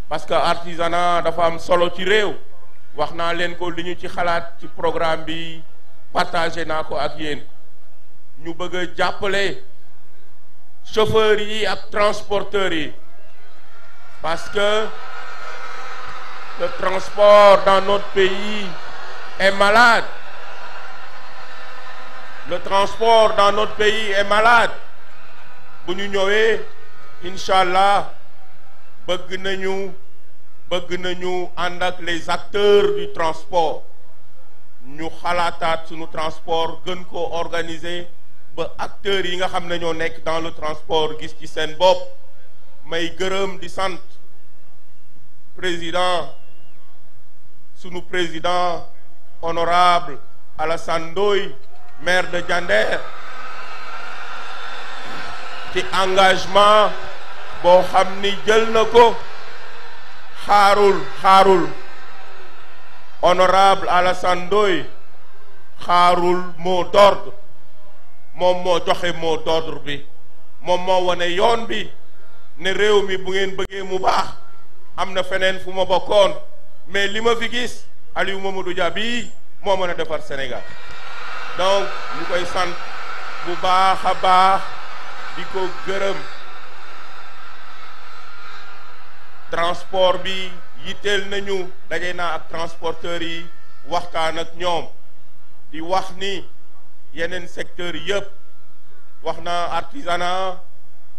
parce que artisanat dafa am solo ci réew wax naa leen ko li ñu ci xalaat ci programme bi partagé naa ko ak yéen ñu bëgg a jàppale chauffeurs yi ak transporteurs yi parce que le transport dans notre pays est malade le transport dans notre pays est malade bu ñu ñëwee incha allah bëgg nañu bëgg nañu ànd ak les acteurs du transport ñu xalaataat suñu transport gën ko organiser ba acteurs yi nga xam ne ñoo nekk dans le transport gis ci seen bopp may gërëm di sant président sunu président honorable Alassane Ndoye maire de Diender ci engagement boo xam ni jël na ko xaarul xaarul honorable Alassane Ndoye xaarul mot d'ordre moom moo joxe mot d'ordre bi moom moo wane yoon bi ne réew mi bu ngeen bëggee mu baax am na feneen fu ma bokkoon mais lima ma fi gis Aliou Mamadou Dia bii moo mën a defar Sénégal donc ñu koy sant bu baax a baax di ko gërëm transport bi yitteel nañu daje na ak transporteurs yi waxtaan ak ñoom di wax ni yeneen secteur yëpp wax naa artisanat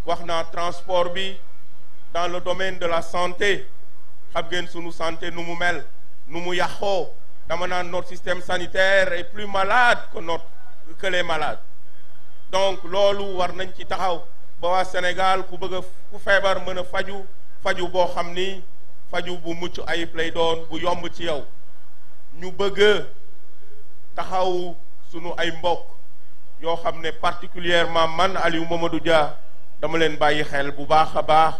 wax naa transport bi dans le domaine de la santé xam ngeen sunu santé nu mu mel nu mu yàqoo dama naan notre système sanitaire est plus malade que notre que les donc loolu war nañ ci taxaw ba waa Sénégal ku bëgg ku feebar mën faju faju boo xam ni faju bu mucc ayib lay doon bu yomb ci yow ñu bëgg taxaw sunu ay mbokk yoo xam ne particulièrement man Aliou Mamadou Dia dama leen bàyyi xel bu baax a baax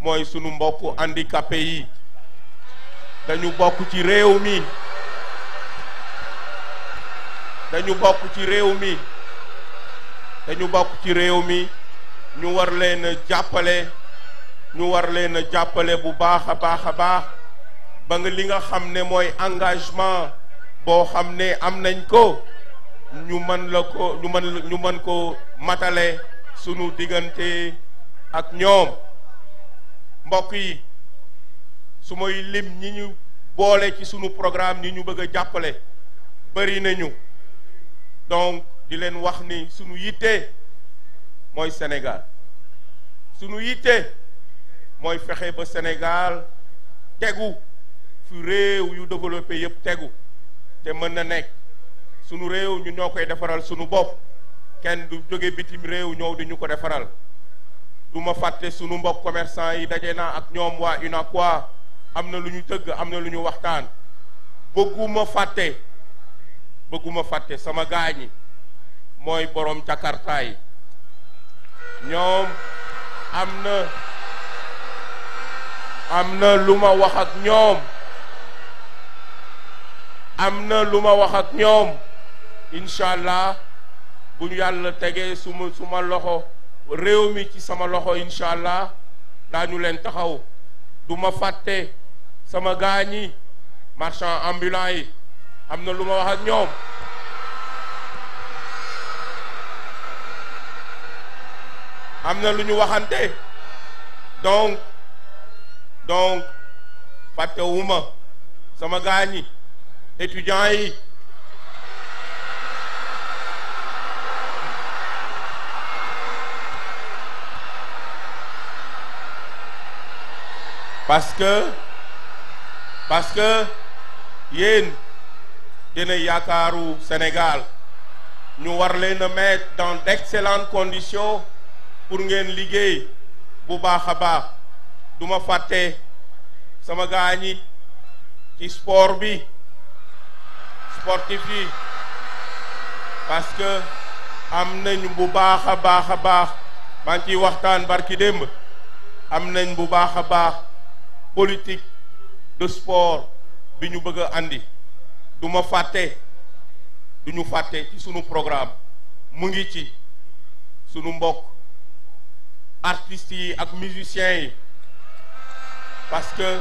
mooy sunu mbokk handicapé yi dañu bokk ci réew mi dañu bokk ci réew mi dañu bokk ci réew mi ñu war jàppale ñu war leen a jàppale bu baax a baax a baax ba nga li nga xam ne mooy engagement boo xam ne am nañ ko ñu mën ko matale sunu diggante ak ñoom mbokk yi su may lim ñi ñu boole ci sunu programme ñi ñu bëgg a jàppale bëri nañu donc di leen wax ni sunu yittee mooy Sénégal sunu yitte mooy fexe ba Sénégal tegu fu réew yu développé yëpp tegu te mën na nekk sunu réew ñu ñoo koy defaral sunu bopp kenn du jóge bitim réew ñëw di ñu ko defaral du ma fàtte sunu mbokk commerçant yi daje na ak ñoom waa UNACOIS am na lu ñu tëgg am na lu ñu waxtaan bëgguma fàtte bëgguma fàtte sama gaañi mooy boroom jakarta ñoom am na am na lu ma wax ak ñoom am na lu ma wax ak ñoom incha allah bu ñu yàlla tegee suma suma loxo réew mi ci sama loxo incha allah daañu leen taxaw du ma fàtte sama gaañi yi marchand ambulant yi am na lu ma wax ak ñoom am na lu ñu waxante donc donc fàttewuma sama gaañi yi yi parce que parce que yéen dina yaakaaru Sénégal ñu war leen a mettre dans d'excellentes conditions pour ngeen liggéey bu baax a baax du ma fàtte sama gaañi ci sport bi sportif yi parce que am nañ bu baax a baax a baax maa ngi ciy waxtaan barki demb am nañ bu baax a baax politique de sport bi ñu bëgg a andi du ma fàtte du ñu fàtte ci sunu programme mu ngi ci sunu mbokk artistes yi ak musiciens yi parce que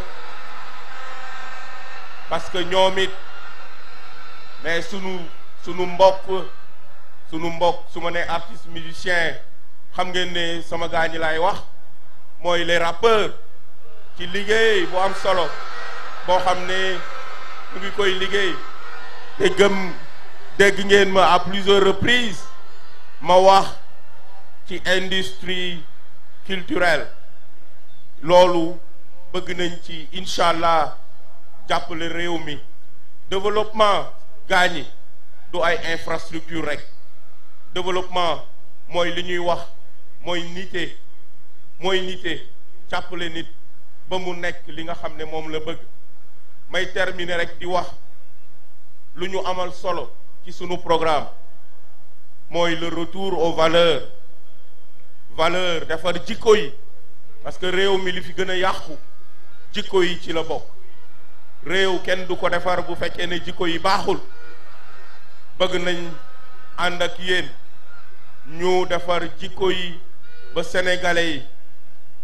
parce que ñoom it mais sunu sunu mbokk sunu mbokk su ma nee artiste musicien xam ngeen ne sama gaañi laay wax mooy les rappeurs ci liggéey bu am solo boo xam ne ñu ngi koy liggéey te dégg ngeen ma à plusieurs reprises ma wax ci industrie culturelle loolu bëgg nañ ci incha allah jàppale réew mi développement gaa ñi du ay infrastructure rek développement mooy li ñuy wax mooy nite mooy nite jàppale nit ba mu nekk li nga xam ne moom la bëgg may terminer rek di wax lu ñu amal solo ci sunu programme mooy le retour aux valeurs valeur defar jikko yi parce que réew mi li fi gën a yàqu jikko yi ci la bokk réew kenn du ko defar bu fekkee ne jikko yi baaxul bëgg nañ ànd ak yéen ñu defar jikko yi ba sénégalais yi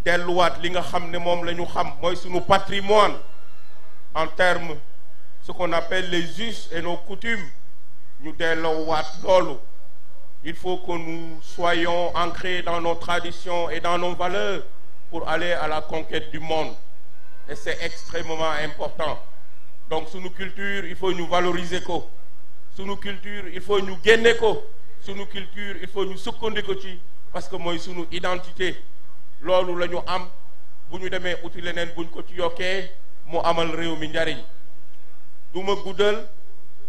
delluwaat li nga xam ne moom la ñu xam mooy suñu patrimoine en terme ce qu'on appelle les us et nos coutumes ñu delluwaat loolu il faut que nous soyons ancrés dans nos traditions et dans nos valeurs pour aller à la conquête du monde et c'est extrêmement important donc suñu cultures il faut ñu valoriser ko suñu culture il faut ñu génne ko suñu culture il faut ñu sukkandiku ci parce que mooy suñu identité loolu la ñu am bu ñu demee uti leneen buñ ko ci yokkee mu amal réew mi njariñ du ma guddal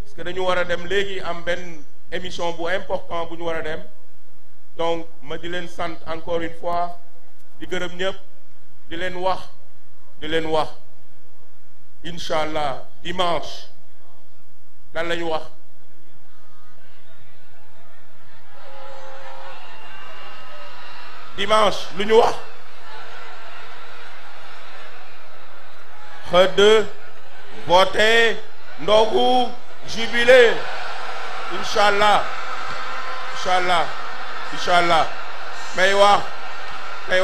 parce que dañu war a dem léegi am benn émission bu important bu ñu war a dem donc ma di leen sant encore une fois di gërëm ñëpp di leen wax di leen wax incha allah dimanche lan la ñu wax dimanche lu ñu wax xëdd voté ndogu jubilé incha allah incha allah incha allah may wax may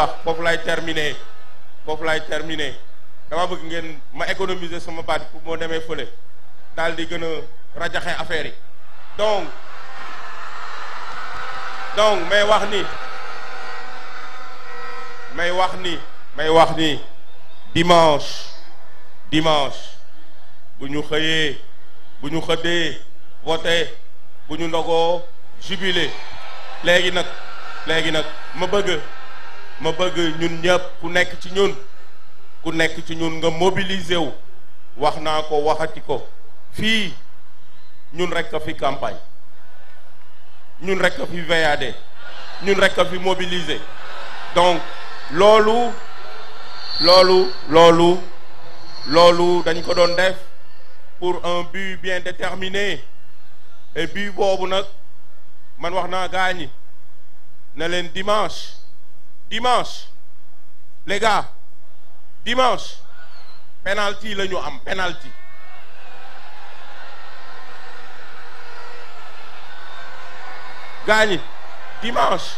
wax may foofu laay terminer dama bëgg ngeen ma économiser sama baat pour moo demee fële daal di gën a rajaxe affaire yi donc donc may wax ni may wax ni may wax ni dimanche dimanche bu ñu xëyee bu ñu xëddee voté bu ñu ndogoo jubile léegi nag léegi nag ma bëgg ma bëgg ñun ñëpp ku nekk ci ñun ku nekk ci ñun nga mobiliser wu wax naa ko waxati ko fii ñun rek fi campagne ñun rek a fi VAD ñun rek a fi mobiliser donc loolu loolu loolu loolu dañ ko doon def pour un but bien déterminé et but boobu nag man wax naa gaañi na leen dimanche dimanche les gars dimanche penalty la am penalty gaañi dimanche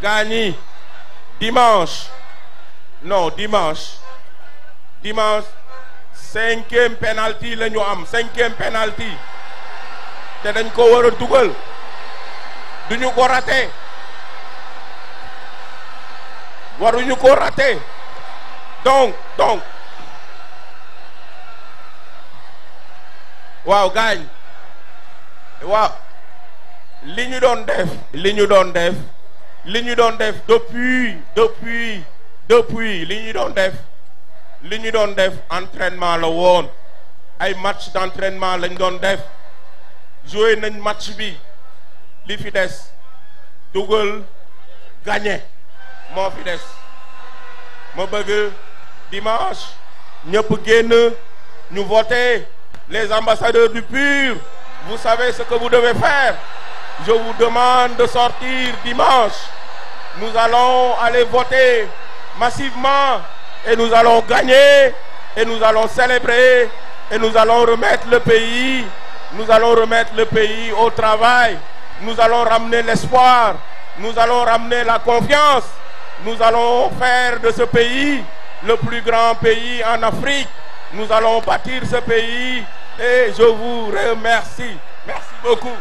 gaañi dimanche non dimanche dimanche cinquième penalty la am cinquième penalty te dañ ko war a dugal duñu ko raté waruñu ko raté donc donc waaw gaañ waaw li ñu doon def li ñu doon def li ñu doon def depuis depuis depuis li ñuy doon def li ñuy doon def entrainement la woon ay match d'entraînement lañ doon def joué nañ match bi li fi des dugal gagné moo fi des ma bëgg dimanche ñëpp génn ñu voter les ambassadeurs du PUR vous savez ce que vous devez faire je vous demande de sortir dimanche nous allons aller voter massivement et nous allons gagner et nous allons célébrer et nous allons remettre le pays nous allons remettre le pays au travail nous allons ramener l'espoir nous allons ramener la confiance Nous allons faire de ce pays le plus grand pays en Afrique. Nous allons bâtir ce pays et je vous remercie. Merci beaucoup.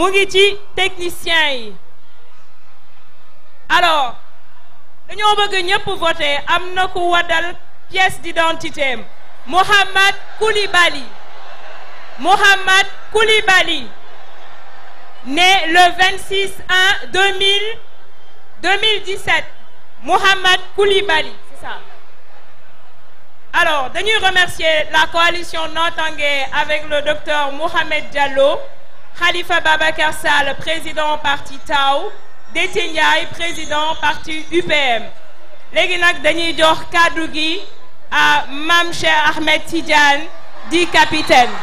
mu ngi ci yi alors dañoo bëgg ñëpp voté am na ku waddal pièce d'identité am Mouhamad Koulibaly Mouhamad Koulibaly né le 26 1 2000 2017 Mouhamad le docteur Mouhamed Diallo Khalifa Babacar Sall président parti TAW Déthié Ndiaye président parti UPM léegi nag dañuy jox kàddu gi à Mame Cheikh Ahmed Tidiane di capitaine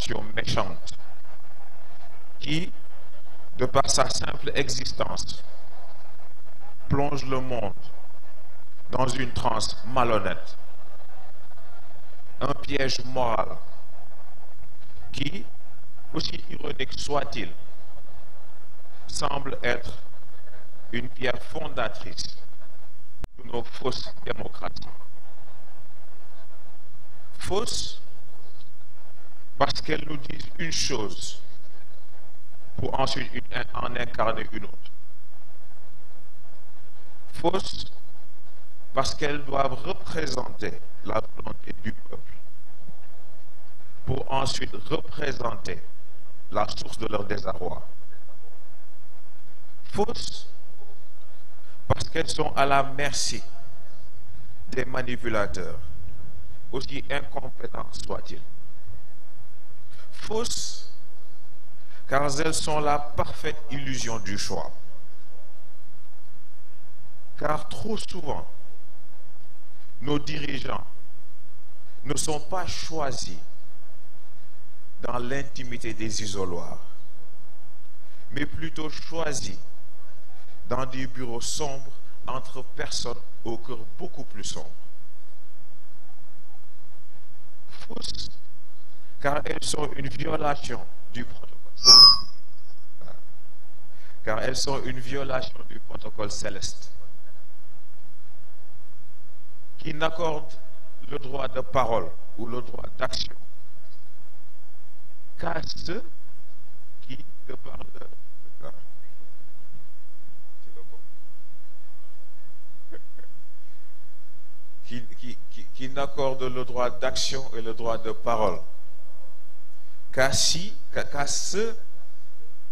intention méchante qui, de par sa simple existence, plonge le monde dans une transe malhonnête, un piège moral qui, aussi ironique soit-il, semble être une pierre fondatrice de nos fausses démocraties. qu'elles nous disent une chose pour ensuite en parce qu'elles doivent représenter la volonté du peuple pour ensuite représenter la source de leur parce qu'elles sont à la merci des manipulateurs, aussi incompétents soient-ils. fausses, car elles sont la parfaite illusion du choix. Car trop souvent, nos dirigeants ne sont pas choisis dans l'intimité des isoloirs, mais plutôt choisis dans des bureaux sombres entre personnes au cœur beaucoup plus sombre. car elles sont une violation du protocole car elles sont céleste qui n'accorde le droit de parole ou le droit d'action qu'à ceux qui, de le droit d'action et le droit de parole qu'à si, qu'à ceux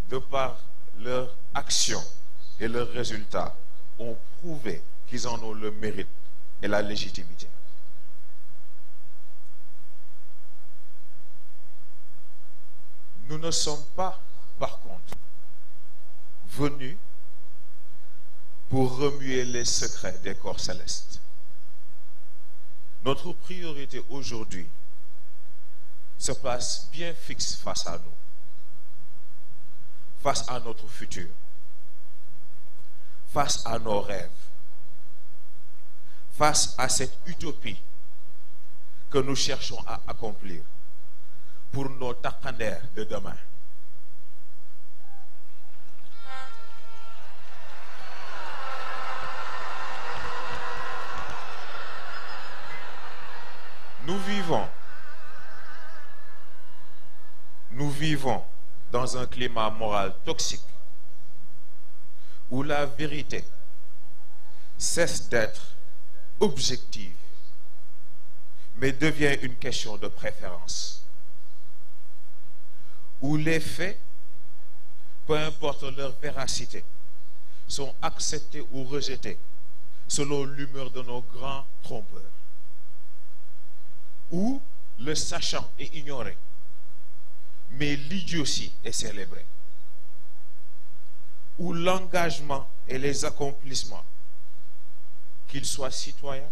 de par leur action et leurs résultats ont prouvé qu'ils en ont le mérite et la légitimité. Nous ne sommes pas, par contre, venus pour remuer les secrets des corps célestes. Notre priorité aujourd'hui se place bien fixe face à nous, face à notre futur, face à nos rêves, face à cette utopie que nous cherchons à accomplir pour nos takanères de demain. Nous vivons nous vivons dans un climat moral toxique où la vérité cesse d'être objective, mais devient une question de préférence, où les faits, peu importe leur véracité, sont acceptés ou rejetés selon l'humeur de nos grands trompeurs, où le sachant est ignoré, mais l'idiotie est célébrée. Où l'engagement et les accomplissements, qu'ils soient citoyens,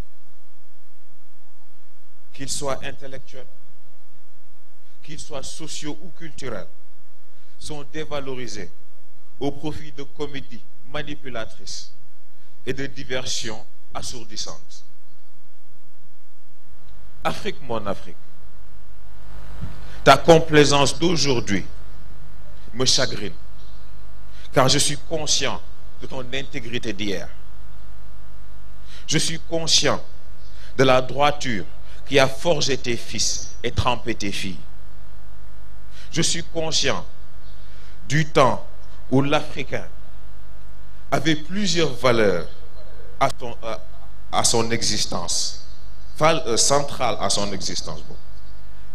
qu'ils soient intellectuels, qu'ils soient sociaux ou culturels, sont dévalorisés au profit de comédies manipulatrices et de diversions assourdissantes. Afrique, mon Afrique. ta complaisance d'aujourd'hui me chagrine, car je suis conscient de ton intégrité d'hier. Je suis conscient de la droiture qui a forgé tes fils et trempé tes filles. Je suis conscient du temps où l'Africain avait plusieurs valeurs à, ton, à, à son existence, euh, à son existence. Bon.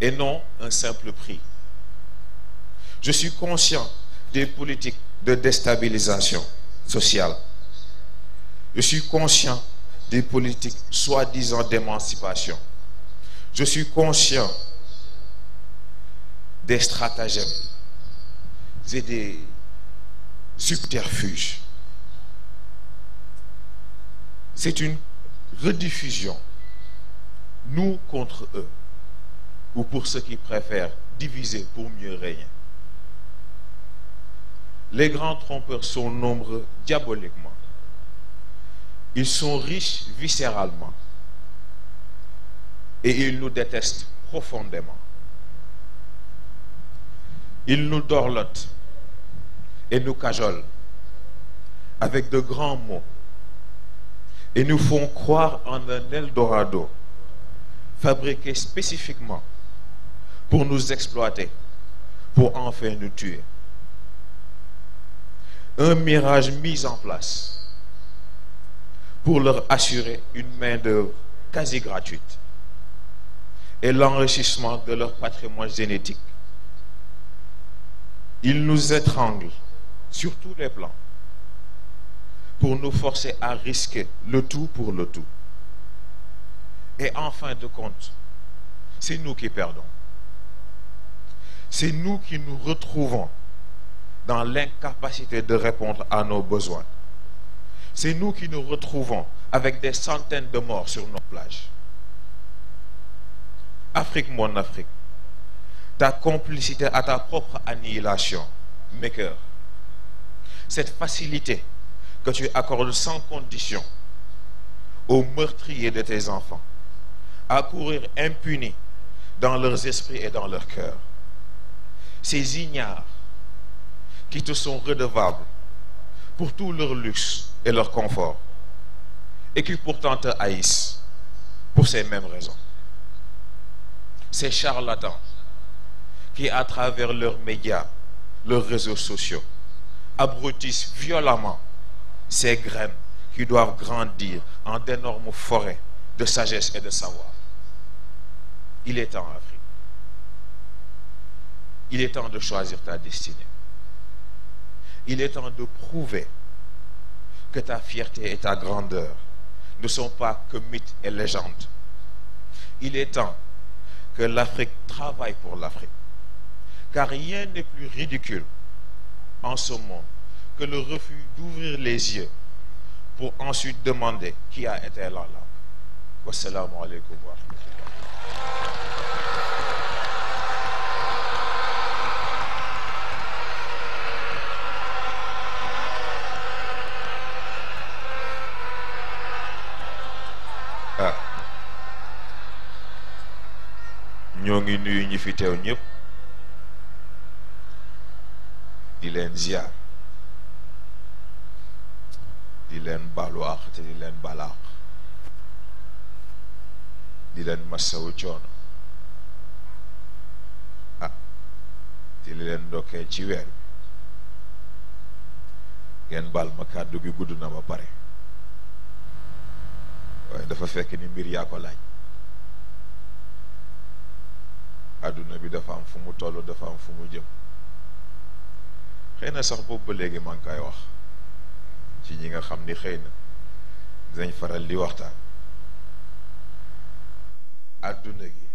et non un simple prix. Je suis conscient des politiques de déstabilisation sociale. Je suis conscient des politiques soi-disant d'émancipation. Je suis conscient des stratagèmes et des subterfuges. C'est une rediffusion, nous contre eux. pour ceux qui préfèrent diviser pour mieux régner. Les grands trompeurs sont nombreux diaboliquement. Ils sont riches viscéralement. Et ils nous détestent profondément. Ils nous dorlotent et nous cajolent avec de grands mots et nous font croire en Eldorado fabriqué spécifiquement pour nous exploiter, pour enfin nous tuer. Un mirage mis en place pour leur assurer une main-d'œuvre quasi gratuite et l'enrichissement de leur patrimoine génétique. Ils nous étranglent sur tous les plans pour nous forcer à risquer le tout pour le tout. Et en fin de compte, c'est nous qui perdons. c'est nous qui nous retrouvons dans l'incapacité de répondre à nos besoins. C'est nous qui nous retrouvons avec des centaines de morts sur nos plages. Afrique, mon Afrique, ta complicité à ta propre annihilation, mes cœurs, cette facilité que tu accordes sans condition aux meurtriers de tes enfants, à impunis dans leurs esprits et dans leurs cœurs. ces ignares qui te sont redevables pour tout leur luxe et leur confort et qui pourtant te haïssent pour ces mêmes raisons. Ces charlatans qui, à travers leurs médias, leurs réseaux sociaux, abrutissent violemment ces graines qui doivent grandir en d'énormes forêts de sagesse et de savoir. Il est temps, à Il est temps de choisir ta destinée. Il est temps de prouver que ta fierté et ta grandeur ne sont pas que mythes et légendes. Il est temps que l'Afrique travaille pour l'Afrique. Car rien n'est plus ridicule en ce monde que le refus d'ouvrir les yeux pour ensuite demander qui a été la langue. Wassalamu fi teew ñëpp di leen ziar di leen baalu àq te di leen baal àq di leen massawu coono ah di leen ndokkee ci weer bi ngeen baal ma kàddu gi gudd na ba pare waaye dafa fekk ni mbir yaa ko laaj àdduna bi dafa am fu mu toll dafa am fu mu jëm xëy na sax boobu ba léegi maa ngi koy wax ci ñi nga xam ni xëy na dinañ faral di waxtaan adduna gi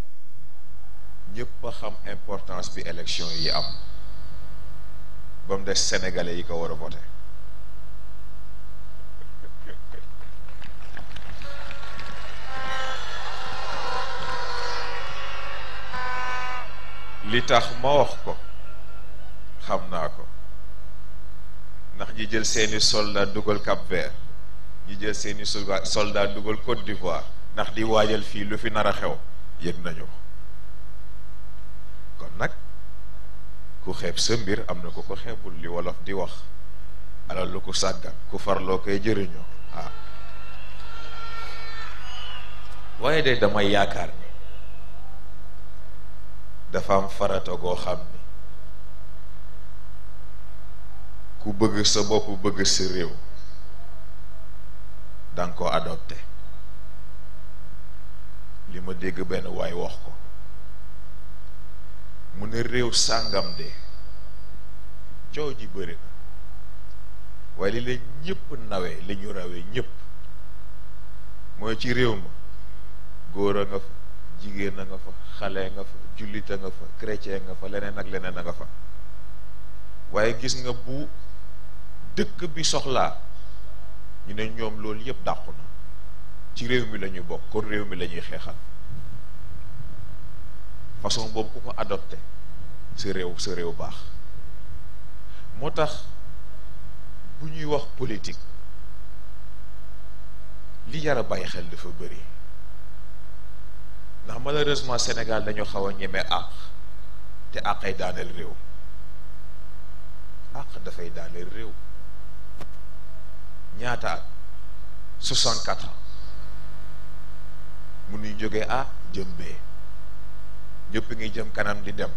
ñëpp a xam importance bi élection yi am ba mu des sénégalais yi ko war a voté li tax ma wax ko xam naa ko ndax ñi jël seeni soldat dugal Cap Vert ñi jël seeni soldat dugal Côte d'Ivoire ndax di waajal fii lu fi nar a xew yëg nañu ko kon nag ku xeeb sa mbir am na ko ko xeebul li wolof di wax alal lu ko sàggan ku farloo koy jëriñoo ah. waaye de damay yaakaar ni dafa am farata goo xam ni ku bëgg sa bopp bëgg sa réew danga ko adopté li ma dégg benn waay wax ko mu ne réew sàngam de coow ji bëri na waaye li la ñëpp nawee li ñu rawee ñépp mooy ci réew ma góor a nga jigéen a nga fa xale nga fa jullit nga fa chrétien nga fa leneen ak leneen a nga fa waaye gis nga bu dëkk bi soxlaa ñu ne ñoom loolu yëpp dàqu na ci réew mi lañuy ñu bokk kon réew mi lañuy ñuy xeexal façon boobu ku ko adopté sa réew sa réew baax moo tax bu ñuy wax politik li jar a bàyyi xel dafa bëri ndax malheureusement Sénégal dañu xaw a ñeme àq te àq ay daaneel réew àq dafay daaneel réew ñaata at 64 ans mu nuy jógee A jëm B ñëpp ngi jëm kanam di dem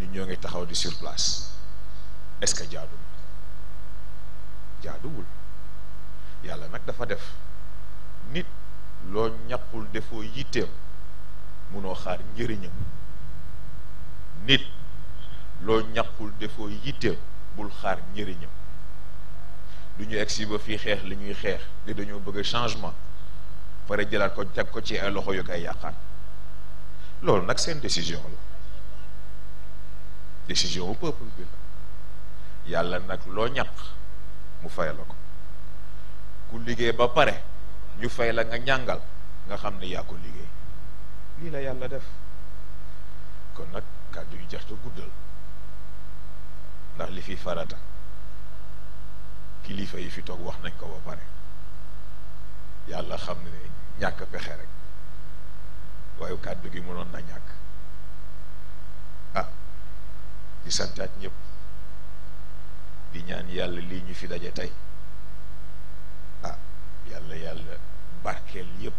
ñu ñoo ngi taxaw di sur place est-ce que jaaduwul jaaduwul yàlla nag dafa def nit loo ñàkkul defoo yitteem. munoo xaar njëriñam nit loo ñaqul defoo yitte bul xaar njëriñam du ñu egsi ba fii xeex li ñuy xeex di dañoo bëgg changement pare jëlaat ko teg ko ci ay loxo yu koy yàqaat loolu nag seen décision la décision wu peuple bi la yàlla nag loo ñaq mu fay la ko ku liggéey ba pare ñu fay la nga ñàngal nga xam ne yaa ko liggéey lii la yàlla def kon nag kàddu yu jarta guddal ndax li fi farata kilifa yi fi toog wax nañ ko ba pare yàlla xam ne ñàkk pexe rek waaye kàddu gi mënoon na ñàkk ah di santaat ñëpp di ñaan yàlla lii ñu fi daje tey ah yàlla yàlla barkeel yëpp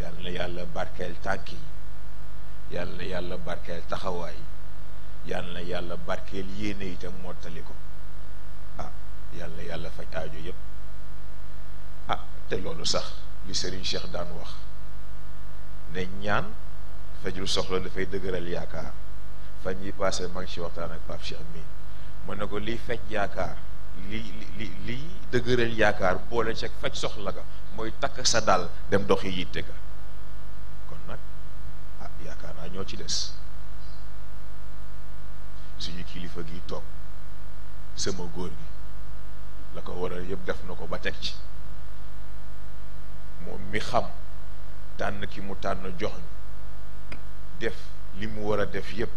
yàlla na yàlla barkeel tànk yi yàlla na yàlla barkeel taxawaay yàlla na yàlla barkeel yéene itam mottali ko ah yàlla yàlla faj aajo yépp ah te loolu sax li Serigne Cheikh daan wax ne ñaan fajul soxla dafay dëgëral yaakaar fan yi passé maa ngi ci waxtaan ak Pape Cheikh mi mën na ko liy faj yaakaar li li liy dëgëral yaakaar boole ci faj soxla ga mooy takk sa daal dem doxi yitte ga ñoo ci des suñu kilifa gi toog sama góor gi la ko waral yëpp def na ko ba teg ci moom mi xam tànn ki mu tànn jox ñu def li mu war a def yëpp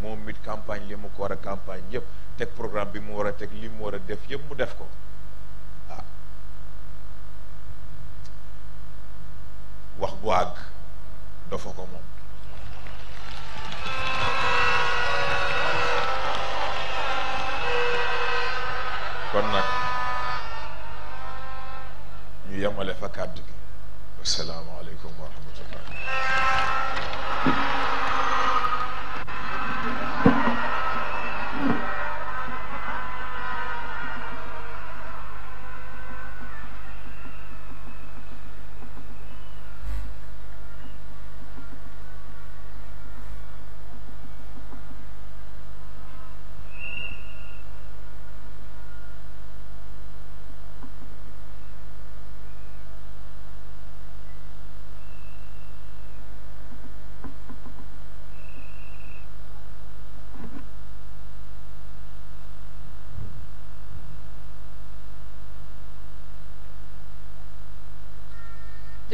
moom mit campagne li mu ko war a campagne yëpp teg programme bi mu war a teg li mu war a def yëpp mu def ko ah wax bu àgg dafa ko moom kon nag ñu yemale fa kàddu gi wasalaamaaleykum wa rahmatullah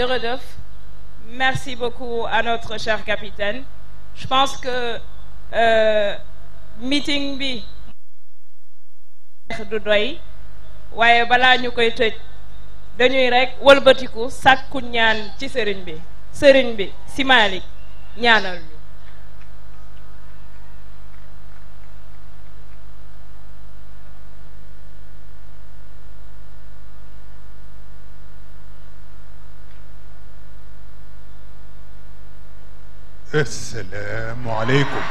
Jërëjëf. Merci beaucoup à notre cher capitaine. Je pense que euh, bi du doy waaye balaa ñu koy tëj dañuy rekk wëlbatiku sàkku ñaan ci sëriñ bi sëriñ bi si ñaanal ñu assalaamu aleykum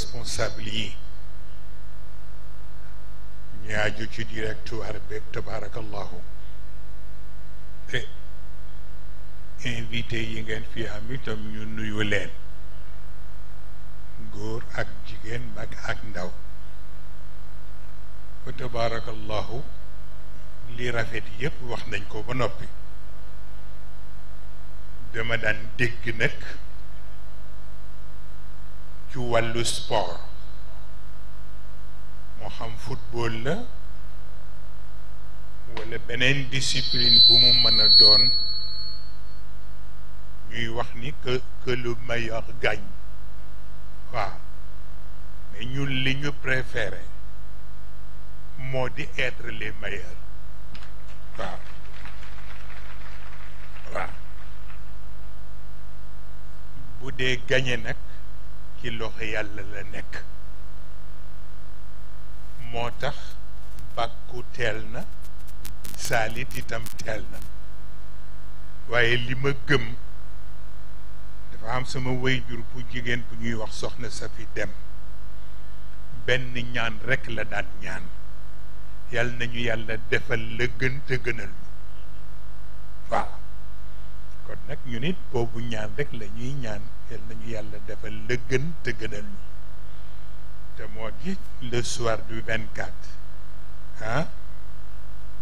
responsable yi ñu aju ci directoire beeg tabaarakallahu te invité yi ngeen fii am itam ñu nuyu leen góor ak jigéen mag ak ndaw fa tabaarakallahu li rafet yépp wax nañ ko ba noppi dama daan dégg nag ci wàllu sport moo xam football la wala beneen discipline bu mu mën a doon ñuy wax ni que que le meilleur gagne waaw mais ñun li ñu préféré moo di être les meilleurs waaw waaw bu dee gañe nag ci loxo yàlla la nekk moo tax bàkku teel na saalit itam teel na waaye li ma gëm dafa am sama wayjur bu jigéen bu ñuy wax soxna sa fi dem benn ñaan rekk la daan ñaan yàlla nañu yàlla defal la gën te gënal waaw kon nag ñu nit boobu ñaan rekk la ñuy ñaan yal nañu yàlla defal la gën te gënal moo di le soir du 24 ah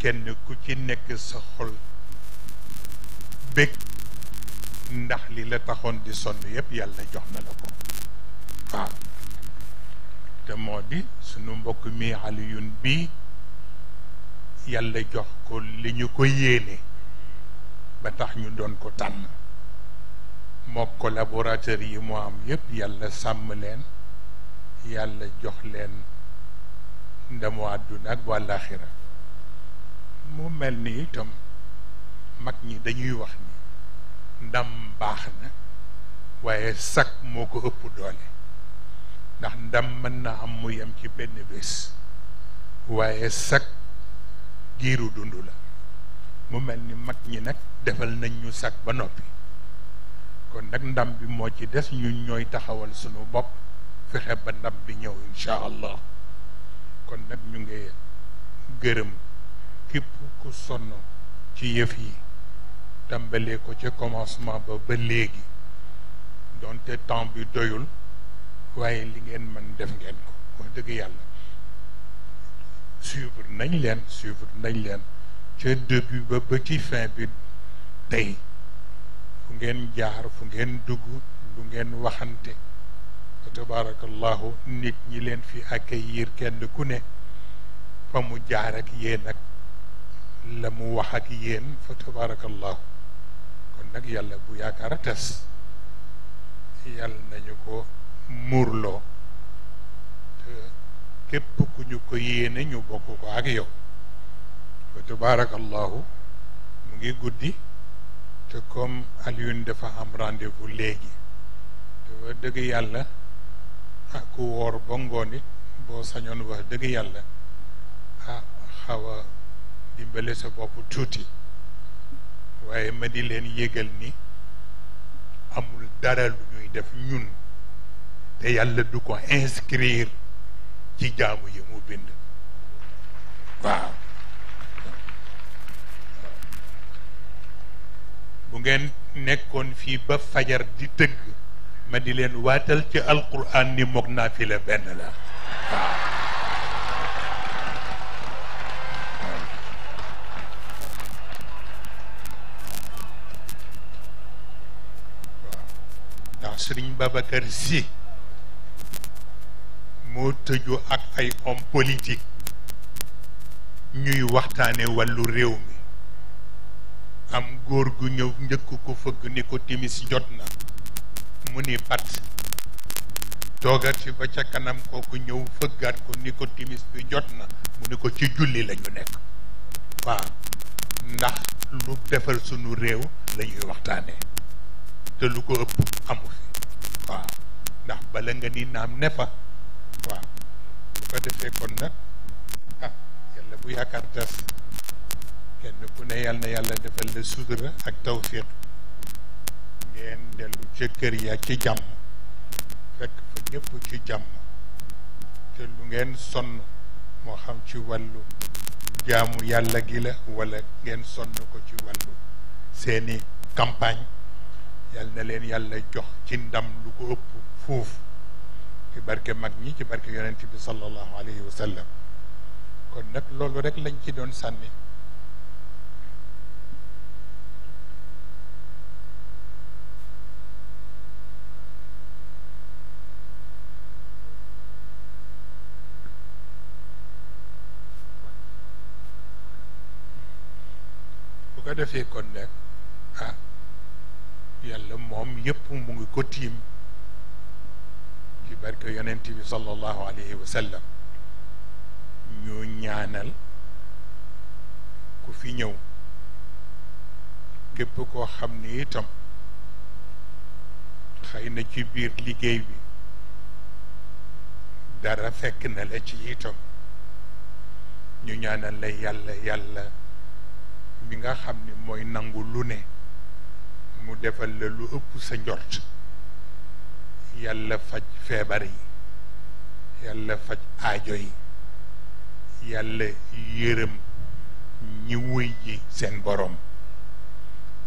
kenn ku ci nekk sa xol bég ndax li la taxoon di sonn yëpp yàlla jox na la ko waaw moo di sunu mbokk mi Alioune bi yàlla jox ko li ñu ko yéene ba tax ñu doon ko tànn moo collaborateur yi moo am yépp yàlla sàmm leen yàlla jox leen ndamu àdduna ak wàllaaxira mu mel ni itam mag ñi dañuy wax ni ndam baax na waaye sag moo ko ëpp doole ndax ndam mën na am mu yem ci benn bés waaye sag giiru dund la mu mel ni mag ñi nag defal nañ ñu sag ba noppi kon nag ndam bi moo ci des ñun ñooy taxawal sunu bopp fexe ba ndam bi ñëw incha allah kon nag ñu ngi gërëm képp ku sonn ci yëf yi tàmbalee ko ca commencement ba ba léegi doonte temps bi doyul waaye li ngeen mën def ngeen ko wax dëgg yàlla suivre nañ leen suivre nañ leen ca début ba ba ci fin bi tey fu ngeen jaar fu ngeen dugg lu ngeen waxante fa tabaarakallahu nit ñi leen fi accueillir kenn ku ne fa mu jaar ak yéen ak la mu wax ak yéen fa tabaarakallahu kon nag yàlla bu yaakaar a tas yàlla nañu ko muurloo te képp ku ñu ko yéene ñu bokk ko ak yow fa tabaarakallahu mu ngi guddi te comme Alioune dafa am rendez léegi te wax dëgg yàlla ah ku woor ba ngoon boo sañoon wax dëgg yàlla ah xaw a dimbale sa bopp tuuti waaye ma di leen yëgal ni amul dara lu ñuy def ñun te yàlla du ko inscrire ci jaamu yi mu bind waaw bu ngeen nekkoon fii ba fajar di tëgg ma di leen waatal ci alquran ni moog naa fi la benn la waaw ndax sëriñ Babacar Sy moo tëju ak ay homme politique ñuy waxtaane wallu réew am góor gu ñëw njëkk ko fëgg ni ko timis jot na mu ni pat toogaat ba ca kanam kooku ñëw fëggaat ko ni ko timis bi jot na mu ni ko ci julli la ñu nekk waaw ndax lu defar sunu réew la ñuy waxtaanee te lu ko ëpp amu fi waaw ndax bala nga ni naam ne fa waaw bu ko defee kon nag ah yàlla bu yaakaar kenn ku ne yàlla yàlla defal la sutura ak tawfiq ngeen dellu ca kër ya ci jàmm fekk fa ñëpp ci jàmm te lu ngeen sonn moo xam ci wàllu jaamu yàlla gi la wala ngeen sonn ko ci wàllu seeni campagne yàlla na leen yàlla jox ci ndam lu ko ëpp fuuf ci barke mag ñi ci barke yonent bi sallallahu alayhi wa kon nag loolu rek lañ ci doon sànni ko defee kon nag ah, yàlla moom yépp mu ngi ko tiim ci barke yonent bi sallallahu alayhi wa ñu ñaanal ku fi ñëw képp koo xam ni itam xëy na ci biir liggéey bi dara fekk na la ci itam ñu ñaanal la yàlla yàlla bi nga xam ni mooy nangu lu ne mu defal la lu ëpp sa njort yàlla faj feebar yi yàlla faj aajo yi yàlla yërëm ñi wëy ji seen boroom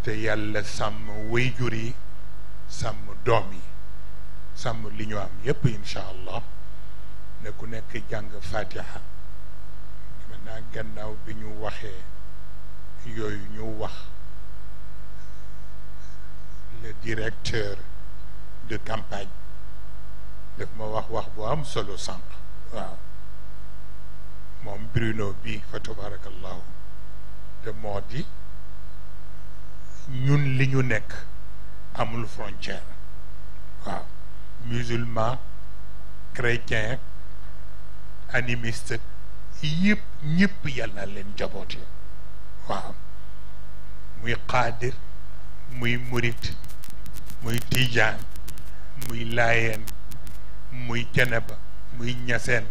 te yàlla sàmm wayjur yi sàmm doom yi sàmm li ñu am yépp incha allah ne ku nekk jàng fatiha naa gannaaw bi ñu waxee yooyu ñu wax le directeur de campagne daf ma wax wax bu am solo sànq waaw moom Bruno bi fa tabarakallahu te moo ñun li ñu nekk amul frontière waaw musulman chrétien animiste yëpp ñëpp yàlla leen jaboote waaw muy xaadir muy murit muy tiijaan muy laayeen muy janaba muy ñaseen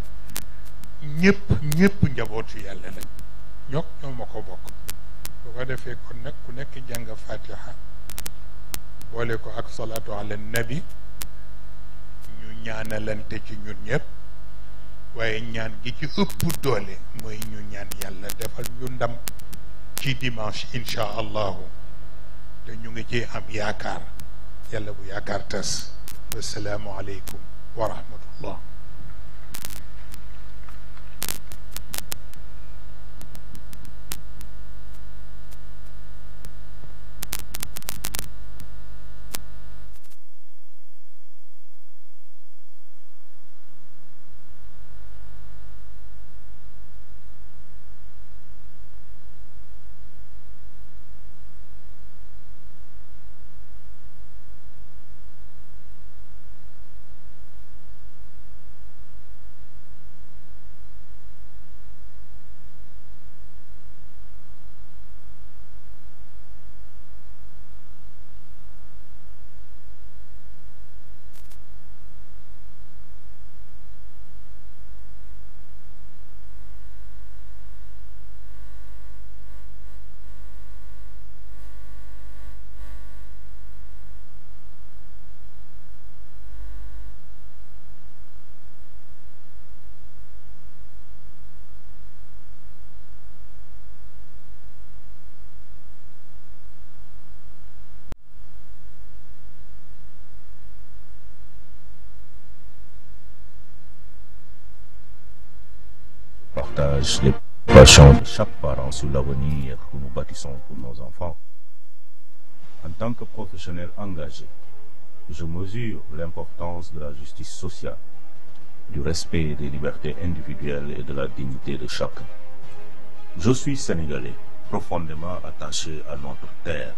ñëpp ñëpp njabootu yàlla lañ ñook ñoo ma ko bokk bu ko defee ko nag ku nekk jàng fatiha boole ko ak salaatu ala nabi ñu ñaanalante ci ñun ñëpp waaye ñaan gi ci ëpp doole mooy ñu ñaan yàlla defal ñu ndam ci dimanche incha allahu te ñu ngi ci am yaakaar yàlla bu yaakaar tas wasalaamualeykum wa rahmatullah courage, les passions de chaque parent sur l'avenir que nous bâtissons pour nos enfants. En tant que professionnel engagé, je mesure l'importance de la justice sociale, du respect des libertés individuelles et de la dignité de chacun. Je suis sénégalais, profondément attaché à notre terre,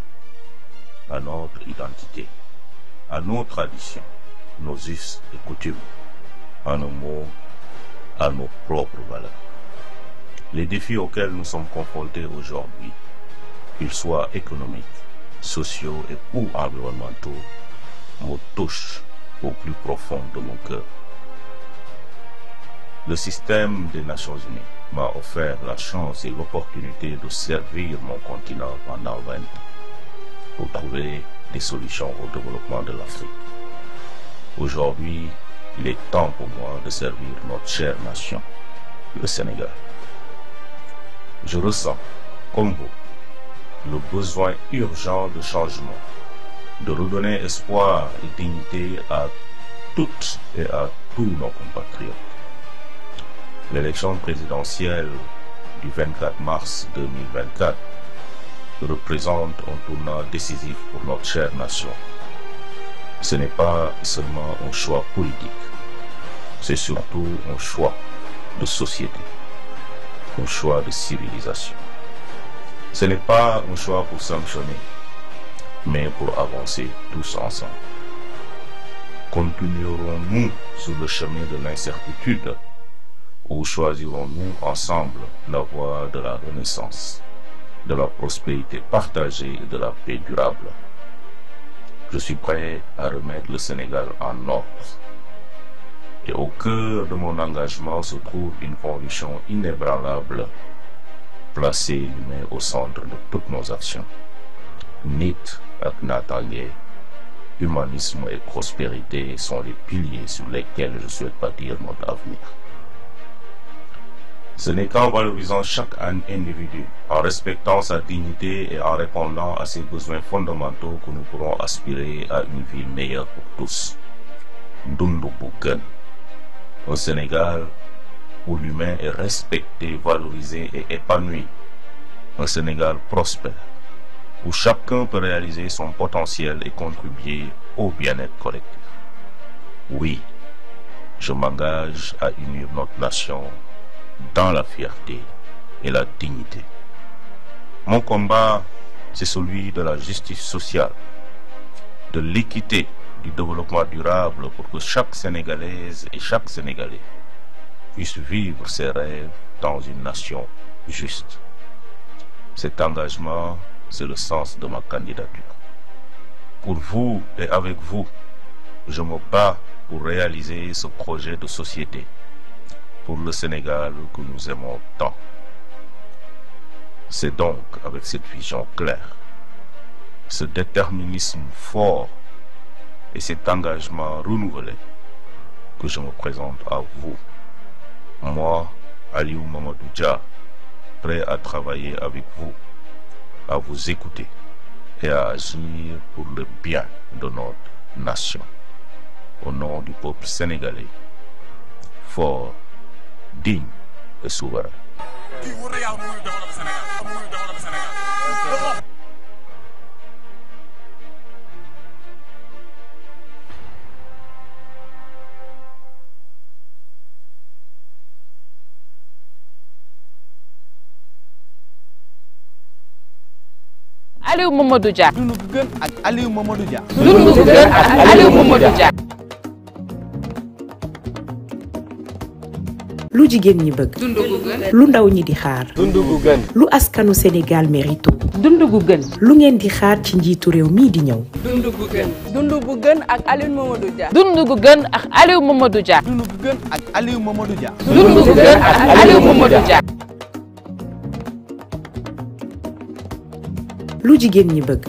à notre identité, à nos traditions, nos us et coutumes, en un mot, à nos propres valeurs. les défis auxquels nous sommes confrontés aujourd'hui, qu'ils soient économiques, sociaux et ou environnementaux, me touchent au plus profond de mon cœur. Le système des Nations Unies m'a offert la chance et l'opportunité de servir mon continent pendant 20 pour trouver des solutions au développement de l'Afrique. Aujourd'hui, il est temps pour moi de servir notre chère nation, le Sénégal. je ressens, comme vous, le besoin urgent de changement, de redonner espoir et dignité à toutes et à tous nos compatriotes. L'élection présidentielle du 24 mars 2024 représente un tournant décisif pour notre chère nation. Ce n'est pas seulement un choix politique, c'est surtout un choix de société. un choix de civilisation. Ce n'est pas un choix pour sanctionner, mais pour avancer tous ensemble. Continuerons-nous sur le chemin de l'incertitude ou choisirons-nous ensemble la voie de la renaissance, de la prospérité partagée et de la paix durable? Je suis prêt à remettre le Sénégal en ordre. Et au cœur de mon engagement se trouve une conviction inébranlable, placer l'humain au centre de toutes nos actions. Nit ak humanisme et prospérité sont les piliers sur lesquels je souhaite bâtir notre avenir. Ce n'est qu'en chaque individu, en respectant sa dignité et en répondant à ses besoins fondamentaux que nous pourrons aspirer à une vie meilleure pour tous. Un Sénégal où l'humain est respecté, valorisé et épanoui. Un Sénégal prospère, où chacun peut réaliser son potentiel et contribuer au bien-être collectif. Oui, je m'engage à unir notre nation dans la fierté et la dignité. Mon combat, c'est celui de la justice sociale, de l'équité du développement durable pour que chaque Sénégalaise et chaque Sénégalais puisse vivre ses rêves dans une nation juste. Cet engagement, c'est le sens de ma candidature. Pour vous et avec vous, je me bats pour réaliser ce projet de société pour le Sénégal que nous aimons tant. C'est donc avec cette vision claire, ce déterminisme fort et cet engagement renouvelé que je me présente à vous. Moi, Aliou Mamadou Dia, prêt à travailler avec vous, à vous écouter et à agir pour le bien de notre nation. Au nom du peuple sénégalais, fort, digne et souverain. Aliou Mamadou Dia. dund lu jigéen ñi bëgg. lu ndaw ñi di xaar. askanu Sénégal lu ngeen di xaar ci njiitu réew mii di ñëw. dund gu gën. dund gu lu jigéen ñi bëgg.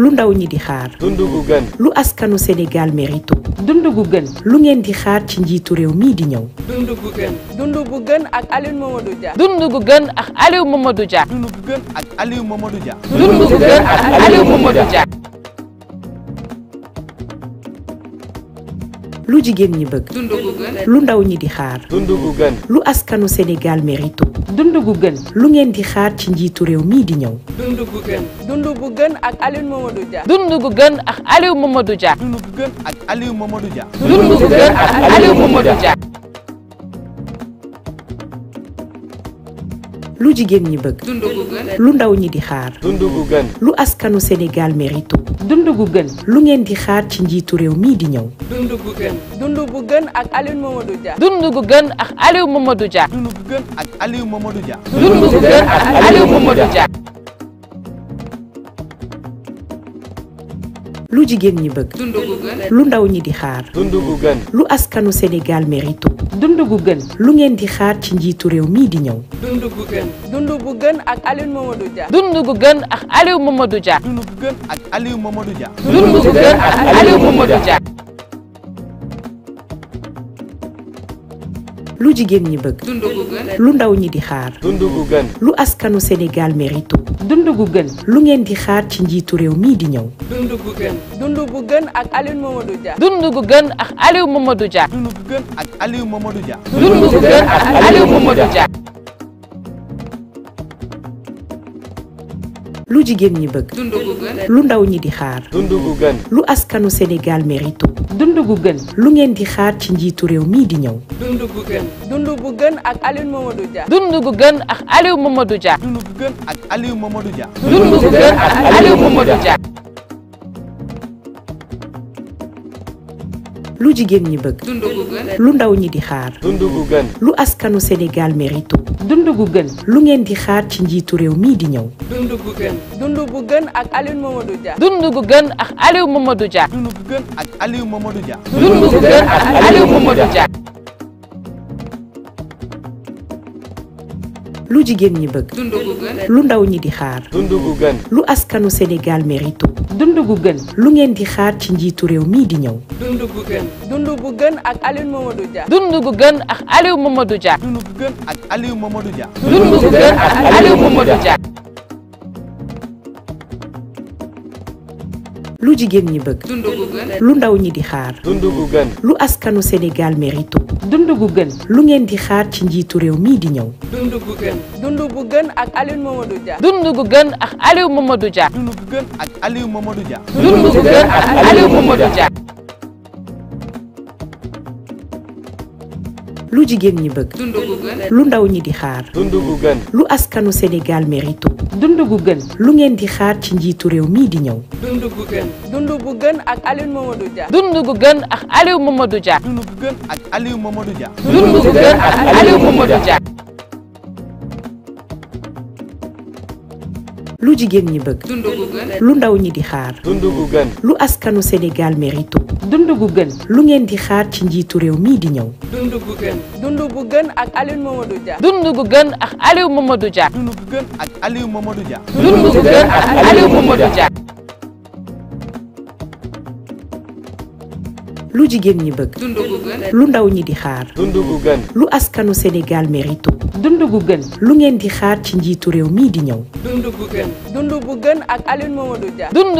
lu ndaw ñi di xaar. dund gu gën. lu askanu Sénégal mérito. dund gu gën. lu ngeen di xaar ci njiitu réew mii di ñëw. dund gu gën. dund gu gën ak Aliou Mamadou Dia. dund lu jigéen ñi bëgg. lu ndaw ñi di xaar. dund gu gën. lu askanu Sénégal mérito. dund gu gën. lu ngeen di xaar ci njiitu réew mii di ñëw. dund gu gën. dund gu gën ak Aliou Mamadou dund gu gën ak Aliou Mamadou lu jigéen ñi bëgg. lu ndaw ñi di xaar. lu askanu Sénégal mérito. dund gu gën. lu ngeen di xaar ci njiitu réew mii di ñëw. dund gu gën. dund gu gën ak Aliou Mamadou Dia. dund lu jigéen ñi bëgg. lu ndaw ñi di xaar. dund gu gën. lu askanu Sénégal mérito. dund gu gën. lu ngeen di xaar ci njiitu réew mii di ñëw. dund gu gën. dund gu gën ak Aliou Mamadou lu jigéen ñi bëgg. lu ndaw ñi di xaar. lu askanu Sénégal mérito. dund gu gën. lu ngeen di xaar ci njiitu réew mii di ñëw. dund gu gën. dund gu gën ak Aliou Mamadou dund gu gën ak Aliou Mamadou lu jigéen ñi bëgg. lu ndaw ñi di xaar. lu askanu Sénégal mérito. dund gu gën. lu ngeen di xaar ci njiitu réew mii di ñëw. dund gu gën. dund gu gën ak lu jigéen ñi bëgg. lu ndaw ñi di xaar. lu askanu Sénégal mérito. dundu gu gën. lu ngeen di xaar ci njiitu réew mii di ñëw. dundu gu gën. dundu gu gën ak Aliou Mamadou Dia. dundu lu jigéen ñi bëgg. lu ndaw ñi di xaar. lu askanu Sénégal mérito. dund gu gën. lu ngeen di xaar ci njiitu réew mii di ñëw. dund gu gën. dund gu ak Aliou Mamadou lu jigéen ñi bëgg. lu ndaw ñi di xaar. dund gu lu askanu Sénégal mérito. lu ngeen di xaar ci njiitu réew mii di ñëw. dund gu gën. gën ak Aliou Mamadou lu jigéen ñi bëgg. lu ndaw ñi di xaar. lu askanu Sénégal mérito. dund gu gën. lu ngeen di xaar ci njiitu réew mii di ñëw. dund gu gën. dund gu gën ak Aliou Mamadou Dia. dund lu jigéen ñi bëgg. lu ndaw ñi di xaar. dund gu gën. lu askanu Sénégal mérito. dund gu gën. lu ngeen di xaar ci njiitu réew mii di ñëw. dund gu gën. dund gu gën ak Aliou Mamadou Dia. dund lu jigéen ñi bëgg. lu ndaw ñi di xaar. lu askanu Sénégal mérito. dund lu ngeen di xaar ci njiitu réew mii di ñëw. dund gu gën. dund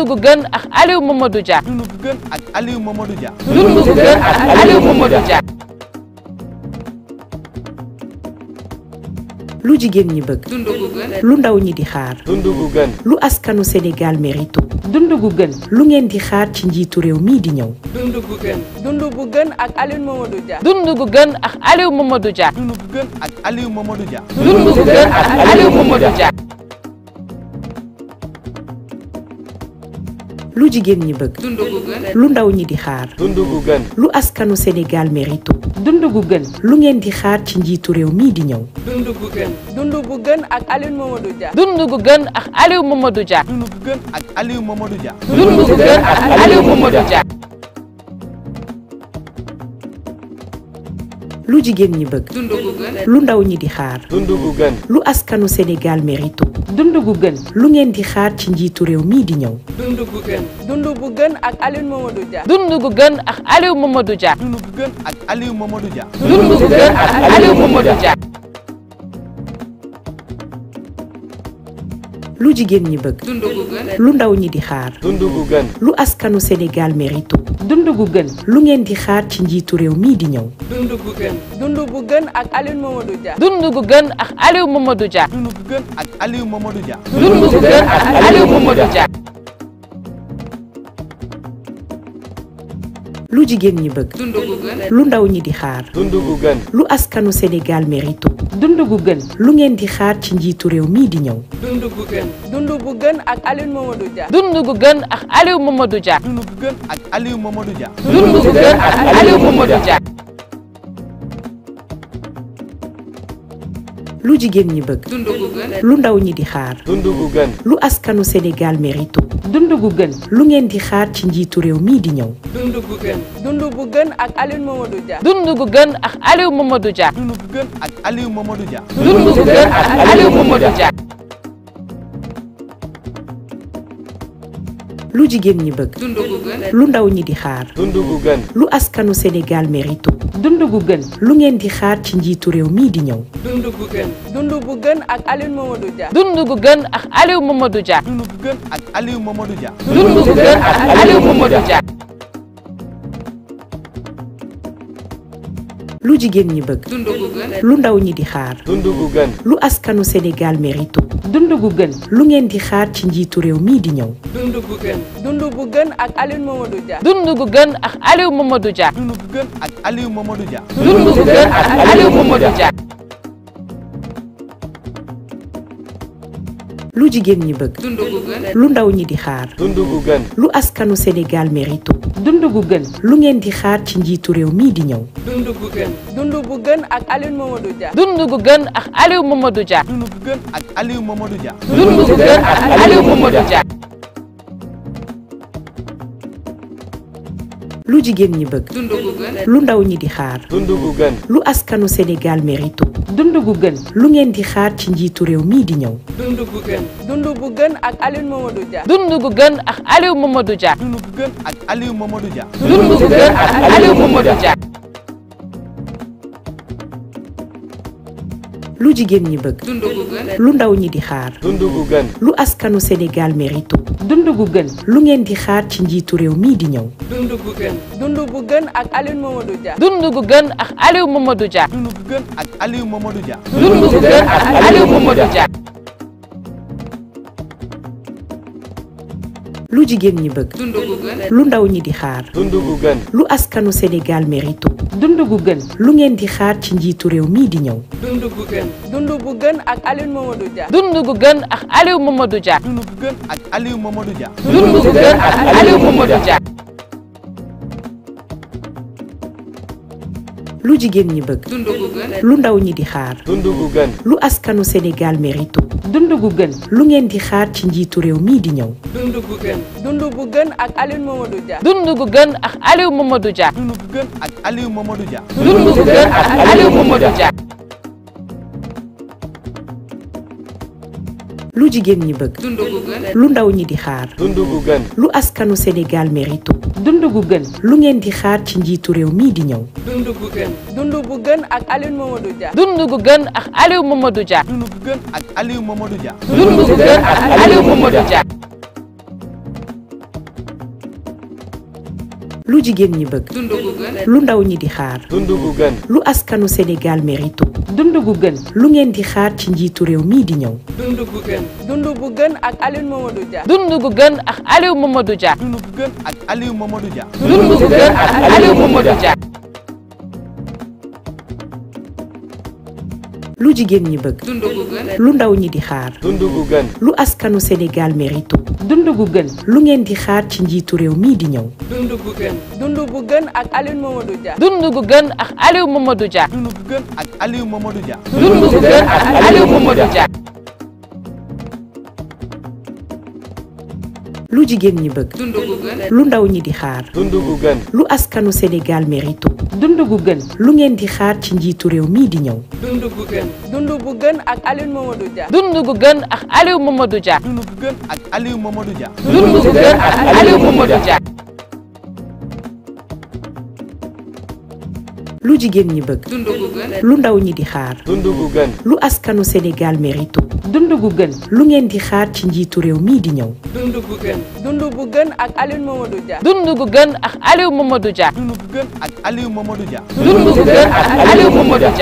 gu lu jigéen ñi bëgg. lu ndaw ñi di xaar. lu askanu Sénégal mérito. gën. lu ngeen di xaar ci njiitu réew mii di ñëw. dund gën. dund gu gën ak lu jigéen ñi bëgg. lu ndaw ñi di xaar. lu askanu Sénégal mérito. dund gu gën. lu ngeen di xaar ci njiitu réew mii di ñëw. dund gu gën. dund gu gën ak Aliou Mamadou dund gu gën ak Aliou Mamadou lu jigéen ñi bëgg. lu ndaw ñi di xaar. lu askanu Sénégal mérito. dund gu gën. lu ngeen di xaar ci njiitu réew mii di ñëw. dund gu gën. dund gu gën ak Aliou Mamadou lu jigéen ñi bëgg. lu ndaw ñi di xaar. lu askanu Sénégal mérito. dund gu gën. lu ngeen di xaar ci njiitu réew mii di ñëw. dund gu gën. dund gu gën ak Aliou Mamadou Dia. dund lu jigéen ñi bëgg. lu ndaw ñi di xaar. dund gu gën. lu askanu Sénégal mérito. dund gu gën. lu ngeen di xaar ci njiitu réew mii di ñëw. dund gu gën. dund gu gën ak lu jigéen ñi bëgg. lu ndaw ñi di xaar. lu askanu Sénégal mérito. dund gu gën. lu ngeen di xaar ci njiitu réew mii di ñëw. dund gu gën. dund gu gën ak Aliou Mamadou Dia. dund lu jigéen ñi bëgg. lu ndaw ñi di xaar. dund gu gën. lu askanu Sénégal mérito. dund gu gën. lu ngeen di xaar ci njiitu réew mii di ñëw. dund gu gën. dund gu gën ak Aliou Mamadou Dia. dund lu jigéen ñi bëgg. lu ndaw ñi di xaar. dund gu gën. lu askanu Sénégal mérito. dund gu gën. lu ngeen di xaar ci njiitu réew mii di ñëw. dund gu gën. dund gu gën ak Aliou Mamadou lu jigéen ñi bëgg. lu ndaw ñi di xaar. lu askanu Sénégal mérito. dund bu gën. lu ngeen di xaar ci njiitu réew mii di ñëw. dund bu gën. dund bu gën ak Aliou Mamadou Dia. dund lu jigéen ñi bëgg. lu ndaw ñi di xaar. dund gu gën. lu askanu Sénégal mérito. dund gu gën. lu ngeen di xaar ci njiitu réew mii di ñëw. dund gu gën. dund gu gën ak Aliou Mamadou Dia. dund dund gu gën ak Aliou Mamadou Dia. dund lu jigéen ñi bëgg. lu ndaw ñi di xaar. lu askanu Sénégal mérito. dund gu gën. lu ngeen di xaar ci njiitu réew mii di ñëw. dund gu gën. dund gu gën ak Aliou Mamadou Dia. dund lu jigéen ñi bëgg. lu ndaw ñi di xaar. dund gu gën. lu askanu Sénégal mérito. dund gu gën. lu ngeen di xaar ci njiitu réew mii di ñëw. dund gu gën. dund gu gën lu jigéen ñi bëgg. lu ndaw ñi di xaar. dund gu gën. lu askanu Sénégal mérito. dund gu gën. lu ngeen di xaar ci njiitu réew mii di ñëw. dund gu gën. dund gu gën ak Aliou Mamadou lu jigéen ñi bëgg. lu ndaw ñi di xaar. lu askanu Sénégal mérito. dund gu gën. lu ngeen di xaar ci njiitu réew mii di ñëw. dund gu gën. dund gu gën ak Aliou Mamadou Dia. dund lu jigéen ñi bëgg. lu ndaw ñi di xaar. lu askanu Sénégal mérito. dund gu gën. lu ngeen di xaar ci njiitu réew mii di ñëw. dund gu gën. dund gu gën ak Aliou Mamadou lu jigéen ñi bëgg. lu ndaw ñi di xaar. lu askanu Sénégal mérito. dundu gu gën. lu ngeen di xaar ci njiitu réew mii di ñëw. dundu gën. dundu gu gën ak lu jigéen ñi bëgg. lu ndaw ñi di xaar. dund gu gën. lu askanu Sénégal mérito. dund gu gën. lu ngeen di xaar ci njiitu réew mii di ñëw. dund gën. dund gu gën lu jigéen ñi bëgg. lu ndaw ñi di xaar. dund gu gën. lu askanu Sénégal mérito. dund gu gën. lu ngeen di xaar ci njiitu réew mii di ñëw. dund gu gën. dund gu gën ak Aliou Mamadou Dia. dund dund gu gën ak Aliou Mamadou Dia.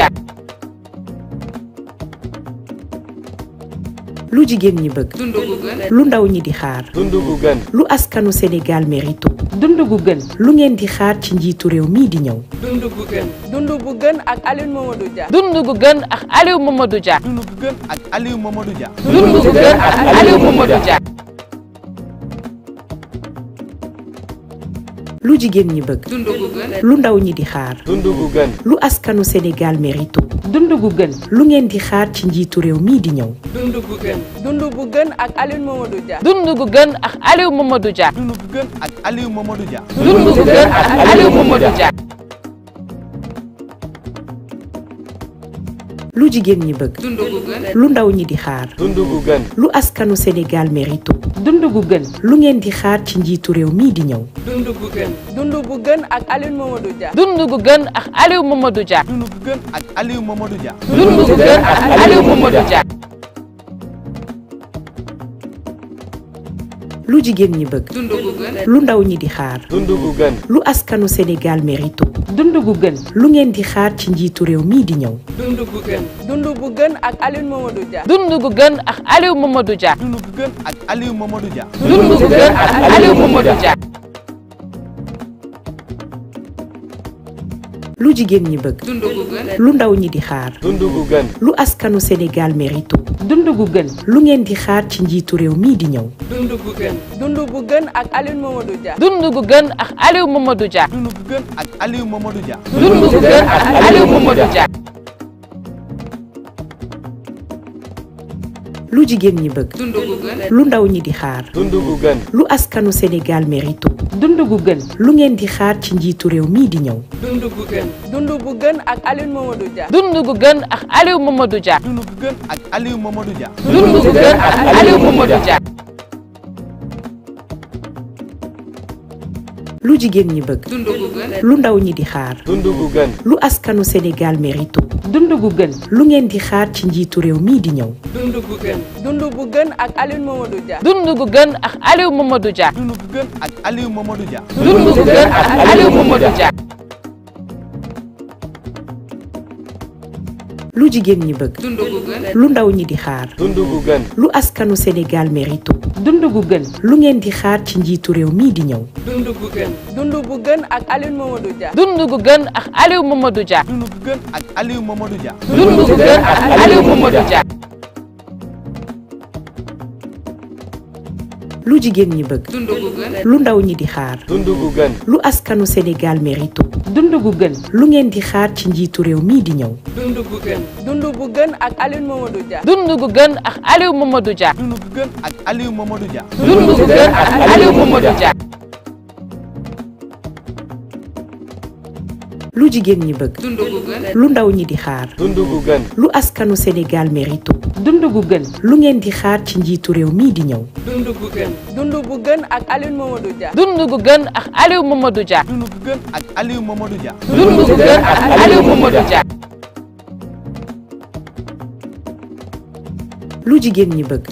dund lu jigéen ñi bëgg. lu ndaw ñi di xaar. lu askanu Sénégal mérito. gën. lu ngeen di xaar ci njiitu réew mii di ñëw. dund gu ak Aliou Mamadou Dia. dund lu jigéen ñi bëgg. lu ndaw ñi di xaar. dund gu gën. lu askanu Sénégal mérito. dund gu gën. lu ngeen di xaar ci njiitu réew mii di ñëw. dund gu gën. dund gu gën ak Aliou Mamadou Dia. dund lu jigéen ñi bëgg. lu ndaw ñi di xaar. dund gu gën. lu askanu Sénégal mérito. dund gu gën. lu ngeen di xaar ci njiitu réew mii di ñëw. dund gu gën. dund gu gën ak Aliou Mamadou Dia. dund dund gu gën ak Aliou Mamadou Dia. dund lu jigéen ñi bëgg. lu ndaw ñi di xaar. dundu gu gën. lu askanu Sénégal mérito. dundu gu gën. lu ngeen di xaar ci njiitu réew mii di ñëw. dundu gu gën. dundu gu gën ak Aliou Mamadou Dia. dundu lu jigéen ñi bëgg. lu ndaw ñi di xaar. dund gu gën. lu askanu Sénégal mérito. dund gu gën. lu ngeen di xaar ci njiitu réew mii di ñëw. dund gën. dund gu gën lu jigéen ñi bëgg. lu ndaw ñi di xaar. dund gu gën. lu askanu Sénégal mérito. dund gu gën. lu ngeen di xaar ci njiitu réew mii di ñëw. dund gu gën. ak Aliou Mamadou Dia. dund gu lu jigéen ñi bëgg. lu ndaw ñi di xaar. dund gu gën. lu askanu Sénégal mérito. dund gu gën. lu ngeen di xaar ci njiitu réew mii di ñëw. dund gu gën. dund gu gën ak Aliou Mamadou Dia. dund lu jigéen ñi bëgg. lu ndaw ñi di xaar. lu askanu Sénégal mérito. dund gu gën. lu ngeen di xaar ci njiitu réew mii di ñëw. dund gu gën. dund gu gën ak Aliou Mamadou Dia. dund lu jigéen ñi bëgg. lu ndaw ñi di xaar. dund gu gën. lu askanu Sénégal mérito. dund gu gën. lu ngeen di xaar ci njiitu réew mii di ñëw. dund gu gën. gën ak Aliou Mamadou Dia. lu jigéen ñi bëgg. lu ndaw ñi di xaar. dund gu gën. lu askanu Sénégal mérito. dund gu gën. lu ngeen di xaar ci njiitu réew mii di ñëw. dund gu gën. dund gu gën ak Aliou Mamadou Dia. dund lu jigéen ñi bëgg.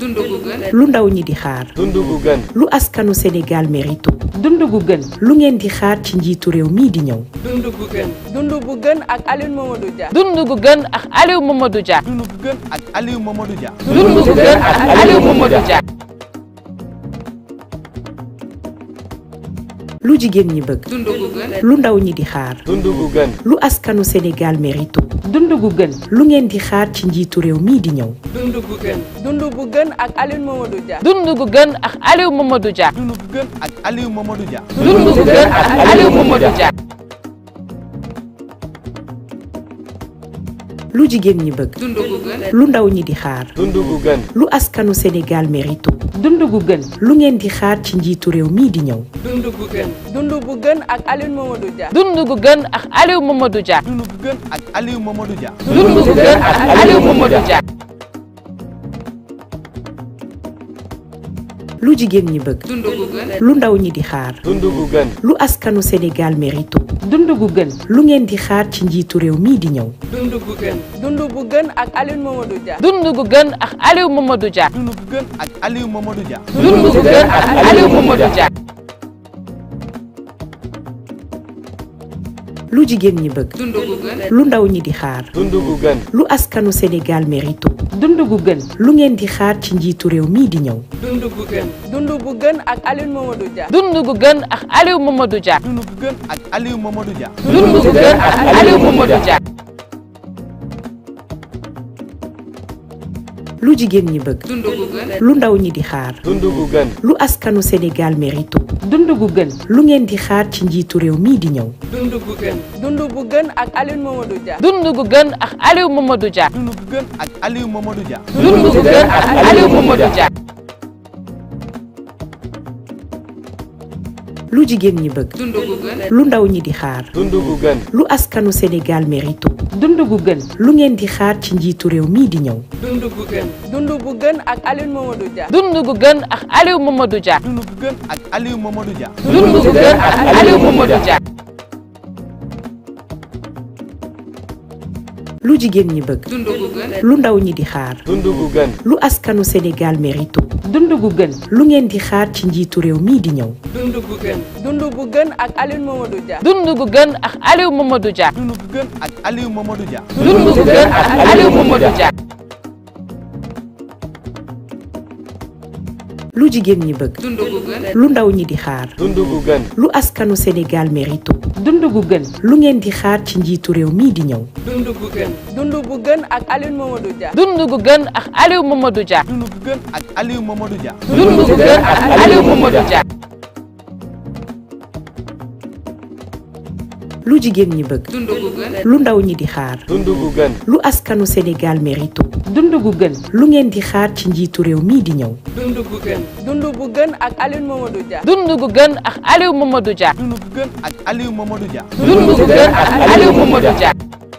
lu ndaw ñi di xaar. dund gu gën. lu askanu Sénégal mérito. dund gu gën. lu ngeen di xaar ci njiitu réew mii di ñëw. dund gu gën. dund gu gën ak Aliou Mamadou dund gu gën ak Aliou Mamadou lu jigéen ñi bëgg. lu ndaw ñi di xaar. dund gu gën. lu askanu Sénégal mérito. dund gu gën. lu ngeen di xaar ci njiitu réew mii di ñëw. dund gu gën. dund gu gën ak Aliou Mamadou Dia. dund dund gu gën ak Aliou Mamadou Dia. dund lu jigéen ñi bëgg. lu ndaw ñi di xaar. dund gu gën. lu askanu Sénégal mérito. dund gu gën. lu ngeen di xaar ci njiitu réew mii di ñëw. dund gu gën. dund gu gën ak Aliou Mamadou Dia. dund lu jigéen ñi bëgg. lu ndaw ñi di xaar. dund gu gën. lu askanu Sénégal mérito. dund gu gën. lu ngeen di xaar ci njiitu réew mii di ñëw. dund gu gën. dund gu gën ak Aliou Mamadou Dia. dund lu jigéen ñi bëgg. lu ndaw ñi di xaar. lu askanu Sénégal mérito. dund gu gën. lu ngeen di xaar ci njiitu réew mii di ñëw. dund gu gën. dund gu gën ak Aliou Mamadou Dia. dund lu jigéen ñi bëgg. lu ndaw ñi di xaar. lu askanu Sénégal mérito. dund bu gën. lu ngeen di xaar ci njiitu réew mii di ñëw. dund bu gën. dund bu gën ak Aliou Mamadou Dia. dund lu jigéen ñi bëgg. lu ndaw ñi di xaar. dund gu gën. lu askanu Sénégal mérito. dund gu gën. lu ngeen di xaar ci njiitu réew mii di ñëw. dund gu gën. dund gu gën ak Aliou Mamadou Dia. dund lu jigéen ñi bëgg. lu ndaw ñi di xaar. dund gu gën. lu askanu Sénégal mérito. dund gu gën. lu ngeen di xaar ci njiitu réew mii di ñëw. dund gu gën. dund gu gën ak Aliou Mamadou Dia. dund dund gu gën ak Aliou Mamadou Dia. dund lu jigéen ñi bëgg. lu ndaw ñi di xaar. lu askanu Sénégal mérito. dundu gu gën. lu ngeen di xaar ci njiitu réew mii di ñëw. dundu gën. dundu gu gën ak lu jigéen ñi bëgg. lu ndaw ñi di xaar. lu askanu Sénégal mérito. dund gu gën. lu ngeen di xaar ci njiitu réew mii di ñëw. dund gu gën. dund gu gën ak Aliou Mamadou Dia. dund